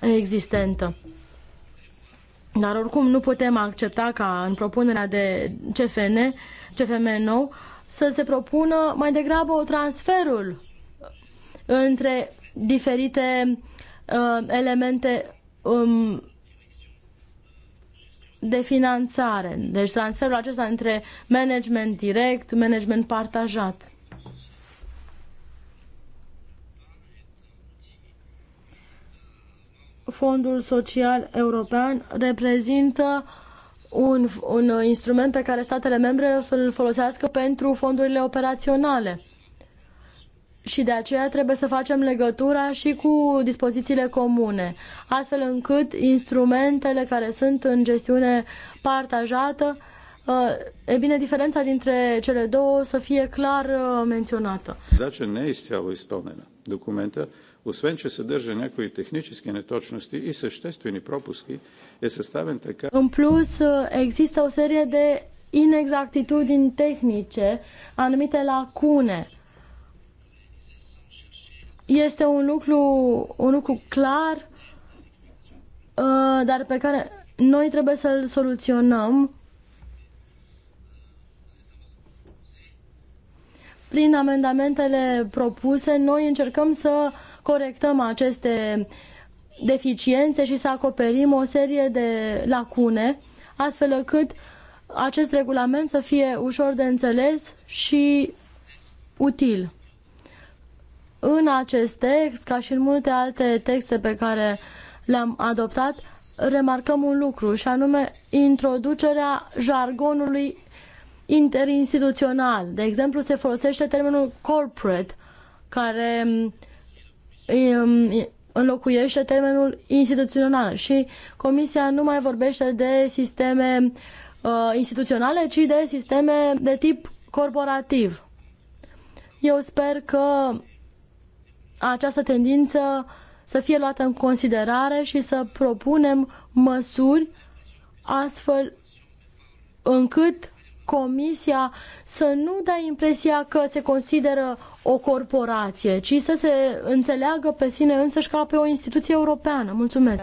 existentă. Dar oricum nu putem accepta ca în propunerea de CFN, CFM nou să se propună mai degrabă o transferul între diferite uh, elemente um, de finanțare. Deci transferul acesta între management direct, management partajat. Fondul Social European reprezintă un, un instrument pe care statele membre o să-l folosească pentru fondurile operaționale. Și de aceea trebuie să facem legătura și cu dispozițiile comune, astfel încât instrumentele care sunt în gestiune partajată, uh, e bine, diferența dintre cele două să fie clar uh, menționată. Dacă deci, nu este o documentă, освен че съдържа някои технически неточности и съществени пропуски, е съставен така... În plus, există o serie de inexactitudini tehnice, anumite lacune. Este un lucru, un lucru clar, dar pe care noi trebuie să-l soluționăm prin amendamentele propuse, noi încercăm să corectăm aceste deficiențe și să acoperim o serie de lacune, astfel încât acest regulament să fie ușor de înțeles și util. În acest text, ca și în multe alte texte pe care le-am adoptat, remarcăm un lucru și anume introducerea jargonului interinstituțional. De exemplu, se folosește termenul corporate, care înlocuiește termenul instituțional și Comisia nu mai vorbește de sisteme uh, instituționale, ci de sisteme de tip corporativ. Eu sper că această tendință să fie luată în considerare și să propunem măsuri astfel încât Comisia să nu dea impresia că se consideră o corporație, ci să se înțeleagă pe sine însăși ca pe o instituție europeană. Mulțumesc!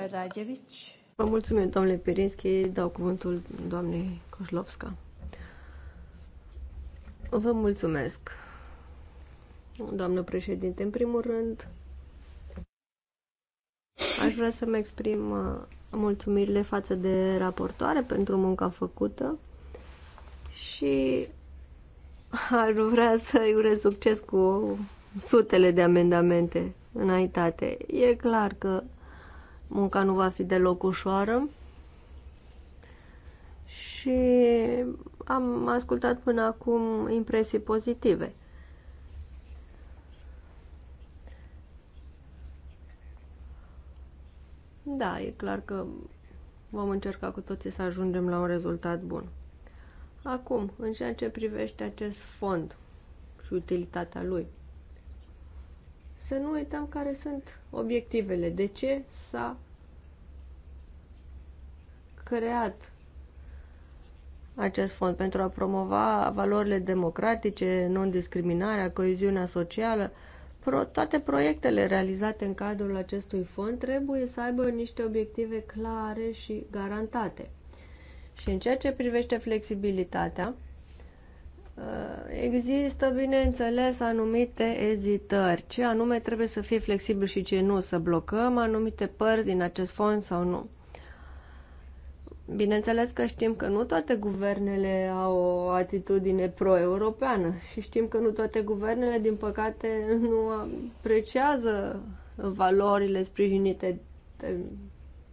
Vă mulțumim, domnule Pirinski. Dau cuvântul doamnei Coșlovska. Vă mulțumesc, doamnă președinte. În primul rând, aș vrea să-mi exprim uh, mulțumirile față de raportoare pentru munca făcută și ar vrea să-i urez succes cu sutele de amendamente înaintate. E clar că munca nu va fi deloc ușoară și am ascultat până acum impresii pozitive. Da, e clar că vom încerca cu toții să ajungem la un rezultat bun. Acum, în ceea ce privește acest fond și utilitatea lui, să nu uităm care sunt obiectivele, de ce s-a creat acest fond pentru a promova valorile democratice, non-discriminarea, coeziunea socială. Pro, toate proiectele realizate în cadrul acestui fond trebuie să aibă niște obiective clare și garantate. Și în ceea ce privește flexibilitatea, uh, Există, bineînțeles, anumite ezitări. Ce anume trebuie să fie flexibil și ce nu, să blocăm anumite părți din acest fond sau nu. Bineînțeles că știm că nu toate guvernele au o atitudine pro-europeană și știm că nu toate guvernele, din păcate, nu apreciază valorile sprijinite de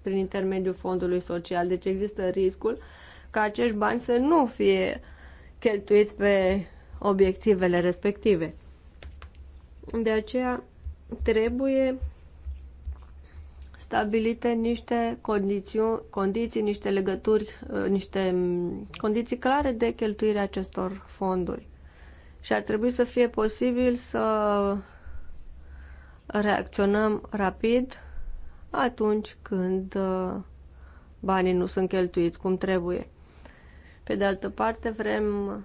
prin intermediul fondului social. Deci există riscul ca acești bani să nu fie cheltuiți pe obiectivele respective. De aceea trebuie stabilite niște condiții, condiții niște legături, uh, niște condiții clare de cheltuire acestor fonduri. Și ar trebui să fie posibil să reacționăm rapid atunci când uh, banii nu sunt cheltuiți cum trebuie. Pe de altă parte, vrem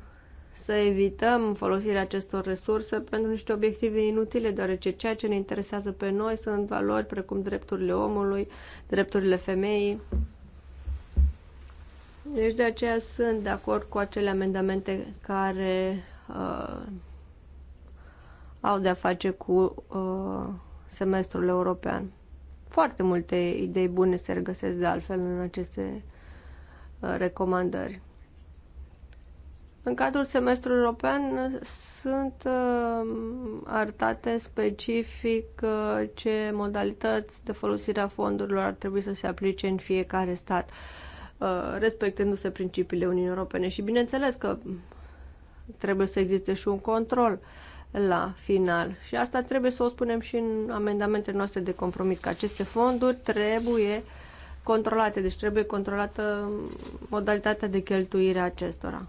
să evităm folosirea acestor resurse pentru niște obiective inutile, deoarece ceea ce ne interesează pe noi sunt valori precum drepturile omului, drepturile femeii. Deci de aceea sunt de acord cu acele amendamente care uh, au de-a face cu uh, semestrul european. Foarte multe idei bune se regăsesc de altfel în aceste uh, recomandări. În cadrul semestrului european uh, sunt uh, arătate specific ce modalități de folosire a fondurilor ar trebui să se aplice în fiecare stat, respectându-se principiile Uniunii Europene. Și bineînțeles că trebuie să existe și un control uh, la final. Și asta trebuie să o spunem și în amendamentele noastre de compromis, că aceste fonduri trebuie controlate, deci trebuie controlată modalitatea de cheltuire a acestora.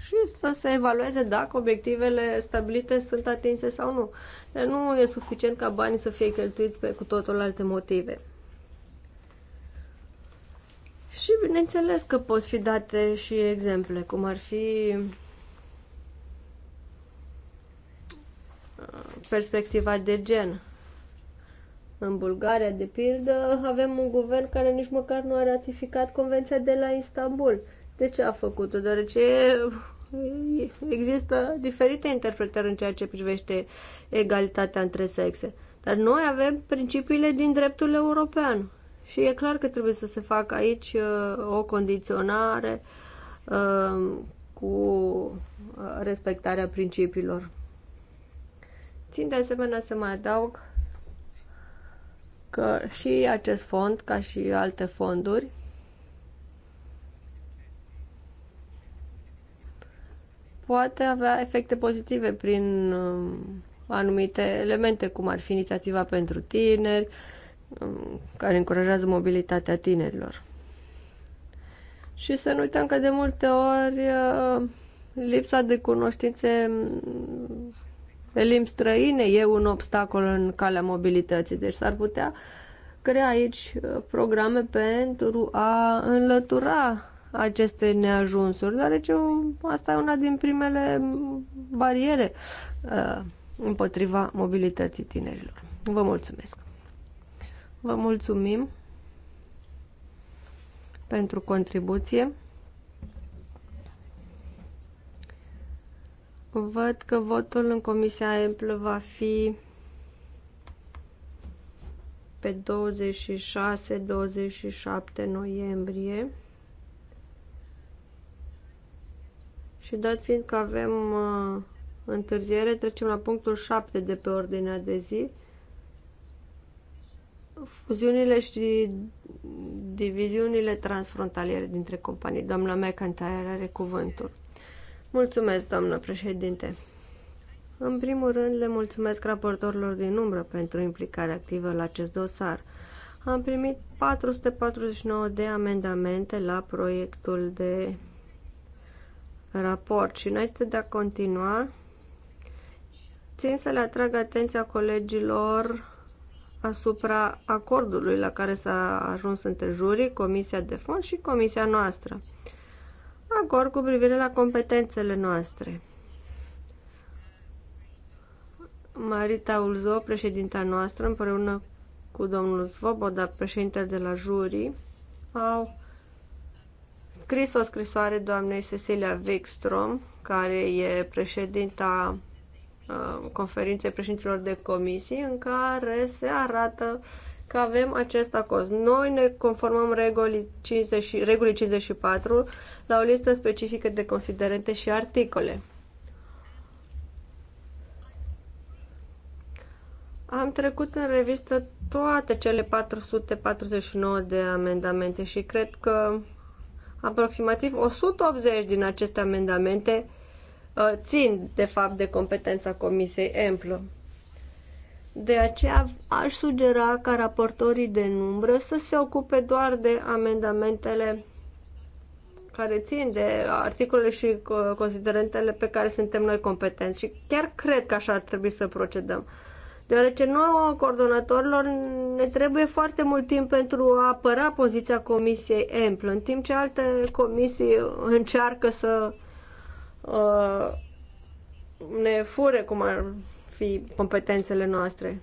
Și să se evalueze dacă obiectivele stabilite sunt atinse sau nu. Dar nu e suficient ca banii să fie cheltuiți pe cu totul alte motive. Și bineînțeles că pot fi date și exemple, cum ar fi perspectiva de gen. În Bulgaria, de pildă, avem un guvern care nici măcar nu a ratificat Convenția de la Istanbul. De ce a făcut-o? Deoarece există diferite interpretări în ceea ce privește egalitatea între sexe. Dar noi avem principiile din dreptul european și e clar că trebuie să se facă aici uh, o condiționare uh, cu uh, respectarea principiilor. Țin de asemenea să mai adaug că și acest fond, ca și alte fonduri, poate avea efecte pozitive prin um, anumite elemente, cum ar fi inițiativa pentru tineri, um, care încurajează mobilitatea tinerilor. Și să nu uităm că de multe ori uh, lipsa de cunoștințe de limbi străine e un obstacol în calea mobilității. Deci s-ar putea crea aici uh, programe pentru a înlătura aceste neajunsuri, deoarece um, asta e una din primele bariere uh, împotriva mobilității tinerilor. Vă mulțumesc! Vă mulțumim pentru contribuție. Văd că votul în Comisia Emplă va fi pe 26-27 noiembrie. Și dat fiind că avem uh, întârziere, trecem la punctul 7 de pe ordinea de zi. Fuziunile și diviziunile transfrontaliere dintre companii. Doamna McIntyre are cuvântul. Mulțumesc, doamnă președinte. În primul rând, le mulțumesc raportorilor din umbră pentru implicarea activă la acest dosar. Am primit 449 de amendamente la proiectul de raport și înainte de a continua, țin să le atrag atenția colegilor asupra acordului la care s-a ajuns între jurii, Comisia de Fond și Comisia noastră acord cu privire la competențele noastre. Marita Ulzo, președinta noastră, împreună cu domnul Svoboda, președinte de la jurii, au scris o scrisoare doamnei Cecilia Wikstrom, care e președinta uh, conferinței președinților de comisii, în care se arată că avem acest acord. Noi ne conformăm regulii, regulii 54, la o listă specifică de considerente și articole. Am trecut în revistă toate cele 449 de amendamente și cred că aproximativ 180 din aceste amendamente uh, țin, de fapt, de competența Comisiei Emplă. De aceea aș sugera ca raportorii de numbră să se ocupe doar de amendamentele care țin de articolele și uh, considerentele pe care suntem noi competenți și chiar cred că așa ar trebui să procedăm. Deoarece nouă coordonatorilor ne trebuie foarte mult timp pentru a apăra poziția Comisiei EMPL, în timp ce alte comisii încearcă să uh, ne fure cum ar fi competențele noastre.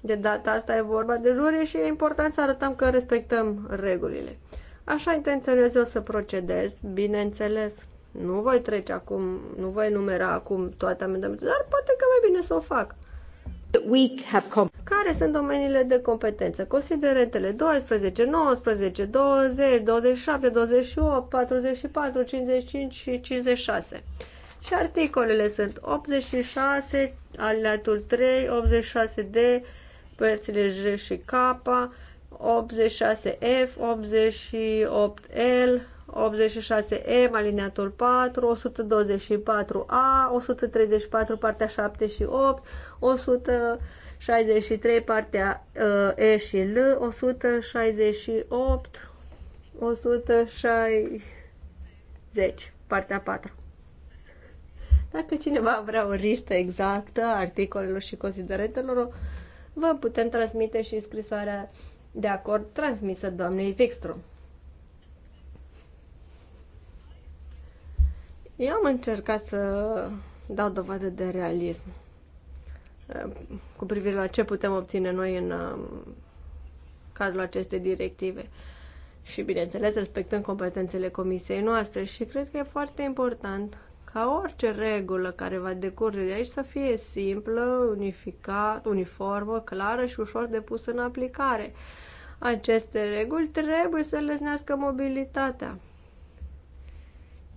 De data asta e vorba de jurie și e important să arătăm că respectăm regulile. Așa intenționez eu să procedez, bineînțeles. Nu voi trece acum, nu voi numera acum toate amendamentele, dar poate că mai bine să o fac. Care sunt domeniile de competență? Considerentele 12, 19, 20, 27, 28, 44, 55 și 56. Și articolele sunt 86, aliatul 3, 86D, părțile J și K, 86F, 88L, 86M, alineatul 4, 124A, 134, partea 7 și 8, 163, partea uh, E și L, 168, 160, partea 4. Dacă cineva vrea o listă exactă a articolelor și considerentelor, vă putem transmite și scrisoarea de acord transmisă doamnei Wikström. Eu am încercat să dau dovadă de realism eh, cu privire la ce putem obține noi în eh, cadrul acestei directive. Și, bineînțeles, respectăm competențele comisiei noastre și cred că e foarte important ca orice regulă care va decurge de aici să fie simplă, unificat, uniformă, clară și ușor de pus în aplicare. Aceste reguli trebuie să lăsnească mobilitatea.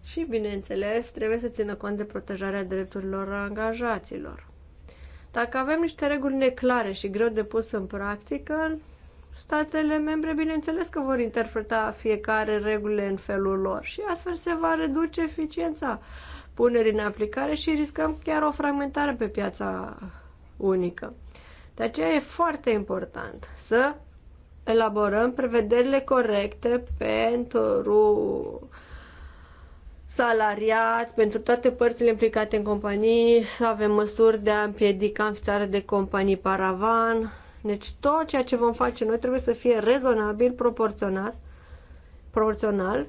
Și, bineînțeles, trebuie să țină cont de protejarea drepturilor angajaților. Dacă avem niște reguli neclare și greu de pus în practică, statele membre, bineînțeles că vor interpreta fiecare regulă în felul lor și astfel se va reduce eficiența punerii în aplicare și riscăm chiar o fragmentare pe piața unică. De aceea e foarte important să elaborăm prevederile corecte pentru salariați, pentru toate părțile implicate în companii, să avem măsuri de a împiedica înființarea de companii paravan. Deci tot ceea ce vom face noi trebuie să fie rezonabil, proporțional, proporțional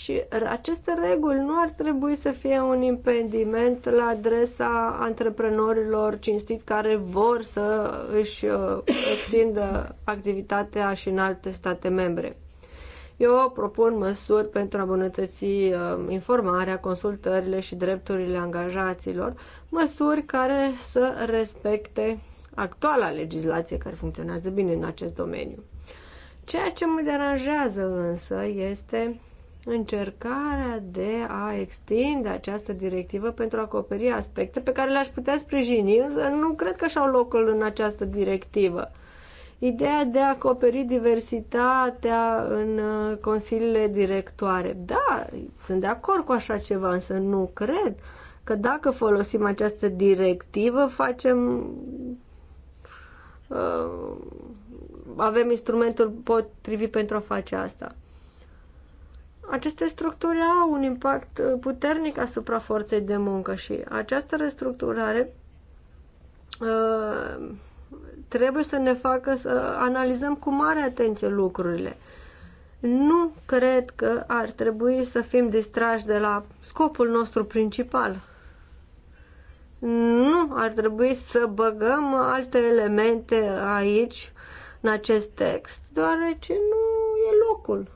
și aceste reguli nu ar trebui să fie un impediment la adresa antreprenorilor cinstiți care vor să își uh, extindă activitatea și în alte state membre. Eu propun măsuri pentru a îmbunătăți uh, informarea, consultările și drepturile angajaților, măsuri care să respecte actuala legislație care funcționează bine în acest domeniu. Ceea ce mă deranjează însă este încercarea de a extinde această directivă pentru a acoperi aspecte pe care le-aș putea sprijini, însă nu cred că și-au locul în această directivă. Ideea de a acoperi diversitatea în uh, consiliile directoare. Da, sunt de acord cu așa ceva, însă nu cred că dacă folosim această directivă, facem. Uh, avem instrumentul potrivit pentru a face asta. Aceste structuri au un impact uh, puternic asupra forței de muncă și această restructurare uh, trebuie să ne facă să analizăm cu mare atenție lucrurile. Nu cred că ar trebui să fim distrași de la scopul nostru principal. Nu ar trebui să băgăm alte elemente aici, în acest text, deoarece nu e locul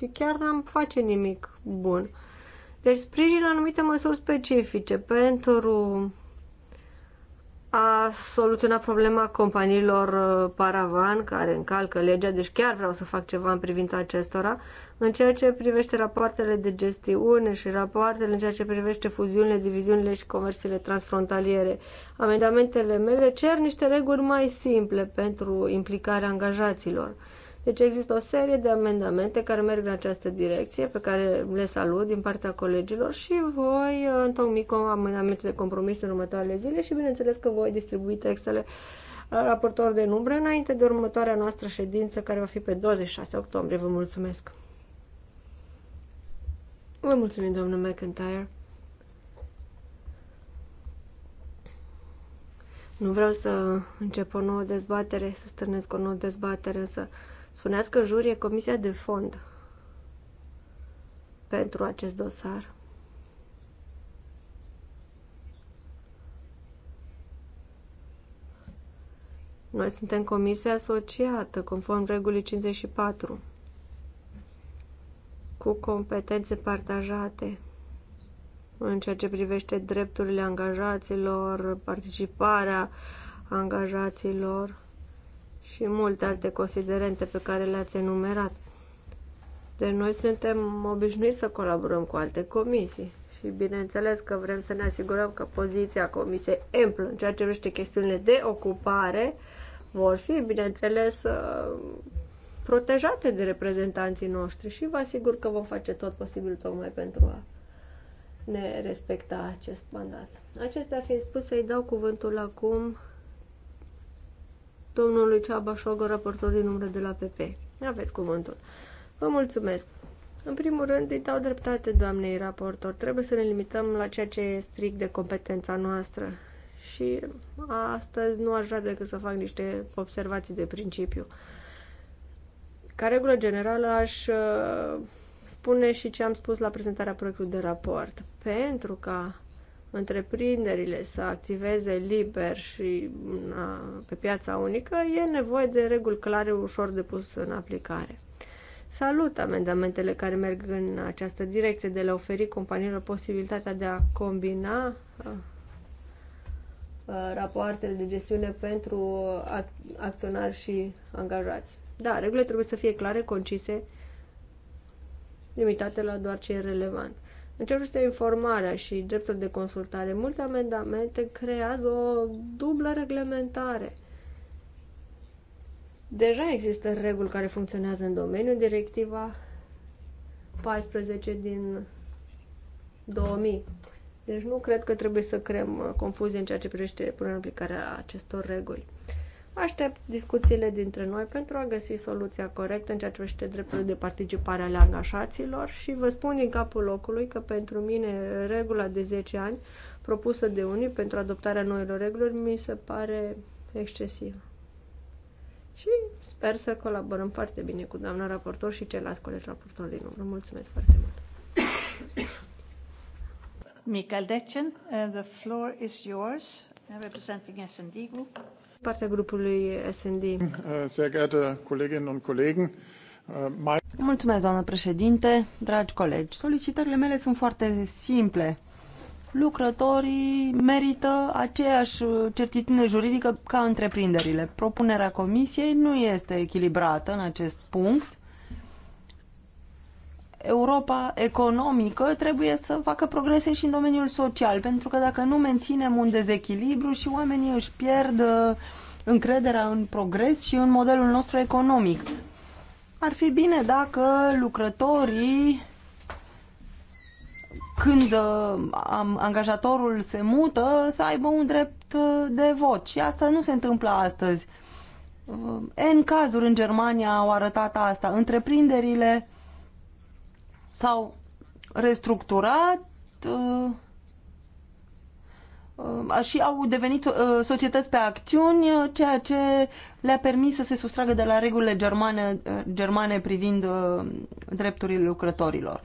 și chiar n-am face nimic bun. Deci sprijin anumite măsuri specifice pentru a soluționa problema companiilor uh, paravan care încalcă legea, deci chiar vreau să fac ceva în privința acestora, în ceea ce privește rapoartele de gestiune și rapoartele în ceea ce privește fuziunile, diviziunile și comerțele transfrontaliere. Amendamentele mele cer niște reguli mai simple pentru implicarea angajaților. Deci există o serie de amendamente care merg în această direcție, pe care le salut din partea colegilor și voi întocmi cu amendamente de compromis în următoarele zile și bineînțeles că voi distribui textele uh, raportor de numbre înainte de următoarea noastră ședință care va fi pe 26 octombrie. Vă mulțumesc! Vă mulțumim, domnul McIntyre! Nu vreau să încep o nouă dezbatere, să stârnesc o nouă dezbatere, însă Spuneați că jurie comisia de fond pentru acest dosar. Noi suntem comisie asociată, conform regulii 54, cu competențe partajate în ceea ce privește drepturile angajaților, participarea angajaților și multe alte considerente pe care le-ați enumerat. De deci noi suntem obișnuiți să colaborăm cu alte comisii și bineînțeles că vrem să ne asigurăm că poziția comisiei amplu în ceea ce vrește chestiunile de ocupare vor fi, bineînțeles, uh, protejate de reprezentanții noștri și vă asigur că vom face tot posibil tocmai pentru a ne respecta acest mandat. Acestea fiind spuse, îi dau cuvântul acum domnului Ceaba Șogă, raportor din umbră de la PP. Aveți cuvântul. Vă mulțumesc. În primul rând, îi dau dreptate doamnei raportor. Trebuie să ne limităm la ceea ce e strict de competența noastră. Și astăzi nu aș vrea decât să fac niște observații de principiu. Ca regulă generală, aș uh, spune și ce am spus la prezentarea proiectului de raport. Pentru ca întreprinderile să activeze liber și pe piața unică, e nevoie de reguli clare, ușor de pus în aplicare. Salut amendamentele care merg în această direcție de a oferi companiilor posibilitatea de a combina rapoartele de gestiune pentru acționari și angajați. Da, regulile trebuie să fie clare, concise, limitate la doar ce e relevant. În ce informarea și dreptul de consultare, multe amendamente creează o dublă reglementare. Deja există reguli care funcționează în domeniu, directiva 14 din 2000. Deci nu cred că trebuie să creăm uh, confuzie în ceea ce privește punerea în aplicare acestor reguli. Aștept discuțiile dintre noi pentru a găsi soluția corectă în ceea ce privește drepturile de participare ale angajaților și vă spun din capul locului că pentru mine regula de 10 ani propusă de unii pentru adoptarea noilor reguli mi se pare excesivă. Și sper să colaborăm foarte bine cu doamna raportor și ceilalți colegi raportori din urmă. Mulțumesc foarte mult! Michael Dechen, uh, the floor is yours, representing S&D Group. Partea grupului SND. Uh, uh, Mulțumesc, doamnă președinte, dragi colegi. Solicitările mele sunt foarte simple. Lucrătorii merită aceeași certitudine juridică ca întreprinderile. Propunerea comisiei nu este echilibrată în acest punct Europa economică trebuie să facă progrese și în domeniul social, pentru că dacă nu menținem un dezechilibru și oamenii își pierd uh, încrederea în progres și în modelul nostru economic. Ar fi bine dacă lucrătorii când uh, angajatorul se mută să aibă un drept uh, de vot și asta nu se întâmplă astăzi. În cazuri în Germania au arătat asta. Întreprinderile s-au restructurat uh, uh, și au devenit uh, societăți pe acțiuni, ceea ce le-a permis să se sustragă de la regulile germane, germane privind drepturile lucrătorilor.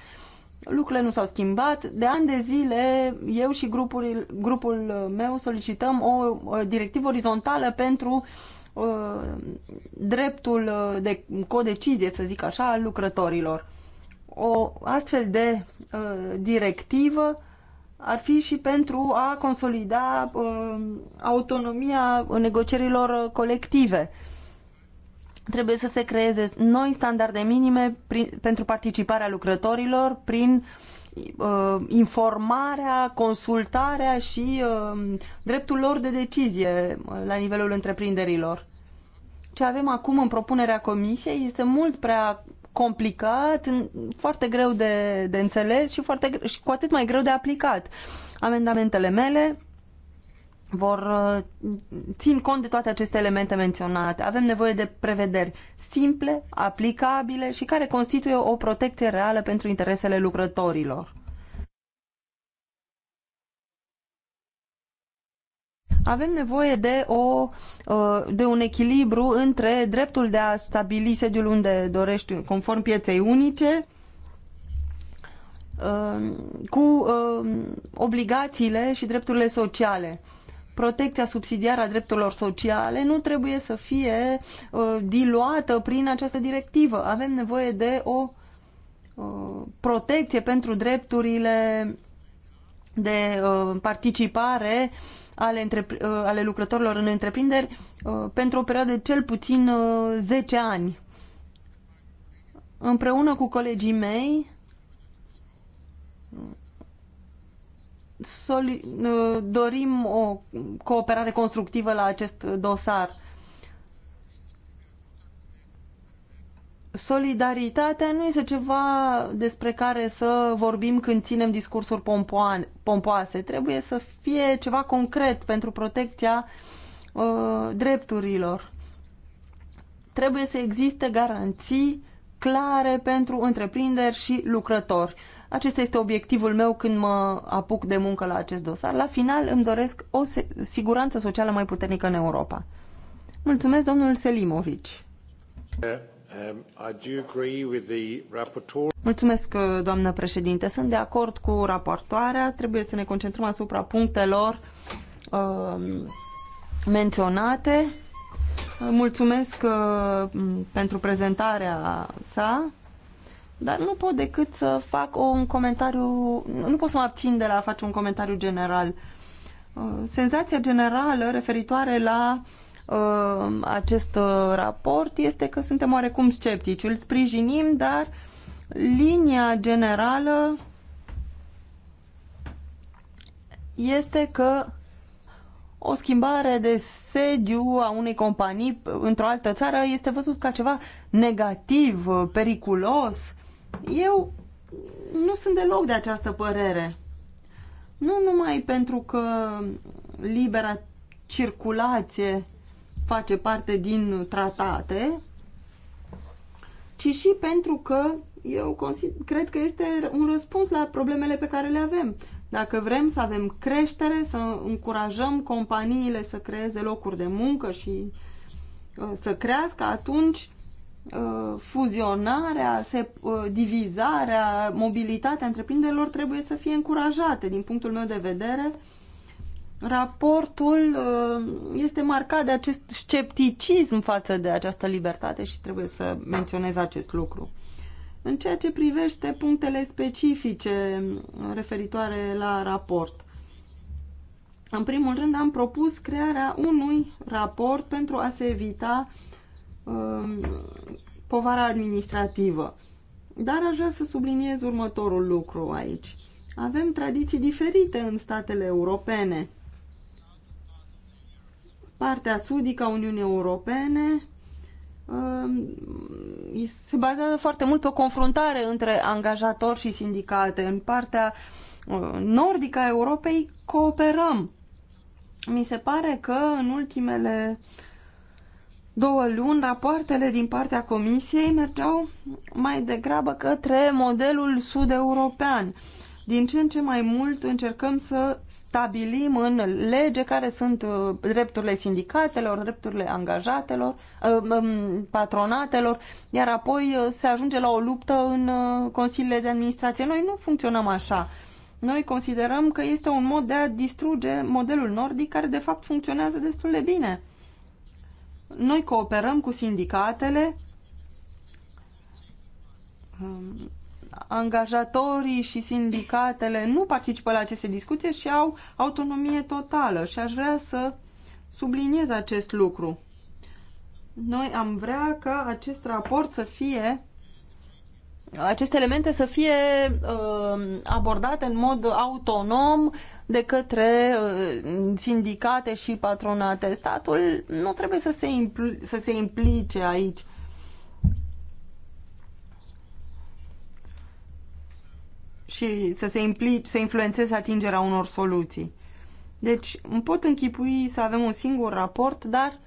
Lucrurile nu s-au schimbat. De ani de zile, eu și grupul, grupul meu solicităm o, o directivă orizontală pentru uh, dreptul de codecizie, să zic așa, al lucrătorilor o astfel de uh, directivă ar fi și pentru a consolida uh, autonomia negocierilor colective. Trebuie să se creeze noi standarde minime prin, pentru participarea lucrătorilor prin uh, informarea, consultarea și uh, dreptul lor de decizie uh, la nivelul întreprinderilor. Ce avem acum în propunerea comisiei este mult prea complicat, foarte greu de, de înțeles și, foarte, și cu atât mai greu de aplicat. Amendamentele mele vor uh, țin cont de toate aceste elemente menționate. Avem nevoie de prevederi simple, aplicabile și care constituie o protecție reală pentru interesele lucrătorilor. Avem nevoie de, o, uh, de un echilibru între dreptul de a stabili sediul unde dorești conform pieței unice uh, cu uh, obligațiile și drepturile sociale protecția subsidiară a drepturilor sociale nu trebuie să fie diluată prin această directivă. Avem nevoie de o protecție pentru drepturile de uh, participare ale, între, uh, ale lucrătorilor în întreprinderi uh, pentru o perioadă de cel puțin 10 uh, ani. Împreună cu colegii mei dorim o cooperare constructivă la acest dosar Solidaritatea nu este ceva despre care să vorbim când ținem discursuri pompoane, pompoase. Trebuie să fie ceva concret pentru protecția uh, drepturilor. Trebuie să existe garanții clare pentru întreprinderi și lucrători. Acesta este obiectivul meu când mă apuc de muncă la acest dosar. La final îmi doresc o siguranță socială mai puternică în Europa. Mulțumesc, domnul Selimovici. Um, mulțumesc, uh, doamnă președinte. Sunt de acord cu raportoarea. Trebuie să ne concentrăm asupra punctelor um, uh, menționate. Mulțumesc uh, pentru prezentarea sa, dar nu pot decât să fac un comentariu, nu pot să mă abțin de la a face un comentariu general. Uh, senzația generală referitoare la uh, Uh, acest uh, raport este că suntem oarecum sceptici. Îl sprijinim, dar linia generală este că o schimbare de sediu a unei companii într-o altă țară este văzut ca ceva negativ, uh, periculos. Eu nu sunt deloc de această părere. Nu numai pentru că libera circulație face parte din tratate, ci și pentru că eu consider, cred că este un răspuns la problemele pe care le avem. Dacă vrem să avem creștere, să încurajăm companiile să creeze locuri de muncă și uh, să crească, atunci uh, fuzionarea, uh, divizarea, mobilitatea întreprinderilor trebuie să fie încurajate. Din punctul meu de vedere, Raportul uh, este marcat de acest scepticism față de această libertate și trebuie să da. menționez acest lucru. În ceea ce privește punctele specifice referitoare la raport, în primul rând am propus crearea unui raport pentru a se evita um, povara administrativă. Dar aș vrea să subliniez următorul lucru aici. Avem tradiții diferite în statele europene partea sudică a Uniunii Europene um, se bazează foarte mult pe o confruntare între angajatori și sindicate. În partea uh, nordică a Europei cooperăm. Mi se pare că în ultimele două luni rapoartele din partea Comisiei mergeau mai degrabă către modelul sud-european din ce în ce mai mult încercăm să stabilim în lege care sunt uh, drepturile sindicatelor, drepturile angajatelor, uh, um, patronatelor, iar apoi uh, se ajunge la o luptă în consiliile de administrație. Noi nu funcționăm așa. Noi considerăm că este un mod de a distruge modelul nordic care de fapt funcționează destul de bine. Noi cooperăm cu sindicatele um, angajatorii și sindicatele nu participă la aceste discuții și au autonomie totală și aș vrea să subliniez acest lucru. Noi am vrea ca acest raport să fie aceste elemente să fie uh, abordate în mod autonom de către uh, sindicate și patronate. Statul nu trebuie să se, impl- să se implice aici. și să se implice, să influențeze atingerea unor soluții. Deci îmi pot închipui să avem un singur raport, dar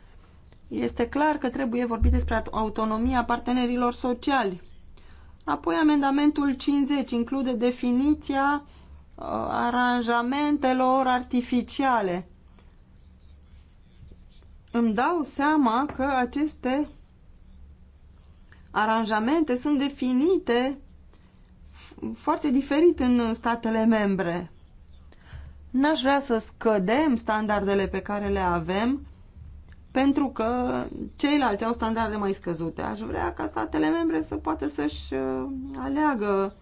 este clar că trebuie vorbit despre autonomia partenerilor sociali. Apoi amendamentul 50 include definiția uh, aranjamentelor artificiale. Îmi dau seama că aceste aranjamente sunt definite foarte diferit în statele membre. N-aș vrea să scădem standardele pe care le avem pentru că ceilalți au standarde mai scăzute. Aș vrea ca statele membre să poată să-și uh, aleagă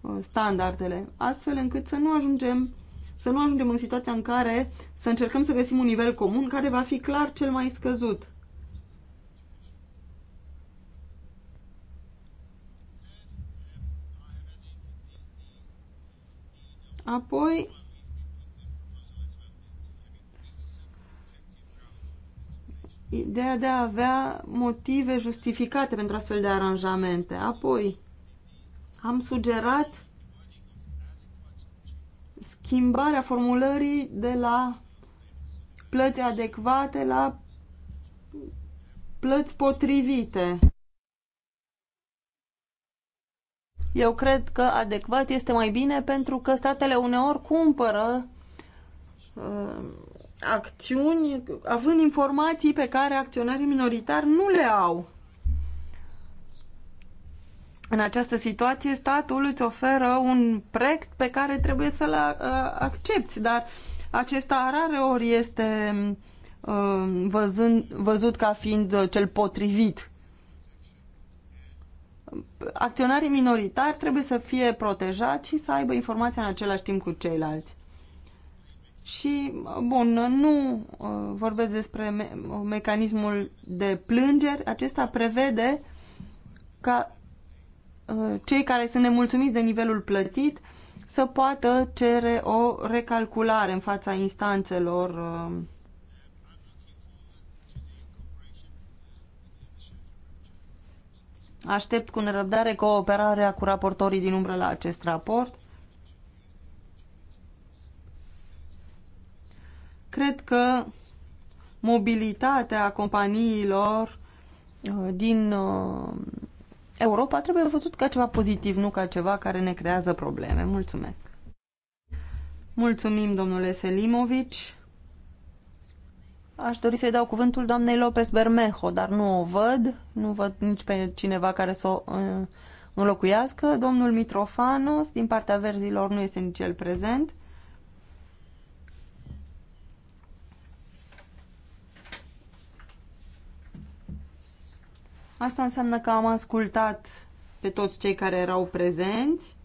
uh, standardele, astfel încât să nu ajungem să nu ajungem în situația în care să încercăm să găsim un nivel comun care va fi clar cel mai scăzut. Apoi, ideea de a avea motive justificate pentru astfel de aranjamente. Apoi, am sugerat schimbarea formulării de la plăți adecvate la plăți potrivite. Eu cred că adecvat este mai bine pentru că statele uneori cumpără uh, acțiuni având informații pe care acționarii minoritari nu le au. În această situație, statul îți oferă un proiect pe care trebuie să-l uh, accepti, dar acesta rare ori este uh, văzând, văzut ca fiind cel potrivit acționarii minoritari trebuie să fie protejați și să aibă informația în același timp cu ceilalți. Și, bun, nu uh, vorbesc despre me mecanismul de plângeri. Acesta prevede ca uh, cei care sunt nemulțumiți de nivelul plătit să poată cere o recalculare în fața instanțelor uh, Aștept cu nerăbdare cooperarea cu raportorii din umbră la acest raport. Cred că mobilitatea companiilor uh, din uh, Europa trebuie văzut ca ceva pozitiv, nu ca ceva care ne creează probleme. Mulțumesc! Mulțumim, domnule Selimovici. Aș dori să-i dau cuvântul doamnei Lopez Bermejo, dar nu o văd, nu văd nici pe cineva care să o uh, înlocuiască. Domnul Mitrofanos, din partea verzilor, nu este nici el prezent. Asta înseamnă că am ascultat pe toți cei care erau prezenți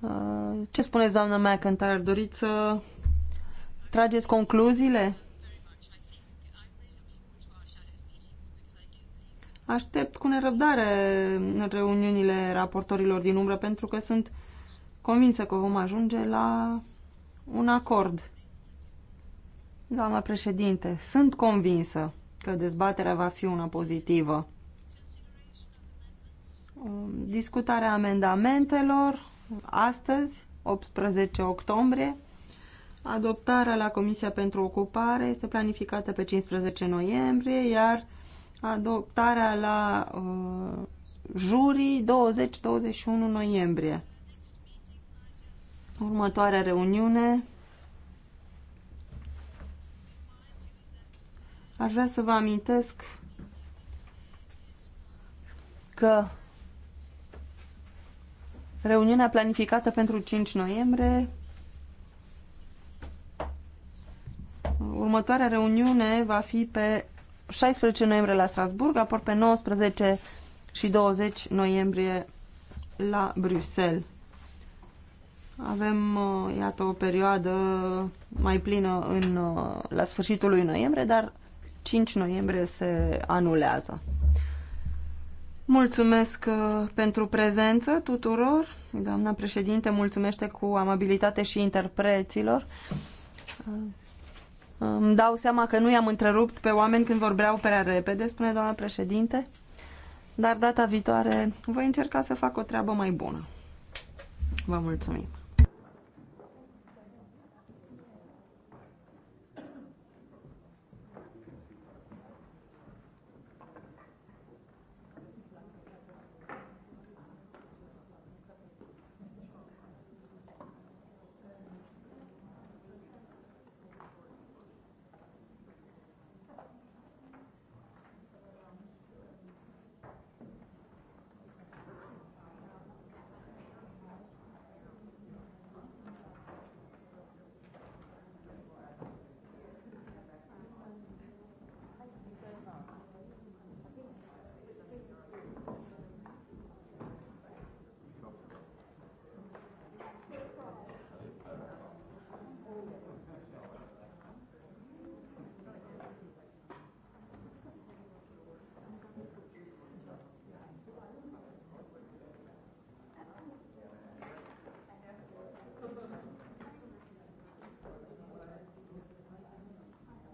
Uh, ce spuneți, doamnă McIntyre? Doriți să trageți concluziile? Aștept cu nerăbdare reuniunile raportorilor din umbră pentru că sunt convinsă că vom ajunge la un acord. Doamna președinte, sunt convinsă că dezbaterea va fi una pozitivă. Discutarea amendamentelor astăzi, 18 octombrie. Adoptarea la Comisia pentru Ocupare este planificată pe 15 noiembrie, iar adoptarea la uh, jurii 20-21 noiembrie. Următoarea reuniune aș vrea să vă amintesc că Reuniunea planificată pentru 5 noiembrie. Următoarea reuniune va fi pe 16 noiembrie la Strasburg, apoi pe 19 și 20 noiembrie la Bruxelles. Avem, uh, iată, o perioadă mai plină în, uh, la sfârșitul lui noiembrie, dar 5 noiembrie se anulează. Mulțumesc uh, pentru prezență tuturor. Doamna președinte mulțumește cu amabilitate și interpreților. Uh, îmi dau seama că nu i-am întrerupt pe oameni când vorbeau prea repede, spune doamna președinte. Dar data viitoare voi încerca să fac o treabă mai bună. Vă mulțumim!